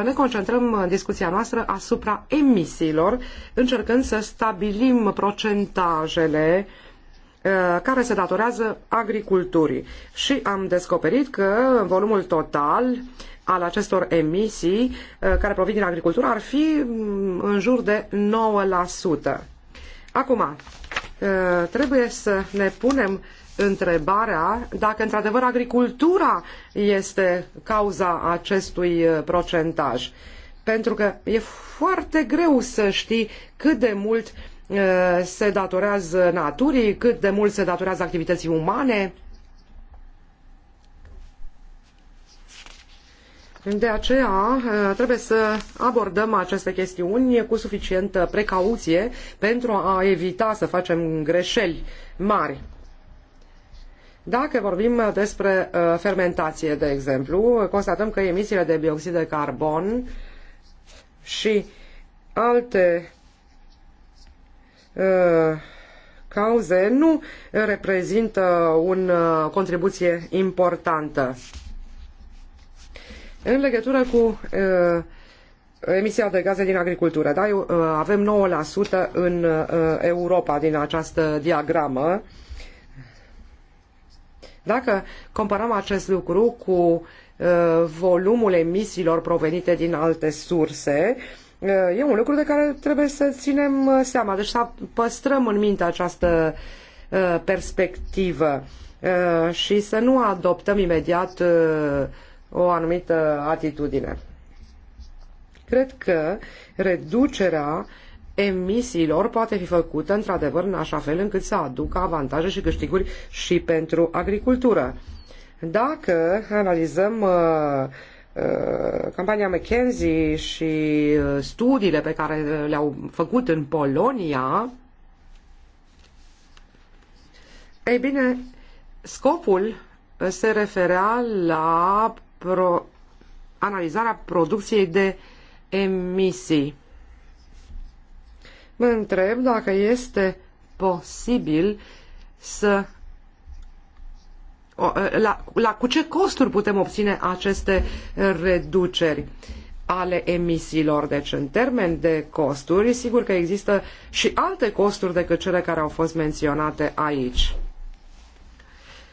D: ne concentrăm discuția noastră asupra emisiilor, încercând să stabilim procentajele uh, Uh, care se datorează agriculturii. Și am descoperit că volumul total al acestor emisii uh, care provin din agricultură ar fi mm, în jur de 9%. Acum, uh, trebuie să ne punem întrebarea dacă într-adevăr agricultura este cauza acestui procentaj. Pentru că e foarte greu să știi cât de mult se datorează naturii, cât de mult se datorează activității umane. De aceea trebuie să abordăm aceste chestiuni cu suficientă precauție pentru a evita să facem greșeli mari. Dacă vorbim despre fermentație, de exemplu, constatăm că emisiile de bioxid de carbon și alte Uh, cauze nu reprezintă o uh, contribuție importantă. În legătură cu uh, emisia de gaze din agricultură, da, avem 9% în Europa din această diagramă. Dacă comparăm acest lucru cu volumul emisiilor provenite din alte surse, uh, E un lucru de care trebuie să ținem uh, seama, deci să păstrăm în minte această uh, perspectivă uh, și să nu adoptăm imediat o anumită atitudine. Cred că reducerea emisiilor poate fi făcută într-adevăr în așa fel încât să aducă avantaje și câștiguri și pentru agricultură. Dacă analizăm uh, Uh, campania McKenzie și uh, studiile pe care le-au făcut în Polonia, ei bine, scopul se referea la pro analizarea producției de emisii. Mă întreb dacă este posibil să la, la cu ce costuri putem obține aceste reduceri ale emisiilor. Deci, în termen de costuri, sigur că există și alte costuri decât cele care au fost menționate aici.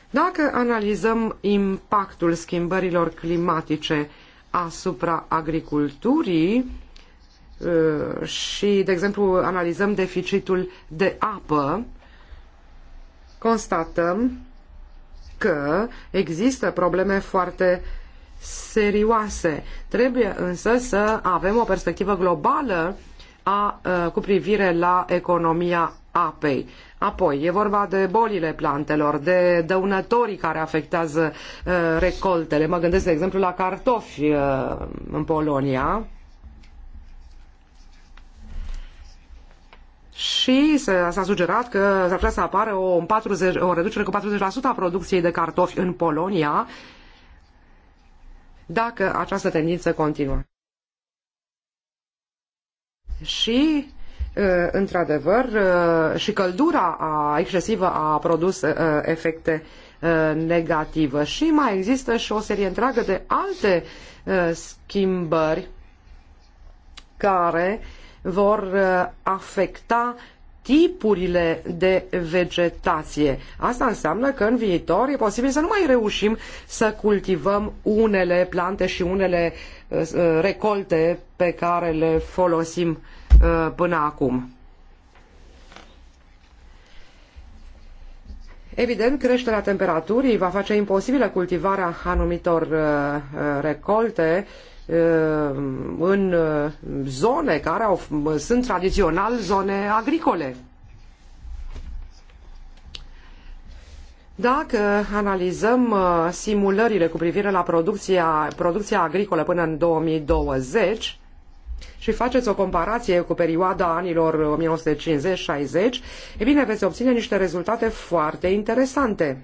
D: Dacă analizăm impactul schimbărilor climatice asupra agriculturii și, de exemplu, analizăm deficitul de apă, constatăm că există probleme foarte serioase. Trebuie însă să avem o perspectivă globală a, ă, cu privire la economia apei. Apoi, e vorba de bolile plantelor, de dăunătorii care afectează uh, recoltele. Mă gândesc, de exemplu, la cartofi uh, în Polonia. și s-a, sugerat că s-ar putea să apară o, 40, o reducere cu 40% a producției de cartofi în Polonia dacă această tendință continuă. Și uh, într-adevăr, uh, și căldura excesivă a produs uh, efecte negative. Și mai există și o serie întreagă de alte schimbări care vor uh, afecta tipurile de vegetație. Asta înseamnă că în viitor e posibil să nu mai reușim să cultivăm unele plante și unele uh, uh, recolte pe care le folosim până acum. Evident, creșterea temperaturii va face imposibilă cultivarea anumitor recolte Uh, în uh, zone care au, uh, sunt tradițional zone agricole. Dacă analizăm simulările cu privire la producția, producția agricolă până în 2020 și faceți o comparație cu perioada anilor 1950-60, e bine, veți obține niște rezultate foarte interesante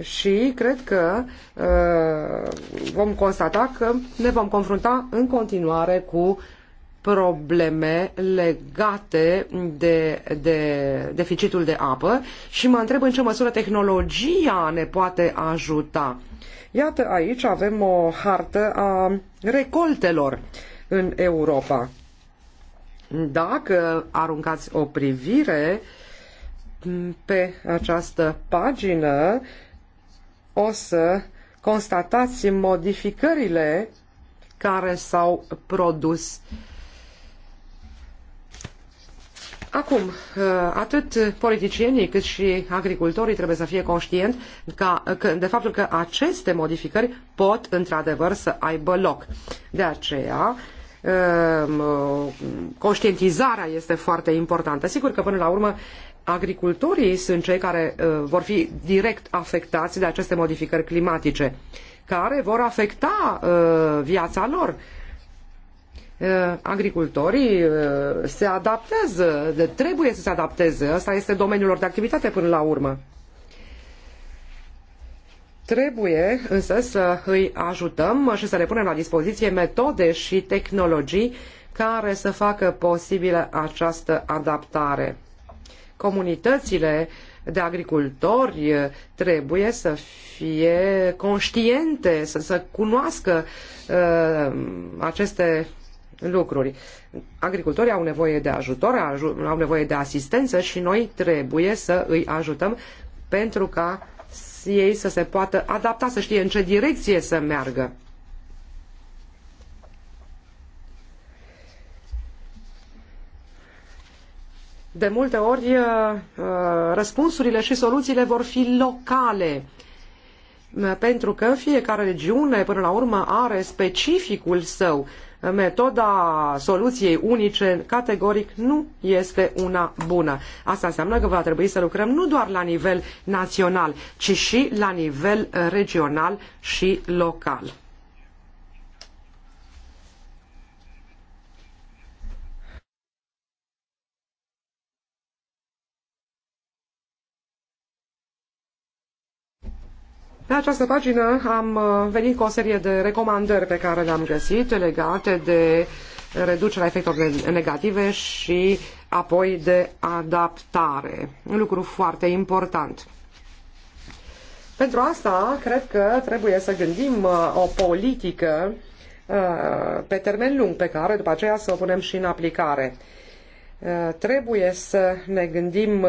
D: și cred că uh, vom constata că ne vom confrunta în continuare cu probleme legate de, de deficitul de apă și mă întreb în ce măsură tehnologia ne poate ajuta. Iată aici avem o hartă a recoltelor în Europa. Dacă aruncați o privire pe această pagină, o să constatați modificările care s-au produs. Acum, atât politicienii cât și agricultorii trebuie să fie conștienți ca, că, de faptul că aceste modificări pot într-adevăr să aibă loc. De aceea, um, conștientizarea este foarte importantă. Sigur că până la urmă agricultorii sunt cei care uh, vor fi direct afectați de aceste modificări climatice, care vor afecta uh, viața lor. Uh, agricultorii se adaptează, trebuie să se adapteze. Asta este domeniul lor de activitate până la urmă. Trebuie însă să îi ajutăm și să le punem la dispoziție metode și tehnologii care să facă posibilă această adaptare. Comunitățile de agricultori trebuie să fie conștiente, să, să cunoască uh, aceste lucruri. Agricultorii au nevoie de ajutor, au nevoie de asistență și noi trebuie să îi ajutăm pentru ca ei să se poată adapta, să știe în ce direcție să meargă. de multe ori uh, uh, răspunsurile și soluțiile vor fi locale, uh, pentru că fiecare regiune, până la urmă, are specificul său. Metoda soluției unice, categoric, nu este una bună. Asta înseamnă că va trebui să lucrăm nu doar la nivel național, ci și la nivel regional și local. La această pagină am uh, venit cu o serie de recomandări pe care le-am găsit legate de reducerea efectelor negative și apoi de adaptare. Un lucru foarte important. Pentru asta, cred că trebuie să gândim uh, o politică uh, pe termen lung, pe care după aceea să o punem și în aplicare. Trebuie să ne gândim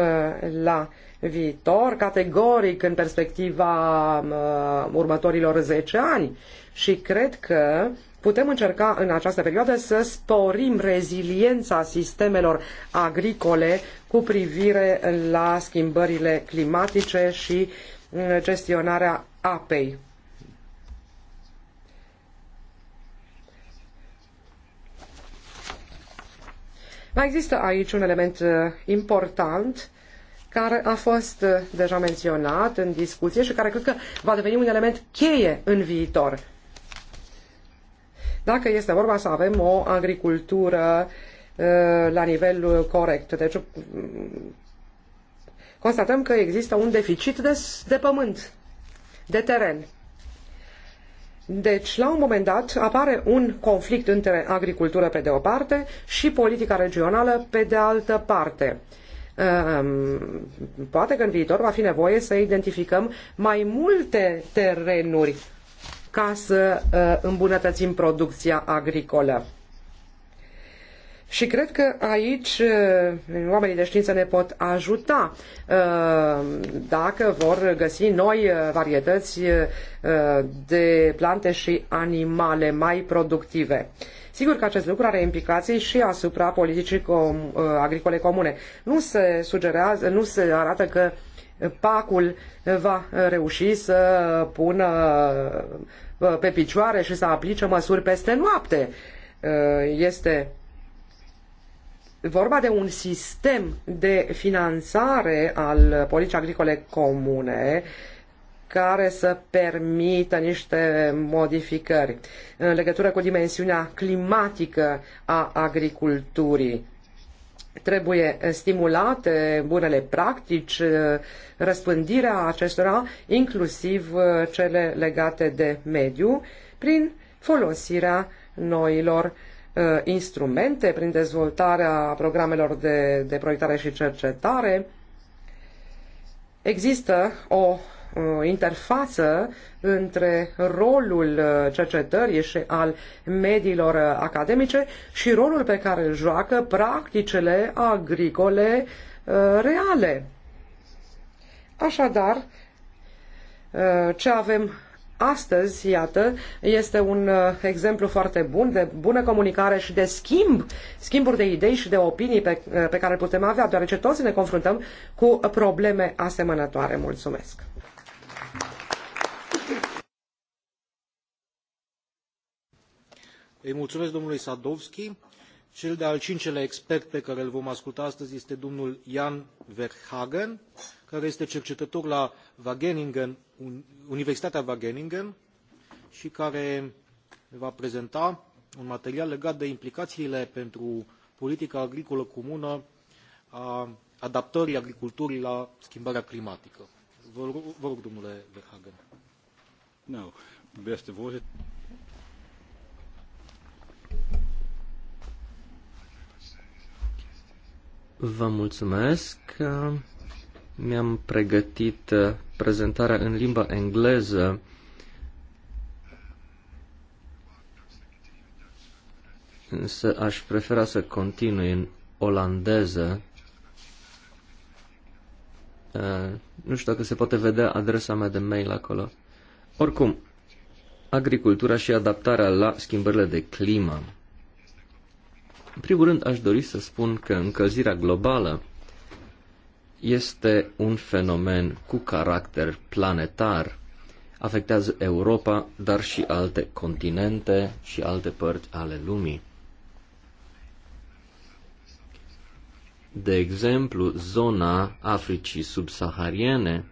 D: la viitor, categoric în perspectiva uh, următorilor 10 ani și cred că putem încerca în această perioadă să sporim reziliența sistemelor agricole cu privire la schimbările climatice și uh, gestionarea apei. Mai există aici un element uh, important care a fost uh, deja menționat în discuție și care cred că va deveni un element cheie în viitor. Dacă este vorba să avem o agricultură uh, la nivel uh, corect. Deci mm, constatăm că există un deficit de, de pământ, de teren. Deci, la un moment dat, apare un conflict între agricultură pe de o parte și politica regională pe de altă parte. Uh, Ehm, poate că în viitor va fi nevoie să identificăm mai multe terenuri ca să eh, îmbunătățim producția agricolă. Și cred că aici eh, oamenii de știință ne pot ajuta ehm, dacă vor găsi noi eh, varietăți de plante și animale mai productive. Sigur că acest lucru are implicații și asupra politicii com, uh, agricole comune. Nu se sugerează, nu se arată că pacul va reuși să pună uh, pe picioare și să aplice măsuri peste noapte. Uh, este vorba de un sistem de finanțare al politicii agricole comune care să permită niște modificări în legătură cu dimensiunea climatică a agriculturii. Trebuie stimulate bunele practici, răspândirea acestora, inclusiv cele legate de mediu, prin folosirea noilor uh, instrumente, prin dezvoltarea programelor de, de proiectare și cercetare, Există o interfață între rolul uh, cercetării și al mediilor uh, academice și rolul pe care îl joacă practicile agricole uh, reale. Așadar, ce avem astăzi, iată, este un exemplu foarte bun de bună comunicare și de schimb, schimburi de idei și de opinii pe, pe care putem avea, deoarece toți ne confruntăm cu probleme asemănătoare. Mulțumesc!
A: îi mulumesc domnului sadowski cel de al cincilea expert pe care îl vom asculta astăzi este domnul jan verhagen care este cercetător la wageningen, universitatea wageningen și care va prezenta un material legat de implicațiile pentru politica agricolă comună a adaptării agriculturii la schimbarea climatică. Vă rog, vă rog domnule Verhagen. No, beste voorzitter.
C: Vă mulțumesc. Mi-am pregătit uh, prezentarea în limba engleză. Însă aș prefera să continui în olandeză. Uh, nu știu dacă se poate vedea adresa mea de mail acolo. Oricum, agricultura și adaptarea la schimbările de climă. În primul rând, aș dori să spun că încălzirea globală este un fenomen cu caracter planetar. Afectează Europa, dar și alte continente și alte părți ale lumii. De exemplu, zona Africii subsahariene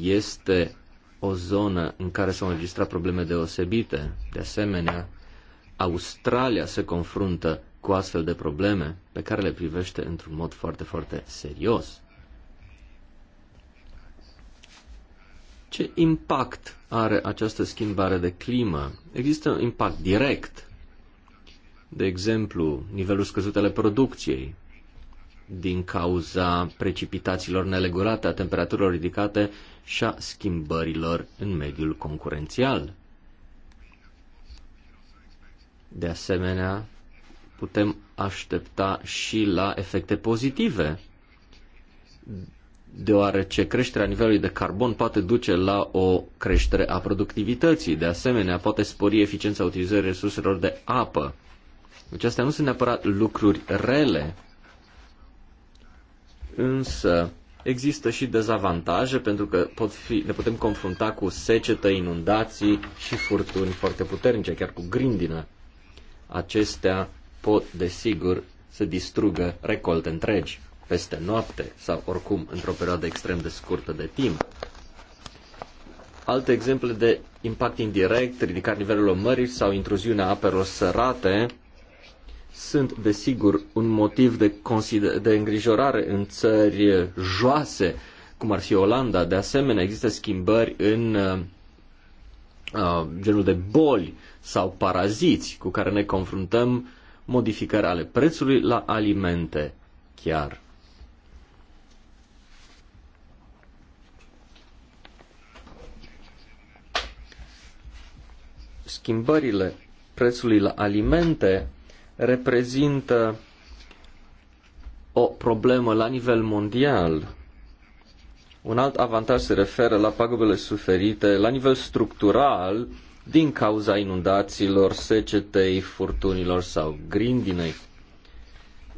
C: este o zonă în care s-au înregistrat probleme deosebite. De asemenea, Australia se confruntă cu astfel de probleme pe care le privește într-un mod foarte, foarte serios. Ce impact are această schimbare de climă? Există un impact direct, de exemplu, nivelul scăzut ale producției din cauza precipitațiilor nelegulate, a temperaturilor ridicate și a schimbărilor în mediul concurențial. De asemenea, putem aștepta și la efecte pozitive, deoarece creșterea nivelului de carbon poate duce la o creștere a productivității. De asemenea, poate spori eficiența utilizării resurselor de apă. Deci astea nu sunt neapărat lucruri rele, însă există și dezavantaje pentru că pot fi, ne putem confrunta cu secetă, inundații și furtuni foarte puternice, chiar cu grindină acestea pot, desigur, să distrugă recolte întregi peste noapte sau oricum într-o perioadă extrem de scurtă de timp. Alte exemple de impact indirect, ridicarea nivelului mării sau intruziunea apelor sărate sunt, desigur, un motiv de, consider- de îngrijorare în țări joase, cum ar fi Olanda. De asemenea, există schimbări în uh, uh genul de boli sau paraziți cu care ne confruntăm, modificări ale prețului la alimente chiar. Schimbările prețului la alimente reprezintă o problemă la nivel mondial. Un alt avantaj se referă la pagubele suferite la nivel structural din cauza inundațiilor, secetei, furtunilor sau grindinei.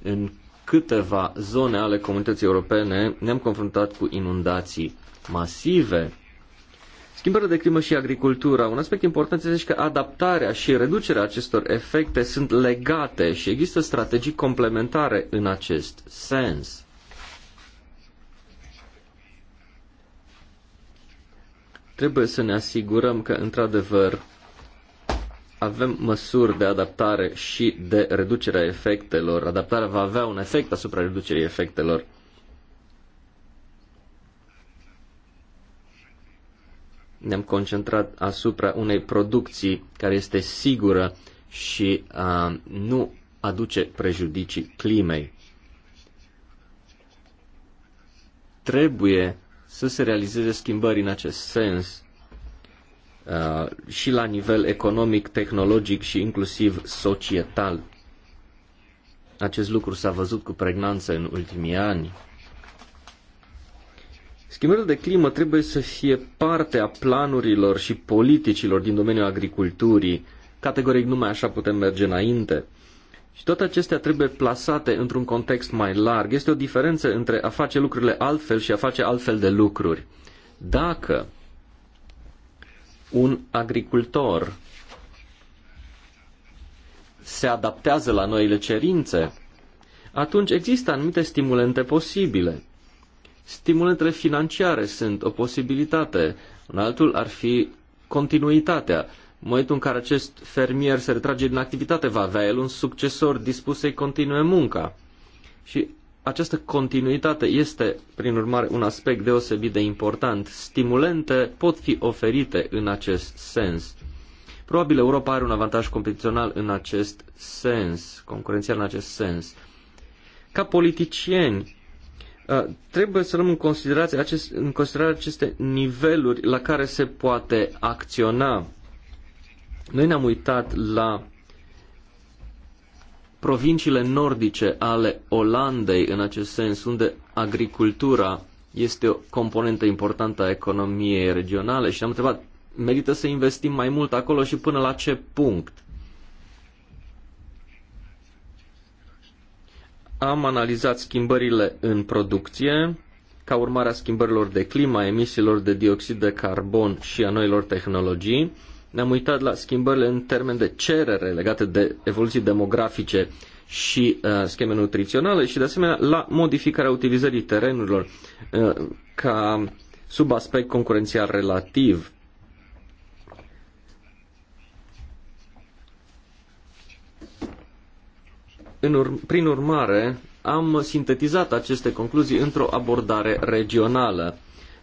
C: În câteva zone ale comunității europene ne-am confruntat cu inundații masive. Schimbările de climă și agricultura. Un aspect important este că adaptarea și reducerea acestor efecte sunt legate și există strategii complementare în acest sens. Trebuie să ne asigurăm că, într-adevăr, avem măsuri de adaptare și de reducerea efectelor. Adaptarea va avea un efect asupra reducerii efectelor. Ne-am concentrat asupra unei producții care este sigură și uh, nu aduce prejudicii climei. Trebuie să se realizeze schimbări în acest sens uh, și la nivel economic, tehnologic și inclusiv societal. Acest lucru s-a văzut cu pregnanță în ultimii ani. Schimbările de climă trebuie să fie parte a planurilor și politicilor din domeniul agriculturii. Categoric numai așa putem merge înainte. Și toate acestea trebuie plasate într-un context mai larg. Este o diferență între a face lucrurile altfel și a face altfel de lucruri. Dacă un agricultor se adaptează la noile cerințe, atunci există anumite stimulente posibile. Stimulentele financiare sunt o posibilitate, un altul ar fi continuitatea. În momentul în care acest fermier se retrage din activitate, va avea el un succesor dispus să-i continue munca. Și această continuitate este, prin urmare, un aspect deosebit de important. Stimulente pot fi oferite în acest sens. Probabil Europa are un avantaj competițional în acest sens, concurențial în acest sens. Ca politicieni, uh, trebuie să luăm în considerare, acest, în considerare aceste niveluri la care se poate acționa noi ne-am uitat la provinciile nordice ale Olandei în acest sens, unde agricultura este o componentă importantă a economiei regionale și am întrebat, merită să investim mai mult acolo și până la ce punct? Am analizat schimbările în producție ca urmare a schimbărilor de clima, emisiilor de dioxid de carbon și a noilor tehnologii ne-am uitat la schimbările în termen de cerere legate de evoluții demografice și uh, scheme nutriționale și de asemenea la modificarea utilizării terenurilor uh, ca sub aspect concurențial relativ. În ur- prin urmare, am sintetizat aceste concluzii într-o abordare regională.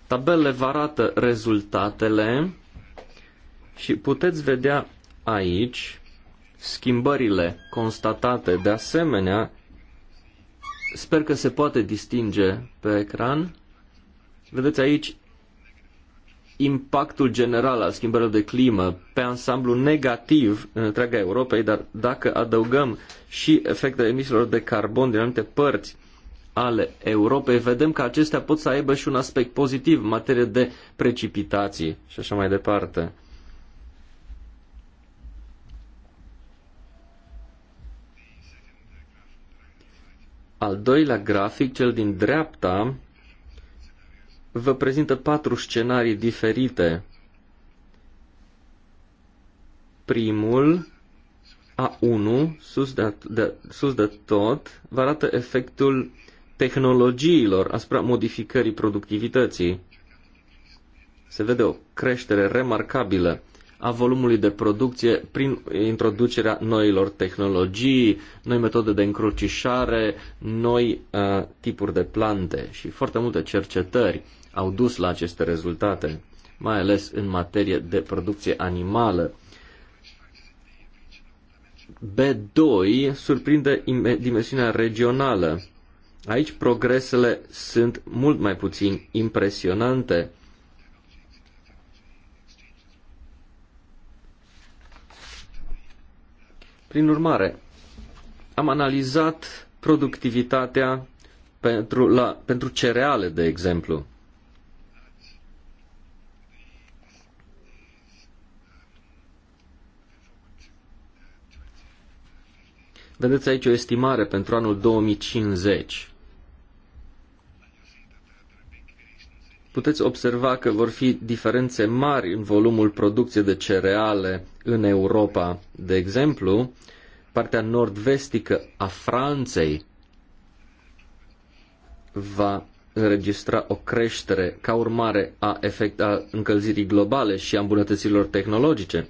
C: Tabelele vă arată rezultatele și puteți vedea aici schimbările constatate. De asemenea, sper că se poate distinge pe ecran. Vedeți aici impactul general al schimbărilor de climă pe ansamblu negativ în întreaga Europei, dar dacă adăugăm și efectele emisiilor de carbon din anumite părți ale Europei, vedem că acestea pot să aibă și un aspect pozitiv în materie de precipitații și așa mai departe. Al doilea grafic, cel din dreapta, vă prezintă patru scenarii diferite. Primul, A1, sus de, de, sus de tot, vă arată efectul tehnologiilor asupra modificării productivității. Se vede o creștere remarcabilă a volumului de producție prin introducerea noilor tehnologii, noi metode de încrucișare, noi uh, tipuri de plante și foarte multe cercetări au dus la aceste rezultate, mai ales în materie de producție animală. B2 surprinde dimensiunea regională. Aici progresele sunt mult mai puțin impresionante Prin urmare, am analizat productivitatea pentru, la, pentru cereale, de exemplu. Vedeți aici o estimare pentru anul 2050. puteți observa că vor fi diferențe mari în volumul producției de cereale în Europa. De exemplu, partea nord-vestică a Franței va înregistra o creștere ca urmare a, efect, a încălzirii globale și a îmbunătățirilor tehnologice.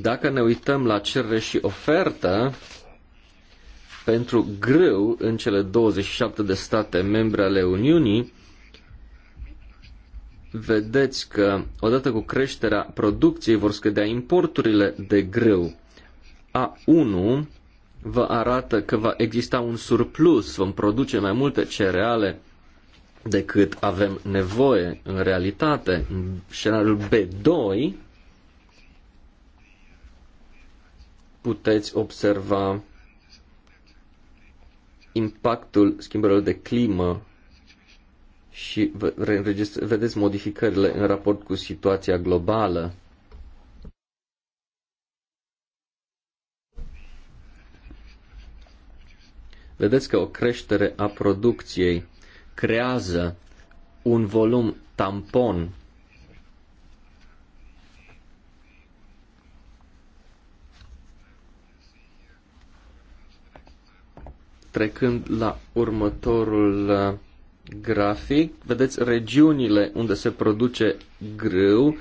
C: Dacă ne uităm la cerere și ofertă pentru grâu în cele 27 de state membre ale Uniunii, vedeți că odată cu creșterea producției vor scădea importurile de grâu. A1 vă arată că va exista un surplus, vom produce mai multe cereale decât avem nevoie în realitate. În scenariul B2 puteți observa impactul schimbărilor de climă și vedeți modificările în raport cu situația globală. Vedeți că o creștere a producției creează un volum tampon trecând la următorul uh, grafic, vedeți regiunile unde se produce grâu.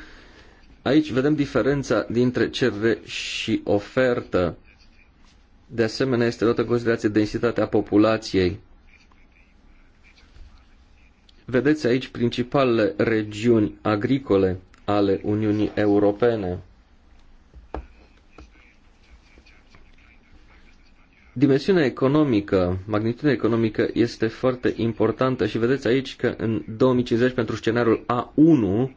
C: Aici vedem diferența dintre cerere și ofertă. De asemenea, este luată în considerație densitatea populației. Vedeți aici principalele regiuni agricole ale Uniunii Europene. Dimensiunea economică, magnitudinea economică este foarte importantă și vedeți aici că în 2050 pentru scenariul A1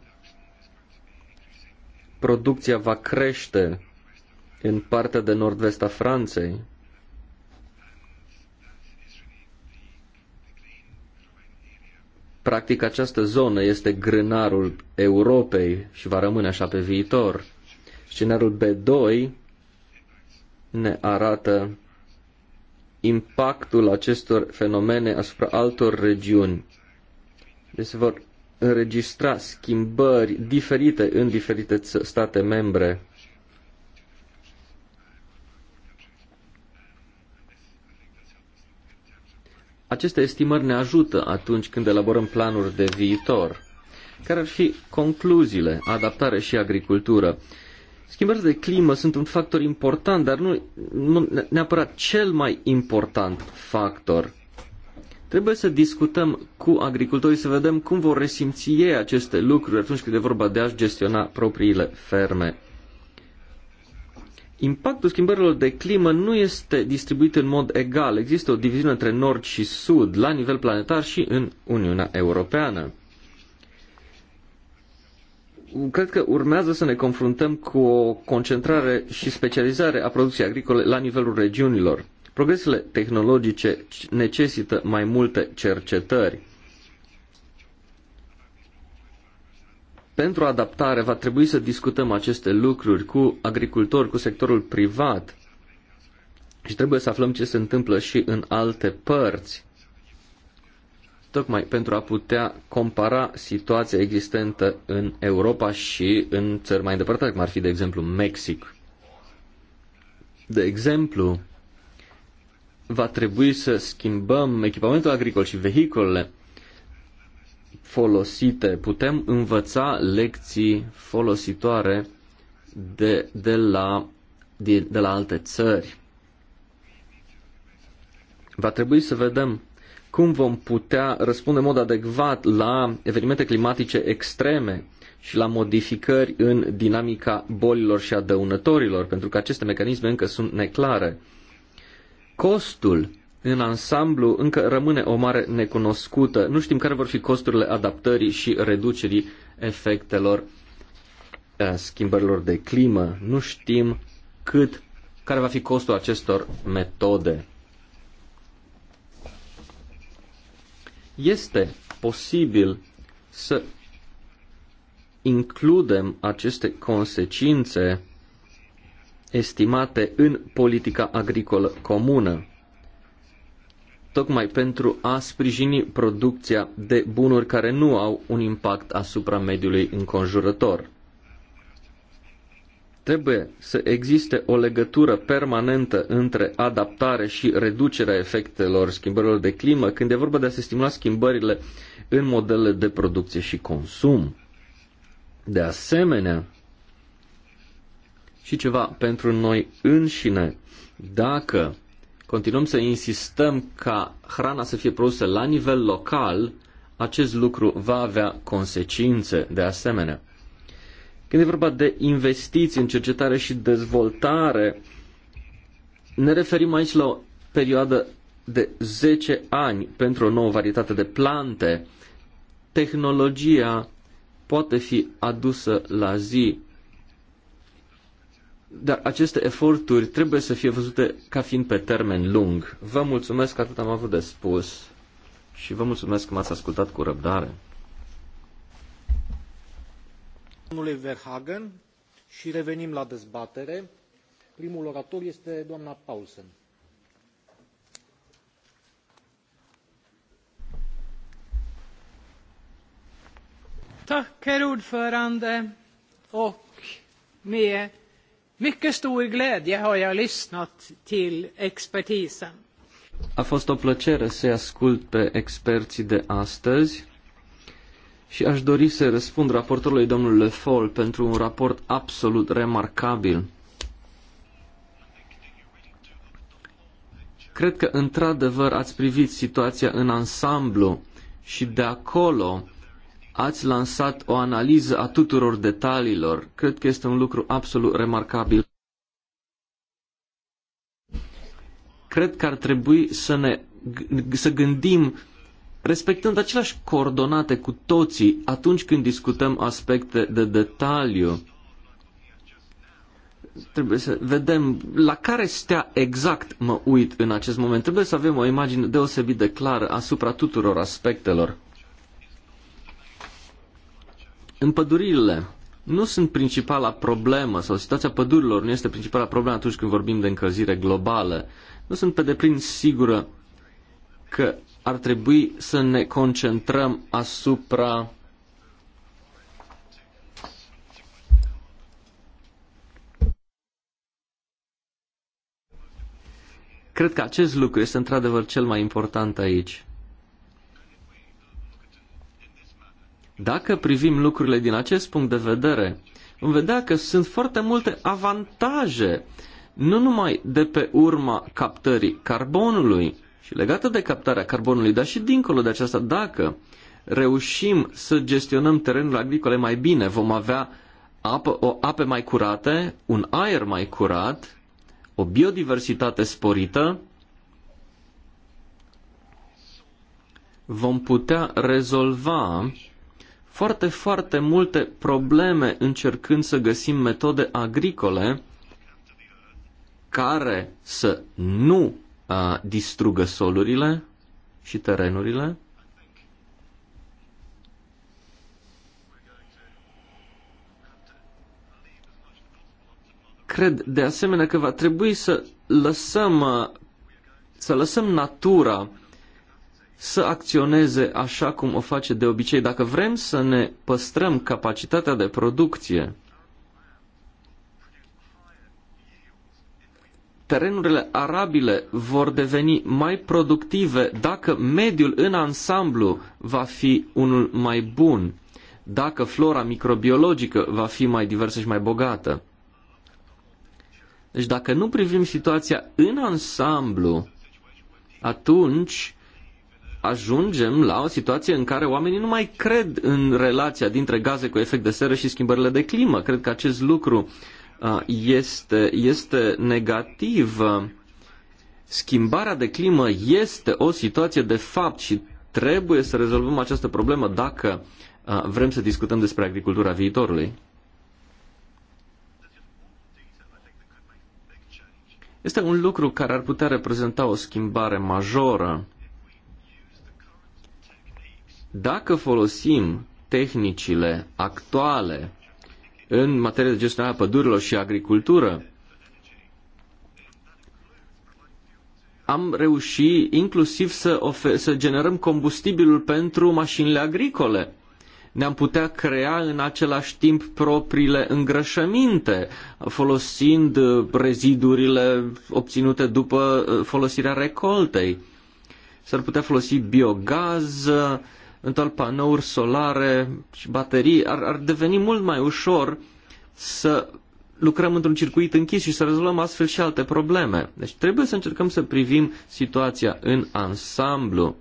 C: producția va crește în partea de nord-vest a Franței. Practic această zonă este grânarul Europei și va rămâne așa pe viitor. Scenariul B2 ne arată impactul acestor fenomene asupra altor regiuni. Deci se vor înregistra schimbări diferite în diferite state membre. Aceste estimări ne ajută atunci când elaborăm planuri de viitor. Care ar fi concluziile? Adaptare și agricultură. Schimbările de climă sunt un factor important, dar nu, nu neapărat cel mai important factor. Trebuie să discutăm cu agricultorii, să vedem cum vor resimți ei aceste lucruri atunci când e vorba de a-și gestiona propriile ferme. Impactul schimbărilor de climă nu este distribuit în mod egal. Există o diviziune între nord și sud, la nivel planetar și în Uniunea Europeană cred că urmează să ne confruntăm cu o concentrare și specializare a producției agricole la nivelul regiunilor. Progresele tehnologice necesită mai multe cercetări. Pentru adaptare va trebui să discutăm aceste lucruri cu agricultori, cu sectorul privat și trebuie să aflăm ce se întâmplă și în alte părți tocmai pentru a putea compara situația existentă în Europa și în țări mai îndepărtate, cum ar fi, de exemplu, Mexic. De exemplu, va trebui să schimbăm echipamentul agricol și vehiculele folosite. Putem învăța lecții folositoare de, de, la, de, de la alte țări. Va trebui să vedem cum vom putea răspunde în mod adecvat la evenimente climatice extreme și la modificări în dinamica bolilor și a dăunătorilor, pentru că aceste mecanisme încă sunt neclare. Costul în ansamblu încă rămâne o mare necunoscută. Nu știm care vor fi costurile adaptării și reducerii efectelor eh, schimbărilor de climă. Nu știm cât, care va fi costul acestor metode. Este posibil să includem aceste consecințe estimate în politica agricolă comună, tocmai pentru a sprijini producția de bunuri care nu au un impact asupra mediului înconjurător. Trebuie să existe o legătură permanentă între adaptare și reducerea efectelor schimbărilor de climă când e vorba de a se stimula schimbările în modele de producție și consum. De asemenea, și ceva pentru noi înșine, dacă continuăm să insistăm ca hrana să fie produsă la nivel local, acest lucru va avea consecințe de asemenea. Când e vorba de investiții în cercetare și dezvoltare, ne referim aici la o perioadă de 10 ani pentru o nouă varietate de plante. Tehnologia poate fi adusă la zi, dar aceste eforturi trebuie să fie văzute ca fiind pe termen lung. Vă mulțumesc că atât am avut de spus și vă mulțumesc că m-ați ascultat cu răbdare.
A: Domnule Verhagen și revenim la dezbatere. Primul orator este doamna Paulsen.
D: Tack, herr ordförande, och med mycket stor glädje har jag lyssnat till expertisen.
C: A fost o plăcere să ascult pe experții de astăzi și aș dori să răspund raportorului domnul Le Foll pentru un raport absolut remarcabil. Cred că într-adevăr ați privit situația în ansamblu și de acolo ați lansat o analiză a tuturor detaliilor. Cred că este un lucru absolut remarcabil. Cred că ar trebui să ne să gândim respectând aceleași coordonate cu toții atunci când discutăm aspecte de detaliu. Trebuie să vedem la care stea exact mă uit în acest moment. Trebuie să avem o imagine deosebit de clară asupra tuturor aspectelor. Împăduririle nu sunt principala problemă sau situația pădurilor nu este principala problemă atunci când vorbim de încălzire globală. Nu sunt pe deplin sigură că ar trebui să ne concentrăm asupra Cred că acest lucru este într-adevăr cel mai important aici. Dacă privim lucrurile din acest punct de vedere, vom vedea că sunt foarte multe avantaje, nu numai de pe urma captării carbonului, și legată de captarea carbonului, dar și dincolo de aceasta, dacă reușim să gestionăm terenul agricole mai bine, vom avea apă, o ape mai curate, un aer mai curat, o biodiversitate sporită, vom putea rezolva foarte, foarte multe probleme încercând să găsim metode agricole care să nu distrugă solurile și terenurile. Cred de asemenea că va trebui să lăsăm, să lăsăm natura să acționeze așa cum o face de obicei. Dacă vrem să ne păstrăm capacitatea de producție, terenurile arabile vor deveni mai productive dacă mediul în ansamblu va fi unul mai bun, dacă flora microbiologică va fi mai diversă și mai bogată. Deci dacă nu privim situația în ansamblu, atunci ajungem la o situație în care oamenii nu mai cred în relația dintre gaze cu efect de seră și schimbările de climă. Cred că acest lucru este, este negativ. Schimbarea de climă este o situație de fapt și trebuie să rezolvăm această problemă dacă vrem să discutăm despre agricultura viitorului. Este un lucru care ar putea reprezenta o schimbare majoră. Dacă folosim tehnicile actuale în materie de gestionare a pădurilor și agricultură, am reușit inclusiv să, ofer- să generăm combustibilul pentru mașinile agricole. Ne-am putea crea în același timp propriile îngrășăminte, folosind uh, rezidurile obținute după uh, folosirea recoltei. S-ar putea folosi biogaz, uh, eventual panouri solare și baterii, ar, ar deveni mult mai ușor să lucrăm într-un circuit închis și să rezolvăm astfel și alte probleme. Deci trebuie să încercăm să privim situația în ansamblu.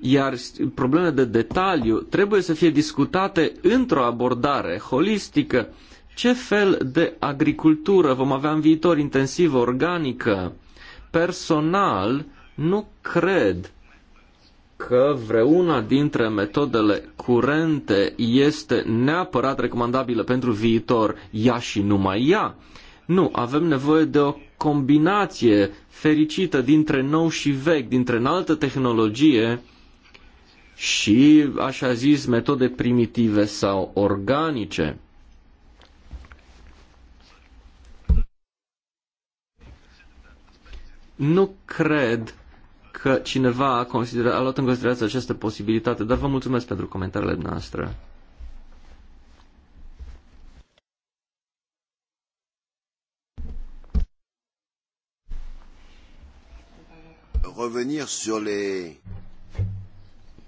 C: Iar problemele de detaliu trebuie să fie discutate într-o abordare holistică. Ce fel de agricultură vom avea în viitor intensivă, organică? Personal, nu cred că vreuna dintre metodele curente este neapărat recomandabilă pentru viitor, ea și numai ea. Nu, avem nevoie de o combinație fericită dintre nou și vechi, dintre înaltă tehnologie și, așa zis, metode primitive sau organice. Nu cred că cineva a, considera, a luat în considerație această posibilitate, dar vă mulțumesc pentru comentariile noastre.
E: revenir sur les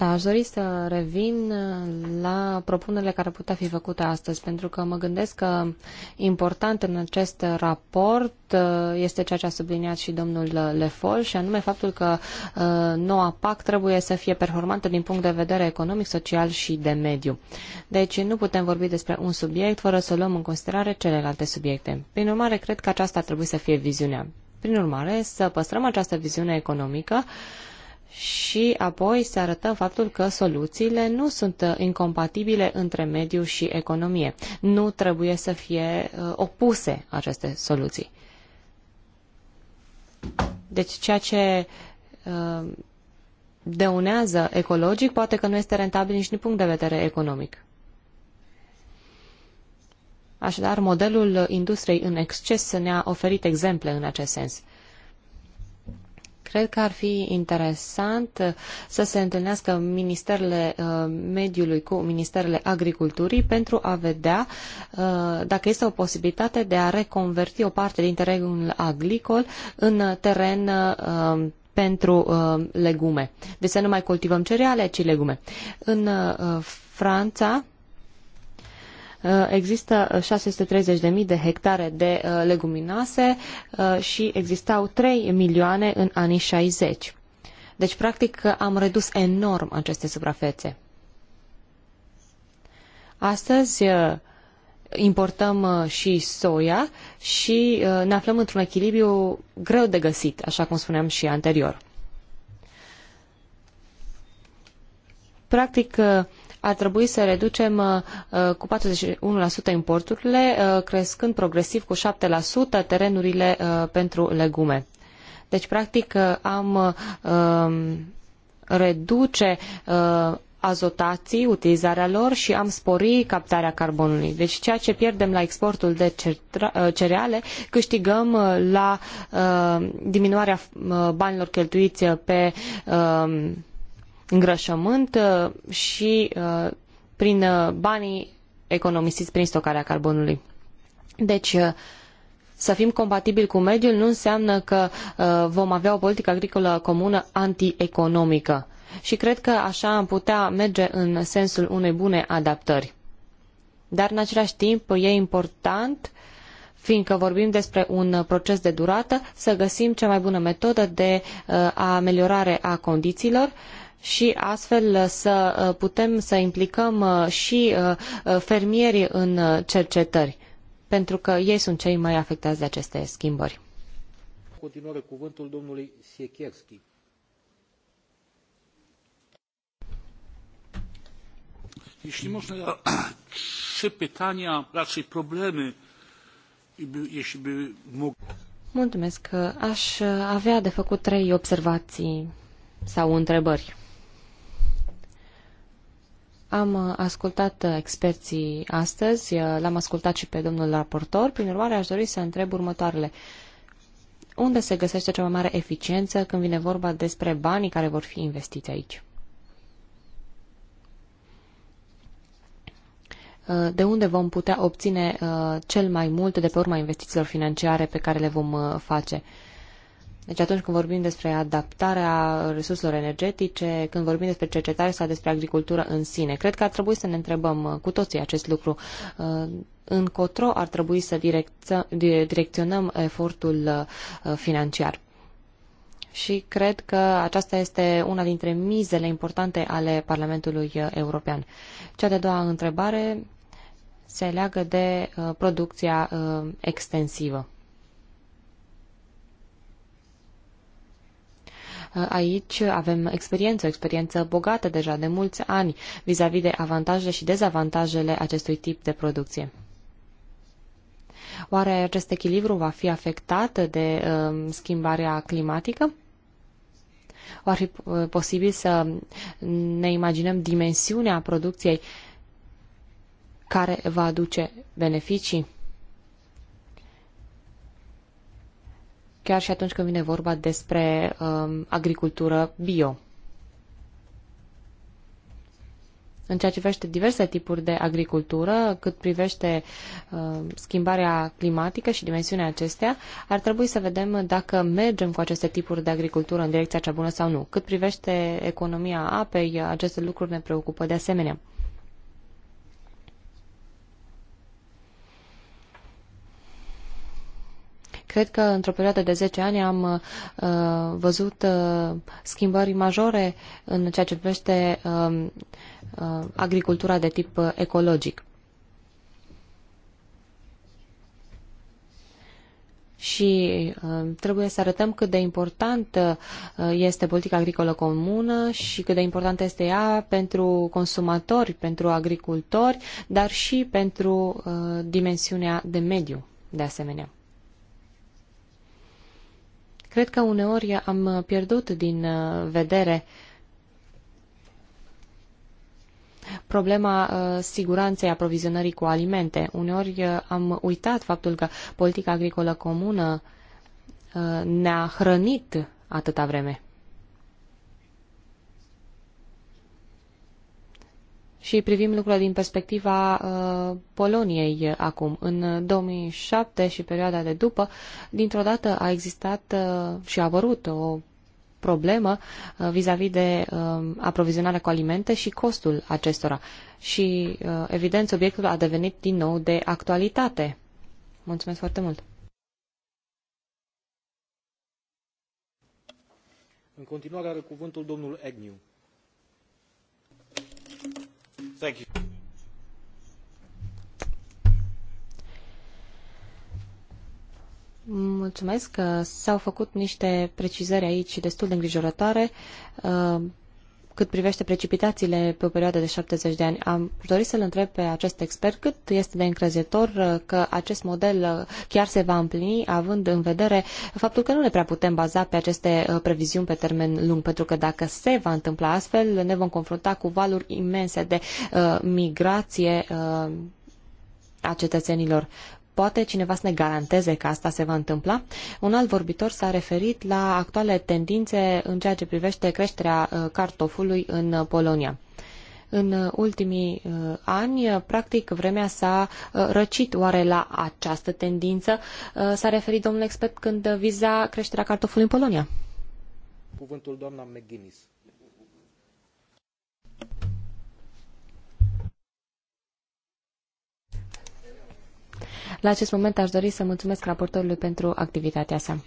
B: da, aș dori să revin la propunerile care putea fi făcute astăzi, pentru că mă gândesc că important în acest raport uh, este ceea ce a subliniat și domnul Lefol, și anume faptul că uh, noua PAC trebuie să fie performantă din punct de vedere economic, social și de mediu. Deci nu putem vorbi despre un subiect fără să luăm în considerare celelalte subiecte. Prin urmare, cred că aceasta trebuie să fie viziunea. Prin urmare, să păstrăm această viziune economică, uh, și apoi se arătă faptul că soluțiile nu sunt uh, incompatibile între mediu și economie. Nu trebuie să fie uh, opuse aceste soluții. Deci ceea ce uh, deunează ecologic poate că nu este rentabil nici din punct de vedere economic. Așadar, modelul industriei în exces ne-a oferit exemple în acest sens. Cred că ar fi interesant să se întâlnească ministerele uh, mediului cu ministerele agriculturii pentru a vedea uh, dacă este o posibilitate de a reconverti o parte din terenul agricol în teren uh, pentru legume. Deci să nu mai cultivăm cereale, ci legume. În Franța, Uh, există 630.000 de hectare de uh, leguminase uh, și existau 3 milioane în anii 60. Deci, practic, am redus enorm aceste suprafețe. Astăzi importăm și soia și ne aflăm într-un echilibru greu de găsit, așa cum spuneam și anterior. Practic, ar trebui să reducem uh, uh, cu 41% importurile, uh, crescând progresiv cu 7% terenurile pentru legume. Deci, practic, am um, reduce azotații, utilizarea lor și am spori captarea carbonului. Deci ceea ce pierdem la exportul de cereale, câștigăm la diminuarea banilor cheltuiți pe um, îngrășământ uh, și uh, prin uh, banii economisiți prin stocarea carbonului. Deci, să fim compatibili cu mediul nu înseamnă că vom avea o politică agricolă comună antieconomică. Și cred că așa am putea merge în sensul unei bune adaptări. Dar, în același timp, e important fiindcă vorbim despre un proces de durată, să găsim cea mai bună metodă de ameliorare a condițiilor și astfel uh, să uh, putem să implicăm uh, și fermierii în cercetări, pentru că ei sunt cei mai afectați de aceste schimbări.
A: Continuare cuvântul domnului Siekierski. Jeśli można, ja trzy pytania, raczej problemy, jeśli by mógł.
B: Mulțumesc. Aș avea de făcut trei observații sau întrebări. Am uh, ascultat uh, experții astăzi, uh, l-am ascultat și pe domnul raportor, prin urmare aș dori să întreb următoarele. Unde se găsește cea mai mare eficiență când vine vorba despre banii care vor fi investiți aici? De unde vom putea obține cel mai mult de pe urma investițiilor financiare pe care le vom face? Deci atunci când vorbim despre adaptarea resurselor energetice, când vorbim despre cercetare sau despre agricultură în sine, cred că ar trebui să ne întrebăm uh, cu toții acest lucru. Uh, încotro ar trebui să direcționăm efortul uh, financiar. Și cred că aceasta este una dintre mizele importante ale Parlamentului European. Cea de-a doua întrebare se leagă de producția extensivă. Aici avem experiență, o experiență bogată deja de mulți ani vis-a-vis -vis de avantajele și dezavantajele acestui tip de producție. Oare acest echilibru va fi afectat de uh, schimbarea climatică? Ar fi uh, posibil să ne imaginăm dimensiunea producției care va aduce beneficii? chiar și atunci când vine vorba despre um, agricultură bio. În ceea ce privește diverse tipuri de agricultură, cât privește uh, schimbarea climatică și dimensiunea acestea, ar trebui să vedem dacă mergem cu aceste tipuri de agricultură în direcția cea bună sau nu. Cât privește economia apei, aceste lucruri ne preocupă de asemenea. Cred că într-o perioadă de 10 ani am uh, văzut uh, schimbări majore în ceea ce privește uh, uh, agricultura de tip uh, ecologic. și uh, trebuie să arătăm cât de importantă uh, este politica agricolă comună și cât de importantă este ea pentru consumatori, pentru agricultori, dar și pentru uh, dimensiunea de mediu, de asemenea. Cred că uneori am pierdut din uh, vedere problema uh, siguranței aprovizionării cu alimente. Uneori uh, am uitat faptul că politica agricolă comună ne-a hrănit atâta vreme. și privim lucrurile din perspectiva uh, Poloniei acum. În 2007 și perioada de după, dintr-o dată a existat uh, și a apărut o problemă uh, vis-a-vis -vis de uh, aprovizionarea cu alimente și costul acestora. Și, uh, evident, subiectul a devenit din nou de actualitate. Mulțumesc foarte mult!
A: În continuare are cuvântul domnul Egniu.
B: Mulțumesc. S-au făcut niște precizări aici destul de îngrijorătoare uh, cât privește precipitațiile pe o perioadă de 70 de ani. Am dorit să-l întreb pe acest expert cât este de încrezător uh, că acest model uh, chiar se va împlini, având în vedere faptul că nu ne prea putem baza pe aceste uh, previziuni pe termen lung, pentru că dacă se va întâmpla astfel, ne vom confrunta cu valuri imense de uh, migrație uh, a cetățenilor. Poate cineva să ne garanteze că asta se va întâmpla? Un alt vorbitor s-a referit la actuale tendințe în ceea ce privește creșterea uh, cartofului în Polonia în uh, ultimii uh, ani, practic, vremea s-a răcit oare la această tendință. S-a referit domnul expert când viza creșterea cartofului în Polonia.
A: Cuvântul doamna McGuinness.
B: La acest moment aș dori să mulțumesc raportorului pentru activitatea sa.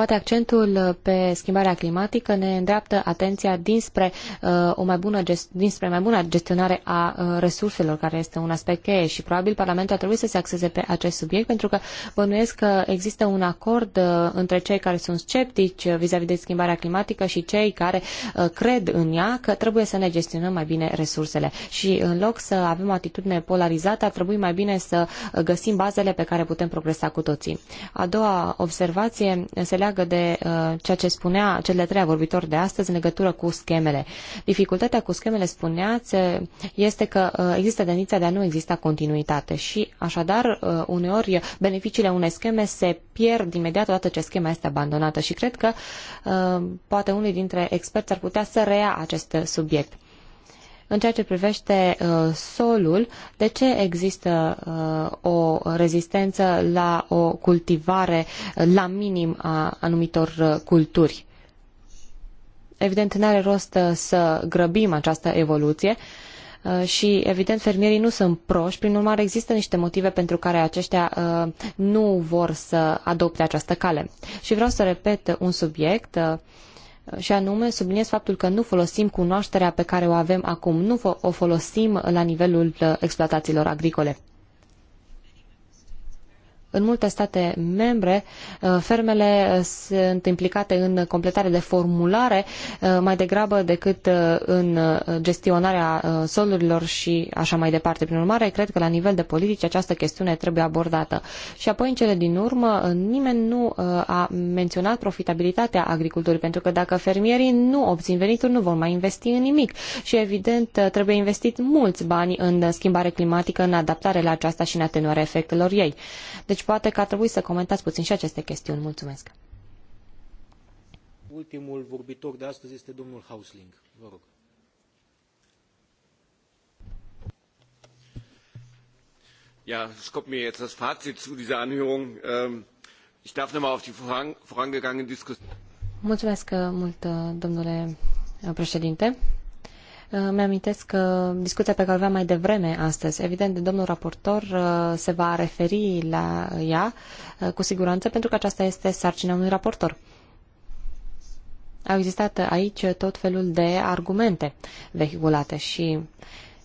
B: Poate accentul uh, pe schimbarea climatică ne îndreaptă atenția dinspre, uh, o mai bună gest- dinspre mai bună gestionare a uh, resurselor, care este un aspect cheie și probabil Parlamentul a trebuit să se axeze pe acest subiect, pentru că bănuiesc că există un acord uh, între cei care sunt sceptici uh, vis-a-vis de schimbarea climatică și cei care uh, cred în ea că trebuie să ne gestionăm mai bine resursele. Și în loc să avem o atitudine polarizată, ar trebui mai bine să uh, găsim bazele pe care putem progresa cu toții. A doua observație se leagă leagă de uh, ceea ce spunea cel de treia vorbitor de astăzi în legătură cu schemele. Dificultatea cu schemele, spuneați, este că uh, există tendința de a nu exista continuitate și, așadar, uh, uneori beneficiile unei scheme se pierd imediat odată ce schema este abandonată și cred că uh, poate unii dintre experți ar putea să rea acest subiect. În ceea ce privește uh, solul, de ce există uh, o rezistență la o cultivare uh, la minim a anumitor culturi? Evident, nu are rost să grăbim această evoluție și, evident, fermierii nu sunt proști, prin urmare există niște motive pentru care aceștia nu vor să adopte această cale. Și vreau să repet un subiect și anume subliniez faptul că nu folosim cunoașterea pe care o avem acum, nu o folosim la nivelul uh, exploatațiilor agricole. În multe state membre, uh, fermele uh, sunt implicate în completare de formulare uh, mai degrabă decât în gestionarea solurilor și așa mai departe. Prin urmare, cred că la nivel de politici această chestiune trebuie abordată. Și apoi, în cele din urmă, nimeni nu a menționat profitabilitatea agriculturii, pentru că dacă fermierii nu obțin venituri, nu vor mai investi în nimic. Și, evident, trebuie investit mulți bani în schimbare climatică, în adaptare la aceasta și în atenuarea efectelor ei. Deci, deci poate că ar trebui să comentați puțin și aceste chestiuni. Mulțumesc.
A: Ultimul vorbitor de astăzi este domnul Hausling. Vă rog.
C: Ja, es kommt mir jetzt das Fazit zu dieser Anhörung. Ähm, ich darf nochmal auf die vorangegangene Diskussion.
B: Mulțumesc äh, mult, äh, domnule äh, președinte. Mi-amintesc că discuția pe care o aveam mai devreme astăzi, evident, domnul raportor uh, se va referi la ea uh, cu siguranță, pentru că aceasta este sarcina unui raportor. Au existat aici tot felul de argumente vehiculate și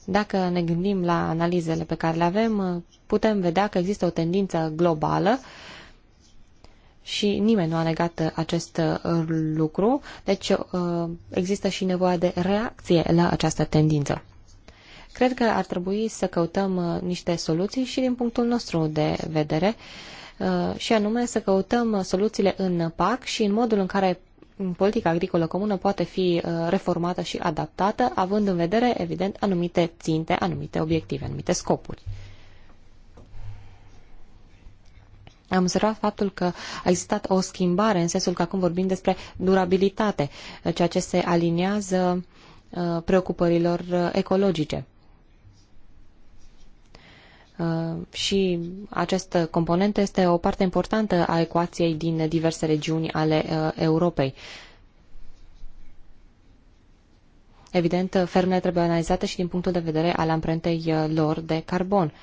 B: dacă ne gândim la analizele pe care le avem, uh, putem vedea că există o tendință globală uh, și nimeni nu a negat acest uh, lucru, deci uh, există și nevoia de reacție la această tendință. Cred că ar trebui să căutăm uh, niște soluții și din punctul nostru de vedere, și anume să căutăm soluțiile în PAC și în modul în care politica agricolă comună poate fi reformată și adaptată, având în vedere, evident, anumite ținte, anumite obiective, anumite scopuri. Am observat faptul că a existat o schimbare în sensul că acum vorbim despre durabilitate, ceea ce se aliniază uh, preocupărilor uh, ecologice. Uh, și această componentă este o parte importantă a ecuației din diverse regiuni ale Europei. Evident, fermele trebuie analizate și din punctul de vedere al amprentei lor de carbon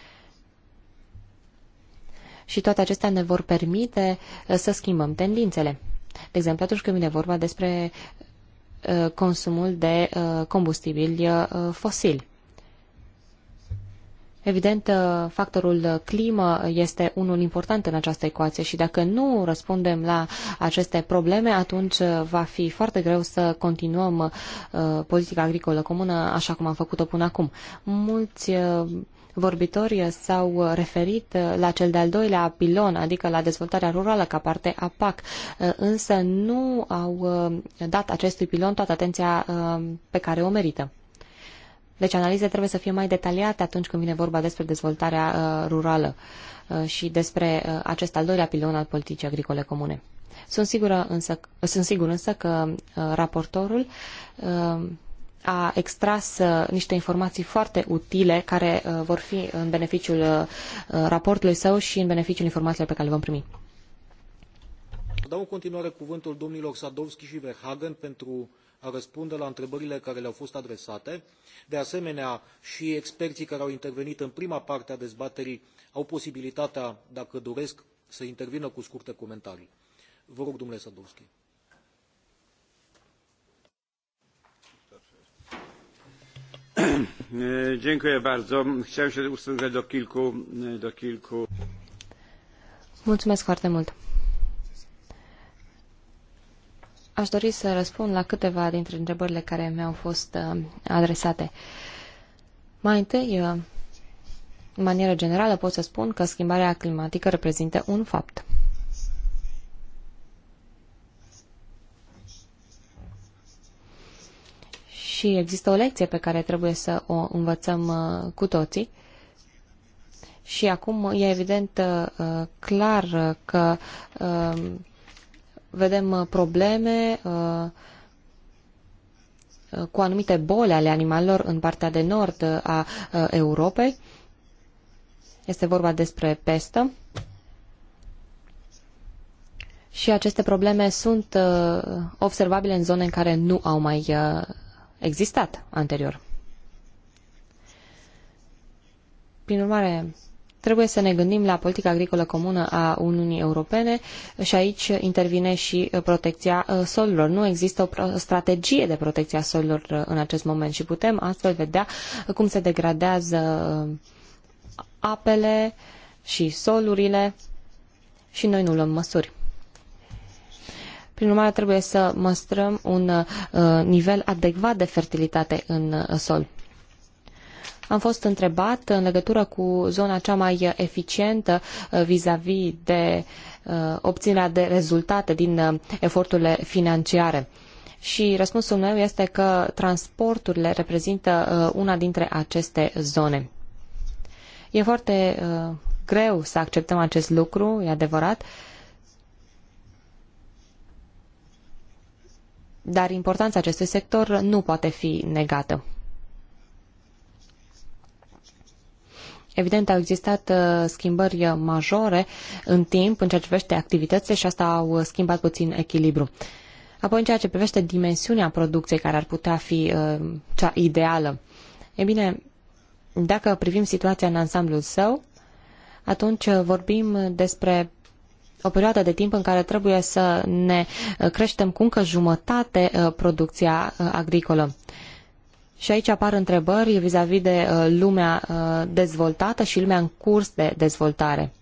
B: și toate acestea ne vor permite uh, să schimbăm tendințele. De exemplu, atunci când vine vorba despre uh, consumul de uh, combustibili fosili. Evident, factorul climă este unul important în această ecuație și dacă nu răspundem la aceste probleme, atunci va fi foarte greu să continuăm politica agricolă comună așa cum am făcut-o până acum. Mulți vorbitori s-au referit la cel de-al doilea pilon, adică la dezvoltarea rurală ca parte a PAC, însă nu au uh, dat acestui pilon toată atenția uh, pe care o merită. Deci analize trebuie să fie mai detaliate atunci când vine vorba despre dezvoltarea uh, rurală și despre acest al doilea pilon al politicii agricole comune. Sunt, sigură însă, sunt sigur însă că raportorul a extras uh, niște informații foarte utile care uh, vor fi în beneficiul uh, raportului său și în beneficiul informațiilor pe care le vom primi.
A: Dau în continuare cuvântul domnilor Sadovski și Verhagen pentru a răspunde la întrebările care le-au fost adresate. De asemenea, și experții care au intervenit în prima parte a dezbaterii au posibilitatea, dacă doresc, să intervină cu scurte comentarii. Vă rog, domnule Sadovski.
B: Chciałem się ustosunkować do kilku, do kilku. Mulțumesc foarte mult. Aș dori să răspund la câteva dintre întrebările care mi-au fost uh, adresate. Mai întâi, uh, în manieră generală, pot să spun că schimbarea climatică reprezintă un fapt. și există o lecție pe care trebuie să o învățăm uh, cu toții. Și acum e evident uh, clar uh, că vedem probleme cu anumite boli ale animalelor în partea de nord a Europei. Este vorba despre pestă. Și aceste probleme sunt observabile în zone în care nu au mai existat anterior. Prin urmare, trebuie să ne gândim la politica agricolă comună a Uniunii Europene și aici intervine și uh, protecția uh, solurilor. Nu există o strategie de protecție a solurilor uh, în acest moment și putem astfel vedea cum se degradează apele și solurile și noi nu luăm măsuri. Prin urmare, trebuie să măstrăm un uh, nivel adecvat de fertilitate în uh, sol. Am fost întrebat în legătură cu zona cea mai eficientă uh, vis-a-vis -vis de obținerea de rezultate din eforturile financiare. Și răspunsul meu este că transporturile reprezintă una dintre aceste zone. E foarte greu să acceptăm acest lucru, e adevărat, dar importanța acestui sector nu poate fi negată. Evident, au existat uh, schimbări majore în timp în ceea ce privește activitățile și asta au schimbat puțin echilibru. Apoi, în ceea ce privește dimensiunea producției care ar putea fi uh, cea ideală, e bine, dacă privim situația în ansamblul său, atunci uh, vorbim despre o perioadă de timp în care trebuie să ne uh, creștem cu încă jumătate uh, producția uh, agricolă. Și aici apar întrebări vis-a-vis -vis de lumea dezvoltată și lumea în curs de dezvoltare.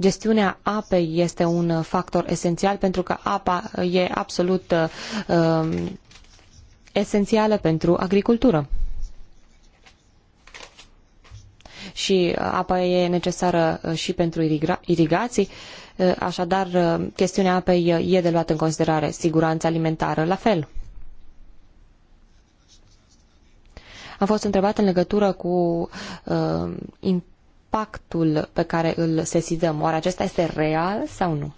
B: Gestiunea apei este un factor esențial pentru că apa e absolut uh, um, esențială pentru agricultură. și uh, apa e necesară uh, și pentru irigații. Uh, așadar, chestiunea apei e de luat în considerare. Siguranța alimentară, la fel. Am fost întrebat în legătură cu uh, impactul pe care îl sesizăm. Oare acesta este real sau nu?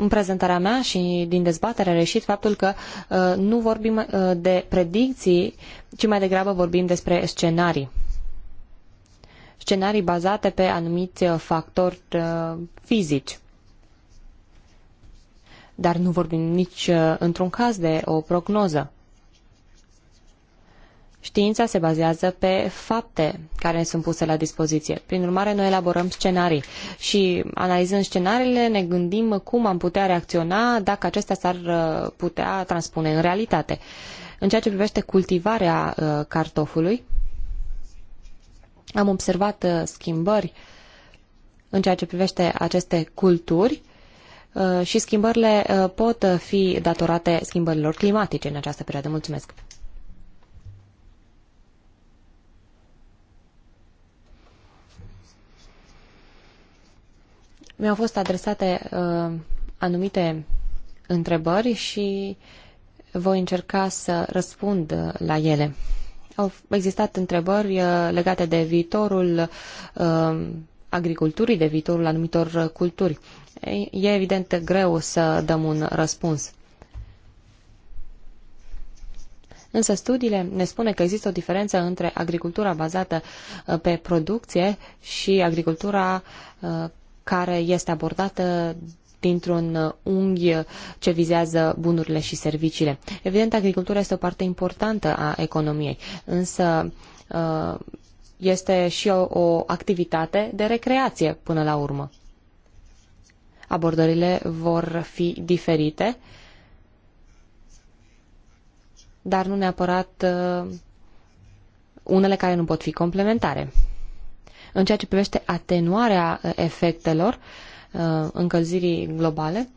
B: În prezentarea mea și din dezbatere a reșit faptul că uh, nu vorbim uh, de predicții, ci mai degrabă vorbim despre scenarii. Scenarii bazate pe anumiți uh, factori fizici dar nu vorbim nici într-un caz de o prognoză. Știința se bazează pe fapte care sunt puse la dispoziție. Prin urmare, noi elaborăm scenarii și analizând scenariile ne gândim cum am putea reacționa dacă acestea s-ar uh, putea transpune în realitate. În ceea ce privește cultivarea uh, cartofului, am observat uh, schimbări în ceea ce privește aceste culturi și schimbările pot fi datorate schimbărilor climatice în această perioadă. Mulțumesc! Mi-au fost adresate uh, anumite întrebări și voi încerca să răspund uh, la ele. Au existat întrebări uh, legate de viitorul uh, agriculturii, de viitorul anumitor uh, culturi. E evident greu să dăm un răspuns. Însă studiile ne spune că există o diferență între agricultura bazată uh, pe producție și agricultura uh, care este abordată dintr-un unghi ce vizează bunurile și serviciile. Evident, agricultura este o parte importantă a economiei, însă uh, este și o, o activitate de recreație până la urmă. Abordările vor fi diferite, dar nu neapărat uh, unele care nu pot fi complementare în ceea ce privește atenuarea uh, efectelor uh, încălzirii globale,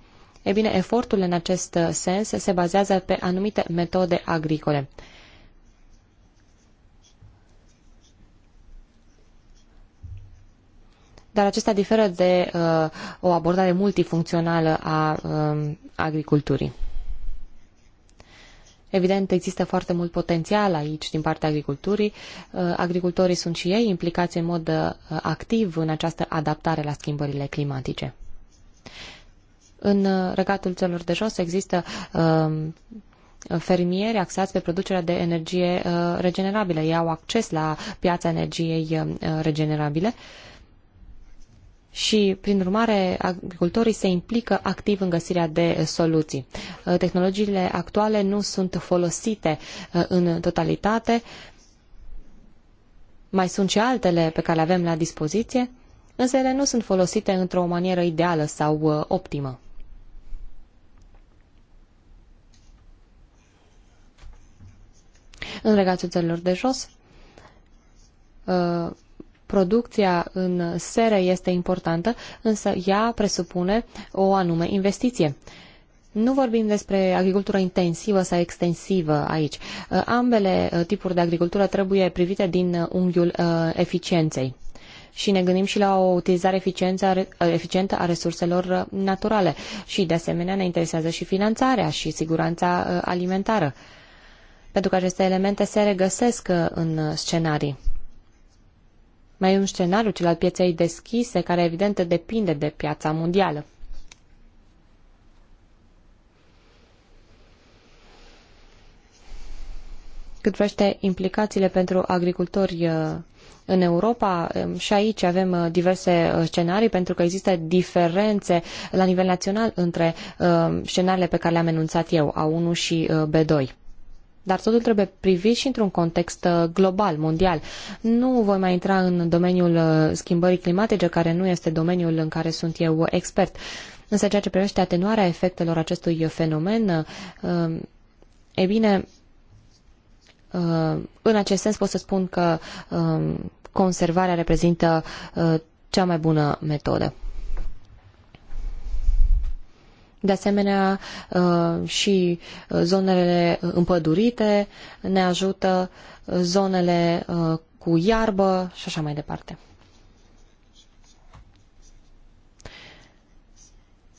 B: e bine, efortul în acest uh, sens se bazează pe anumite metode agricole. Dar acesta diferă de uh, o abordare multifuncțională a uh, agriculturii. Evident, există foarte mult potențial aici din partea agriculturii. Uh, agricultorii sunt și ei implicați în mod uh, activ în această adaptare la schimbările climatice. În uh, regatul celor de jos există um, fermieri axați pe producerea de energie regenerabilă. Ei au acces la piața energiei regenerabile și, prin urmare, agricultorii se implică activ în găsirea de soluții. Uh, tehnologiile actuale nu sunt folosite uh, în totalitate, mai sunt și altele pe care le avem la dispoziție, însă ele nu sunt folosite într-o manieră ideală sau uh, optimă. În regatul țărilor de jos, Producția în seră este importantă, însă ea presupune o anume investiție. Nu vorbim despre agricultură intensivă sau extensivă aici. Uh, ambele uh, tipuri de agricultură trebuie privite din uh, unghiul eficienței și ne gândim și la o utilizare eficientă a resurselor naturale și de asemenea ne interesează și finanțarea și siguranța alimentară pentru că aceste elemente se regăsesc în scenarii. Mai e un scenariu, cel al pieței deschise, care evident depinde de piața mondială. Cât vrește implicațiile pentru agricultori uh, în Europa, um, și aici avem uh, diverse uh, scenarii, pentru că există diferențe la nivel național între scenariile pe care le-am enunțat eu, A1 și B2. Dar totul trebuie privit și într-un context uh, global, mondial. Nu voi mai intra în domeniul uh, schimbării climatice, care nu este domeniul în care sunt eu expert. Însă ceea ce privește atenuarea efectelor acestui fenomen, uh, e bine, în acest sens pot să spun că um, conservarea reprezintă cea mai bună metodă. De asemenea, uh, și uh, zonele împădurite ne ajută, uh, zonele cu iarbă și așa mai departe.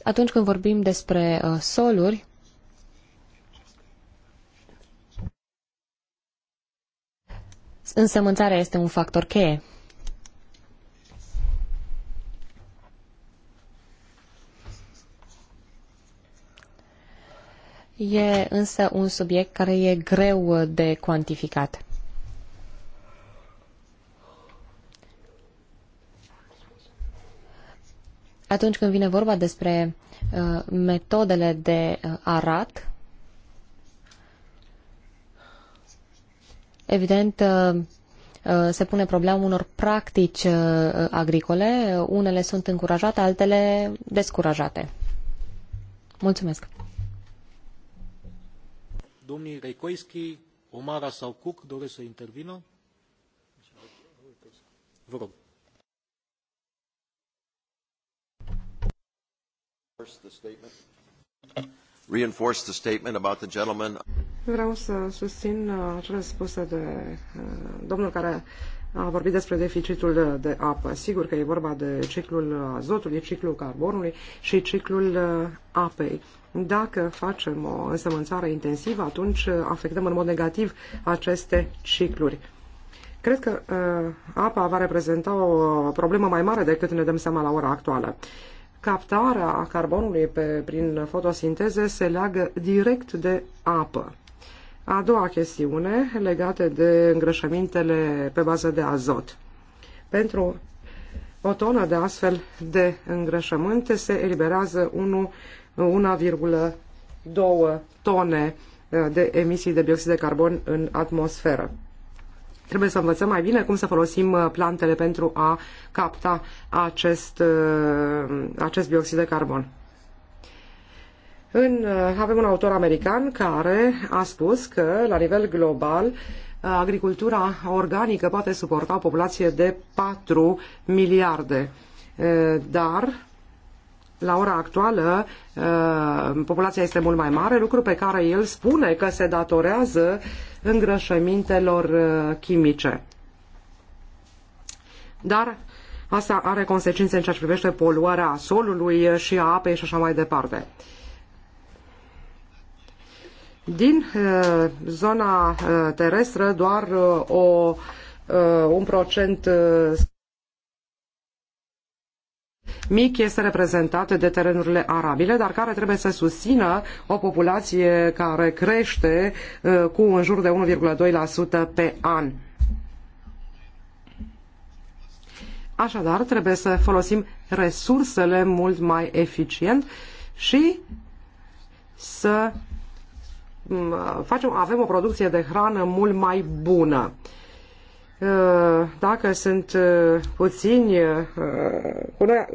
B: Atunci când vorbim despre soluri, însămânțarea este un factor cheie. E însă un subiect care e greu de cuantificat. Atunci când vine vorba despre uh, metodele de uh, arat, evident uh, uh se pune problema unor practici uh, agricole. Unele sunt încurajate, altele descurajate. Mulțumesc!
A: Domnii Recoischi, Omara sau Cuc doresc să intervină?
E: Vă rog. Reinforce the statement about the gentleman.
D: Vreau să susțin răspunsul uh, de uh, domnul care a vorbit despre deficitul de apă. Sigur că e vorba de ciclul azotului, ciclul carbonului și ciclul uh, apei. Dacă facem o însămânțare intensivă, atunci uh, afectăm în mod negativ aceste cicluri. Cred că uh, apa va reprezenta o problemă mai mare decât ne dăm seama la ora actuală. Captarea carbonului pe, prin fotosinteze se leagă direct de apă. A doua chestiune legată de îngrășămintele pe bază de azot. Pentru o tonă de astfel de îngrășământe se eliberează 1,2 tone uh, de emisii de dioxid de carbon în atmosferă. Trebuie să învățăm mai bine cum să folosim uh, plantele pentru a capta acest, uh, acest dioxid de carbon. În, uh, avem un autor american care a spus că, la nivel global, uh, agricultura organică poate suporta o populație de 4 miliarde. Uh, dar, la ora actuală, populația este mult mai mare, lucru pe care el spune că se datorează îngrășămintelor chimice. Dar asta are consecințe în ceea ce privește poluarea solului și a apei și așa mai departe. Uh, din uh, zona uh, terestră, doar uh, o, un procent mic este reprezentat de terenurile arabile, dar care trebuie să susțină o populație care crește cu în jur de 1,2% pe an. Așadar, trebuie să folosim resursele mult mai eficient și să Mm, facem, avem o producție de hrană mult mai bună. Uh, dacă sunt uh, puțini uh,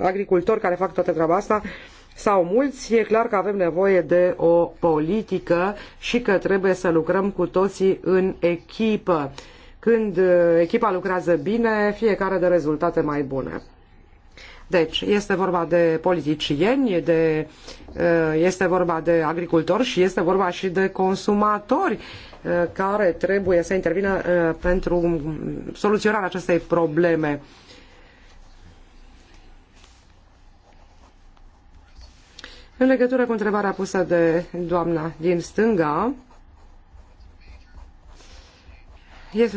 D: agricultori care fac toată treaba asta, sau mulți, e clar că avem nevoie de o politică și că trebuie să lucrăm cu toții în echipă. Când echipa lucrează bine, fiecare dă rezultate mai bune. Deci, este vorba de politicieni, de, uh, este vorba de agricultori și este vorba și de consumatori uh, care trebuie să intervină uh, pentru soluționarea acestei probleme. În legătură cu întrebarea pusă de doamna din stânga,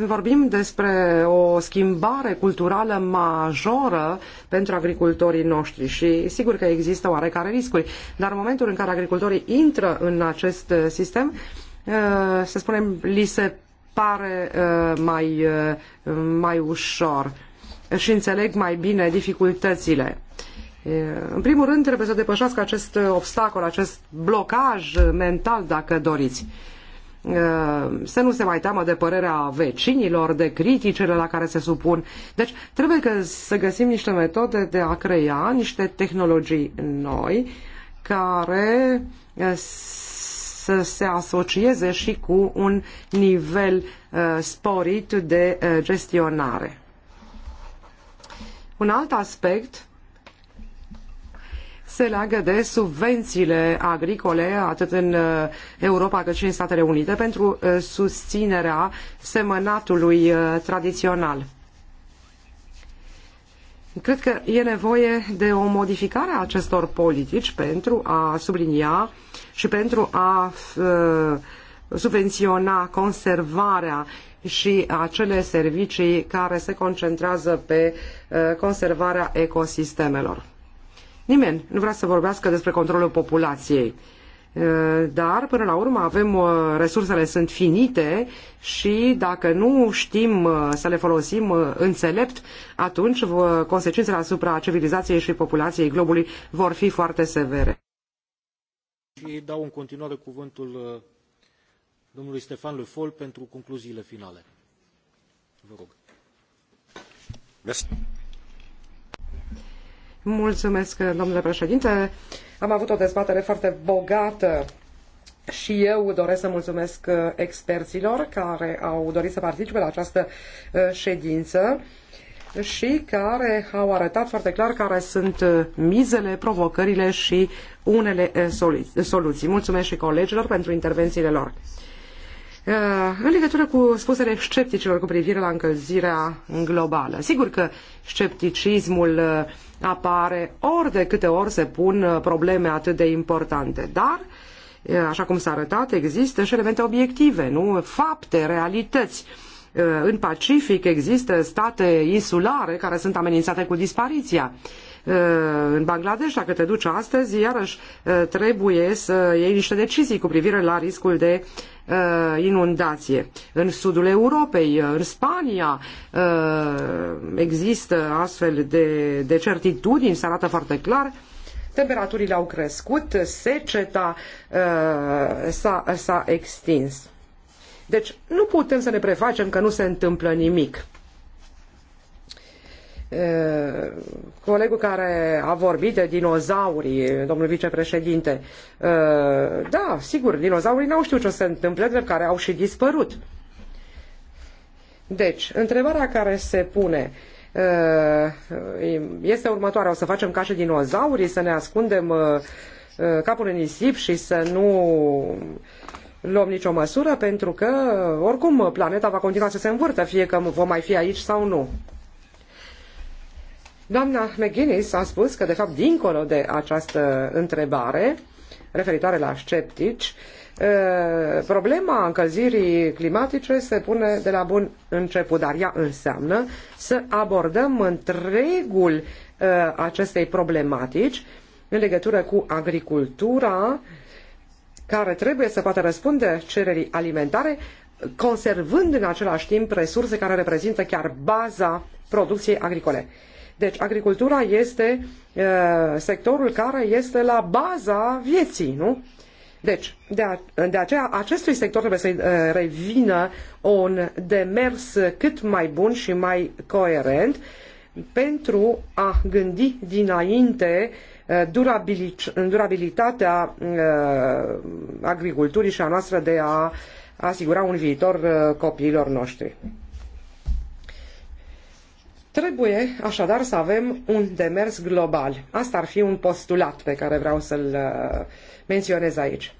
D: vorbim despre o schimbare culturală majoră pentru agricultorii noștri și sigur că există oarecare riscuri, dar în momentul în care agricultorii intră în acest sistem, eh, să spunem, li se pare eh, mai, eh, mai ușor și înțeleg mai bine dificultățile. În primul rând, trebuie să depășească acest obstacol, acest blocaj mental, dacă doriți. Ehm, să nu se mai teamă de părerea vecinilor, de criticile la care se supun. Deci trebuie că să găsim niște metode de a crea niște tehnologii noi care să se asocieze și cu un nivel sporit de gestionare. Un alt aspect se leagă de subvențiile agricole, atât în uh, Europa cât și în Statele Unite, pentru uh, susținerea semănatului uh, tradițional. Cred că e nevoie de o modificare a acestor politici pentru a sublinia și pentru a subvenționa conservarea și acele servicii care se concentrează pe conservarea ecosistemelor. Nimeni nu vrea să vorbească despre controlul populației. Dar, până la urmă, avem resursele sunt finite și dacă nu știm să le folosim înțelept, atunci consecințele asupra civilizației și populației globului vor fi foarte severe.
A: Și dau în continuare cuvântul domnului Stefan Le Foll pentru concluziile finale. Vă rog. Merci.
D: Mulțumesc, domnule președinte. Am avut o dezbatere foarte bogată și eu doresc să mulțumesc uh, experților care au dorit să participe la această uh, ședință și care au arătat foarte clar care sunt uh, mizele, provocările și unele soluții. Mulțumesc și colegilor pentru intervențiile lor. Uh, în legătură cu spusele scepticilor cu privire la încălzirea globală, sigur că scepticismul uh, apare ori de câte ori se pun uh, probleme atât de importante, dar, așa cum s-a arătat, există și elemente obiective, nu? Fapte, realități. În Pacific există state insulare care sunt amenințate cu dispariția. Eh, în Bangladesh, dacă te duci astăzi, iarăși eh, trebuie să iei niște decizii cu privire la riscul de eh, inundație. În sudul Europei, în Spania, există astfel de, de certitudini, se arată foarte clar. Temperaturile au crescut, seceta s-a extins. Deci nu putem să ne prefacem că nu se întâmplă nimic colegul care a vorbit de dinozaurii, domnul vicepreședinte, da, sigur, dinozaurii n-au știut ce se întâmplă, drept care au și dispărut. Deci, întrebarea care se pune este următoarea. O să facem ca și dinozaurii, să ne ascundem capul în nisip și să nu luăm nicio măsură, pentru că, oricum, planeta va continua să se învârtă, fie că vom mai fi aici sau nu. Doamna McGuinness a spus că, de fapt, dincolo de această întrebare referitoare la sceptici, ă, problema încălzirii climatice se pune de la bun început, dar ea înseamnă să abordăm întregul ă, acestei problematici în legătură cu agricultura care trebuie să poată răspunde cererii alimentare, conservând în același timp resurse care reprezintă chiar baza producției agricole. Deci agricultura este uh, sectorul care este la baza vieții, nu? Deci, de, a, de aceea, acestui sector trebuie să uh, revină un demers cât mai bun și mai coerent pentru a gândi dinainte uh, durabilitatea agriculturii și a noastră de a asigura un viitor copiilor noștri. Trebuie așadar să avem un demers global. Asta ar fi un postulat pe care vreau să-l uh, menționez aici.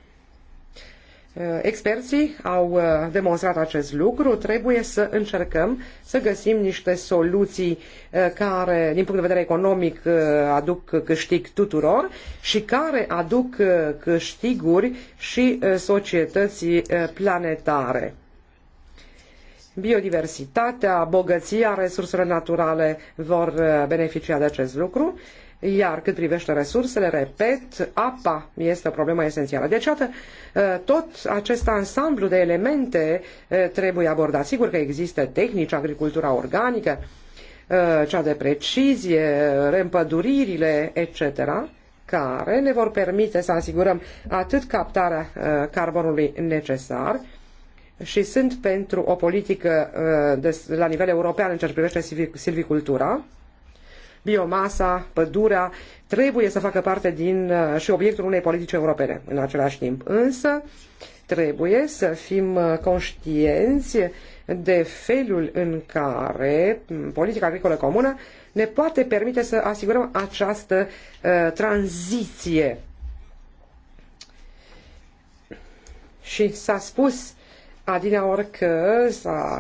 D: Uh, experții au uh, demonstrat acest lucru, trebuie să încercăm să găsim niște soluții care, din punct de vedere economic, aduc câștig tuturor și care aduc câștiguri și societății planetare biodiversitatea, bogăția, resursele naturale vor uh, beneficia de acest lucru, iar cât privește resursele, repet, apa este o problemă esențială. Deci, iată, uh, tot acest ansamblu de elemente uh, trebuie abordat. Sigur că există tehnici, agricultura organică, cea de precizie, reîmpăduririle, etc., care ne vor permite să asigurăm atât captarea carbonului necesar, și sunt pentru o politică uh, de, la nivel european în ceea ce privește silvicultura. Biomasa, pădurea trebuie să facă parte din uh, și obiectul unei politici europene în același timp. Însă trebuie să fim uh, conștienți de felul în care politica agricolă comună ne poate permite să asigurăm această uh, tranziție. Și s-a spus uh, Adineori că uh,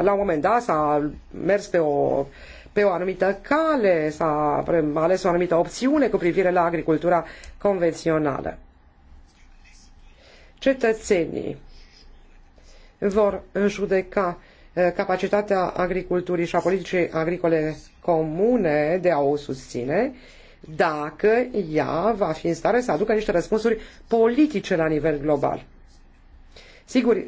D: la un moment dat s-a mers pe o, pe o anumită cale, s-a ales o anumită opțiune cu privire la agricultura convențională. Cetățenii vor judeca uh, capacitatea agriculturii și a politicii agricole comune de a o susține dacă ea va fi în stare să aducă niște răspunsuri politice la nivel global. Sigur,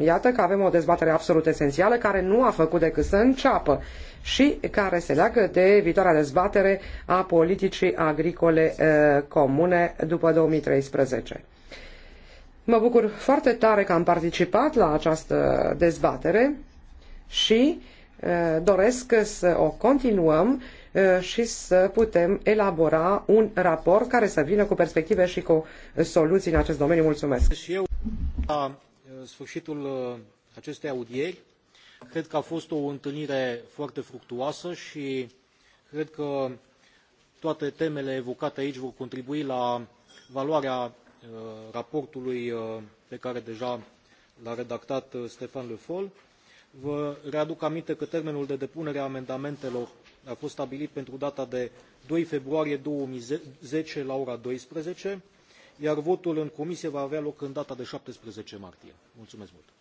D: iată că avem o dezbatere absolut esențială care nu a făcut decât să înceapă și care se leagă de viitoarea dezbatere a politicii agricole eh, comune după 2013. Mă bucur foarte tare că am participat la această dezbatere și eh, doresc să o continuăm eh, și să putem elabora un raport care să vină cu perspective și cu soluții în acest domeniu. Mulțumesc! Și
A: eu, a sfârșitul uh, acestei audieri. Cred că a fost o întâlnire foarte fructuoasă și cred că toate temele evocate aici vor contribui la valoarea uh, raportului uh, pe care deja l-a redactat Stefan Le Foll. Vă readuc aminte că termenul de depunere a amendamentelor a fost stabilit pentru data de 2 februarie 2010 la ora 12 iar votul în comisie va avea loc în data de 17 martie. Mulțumesc mult!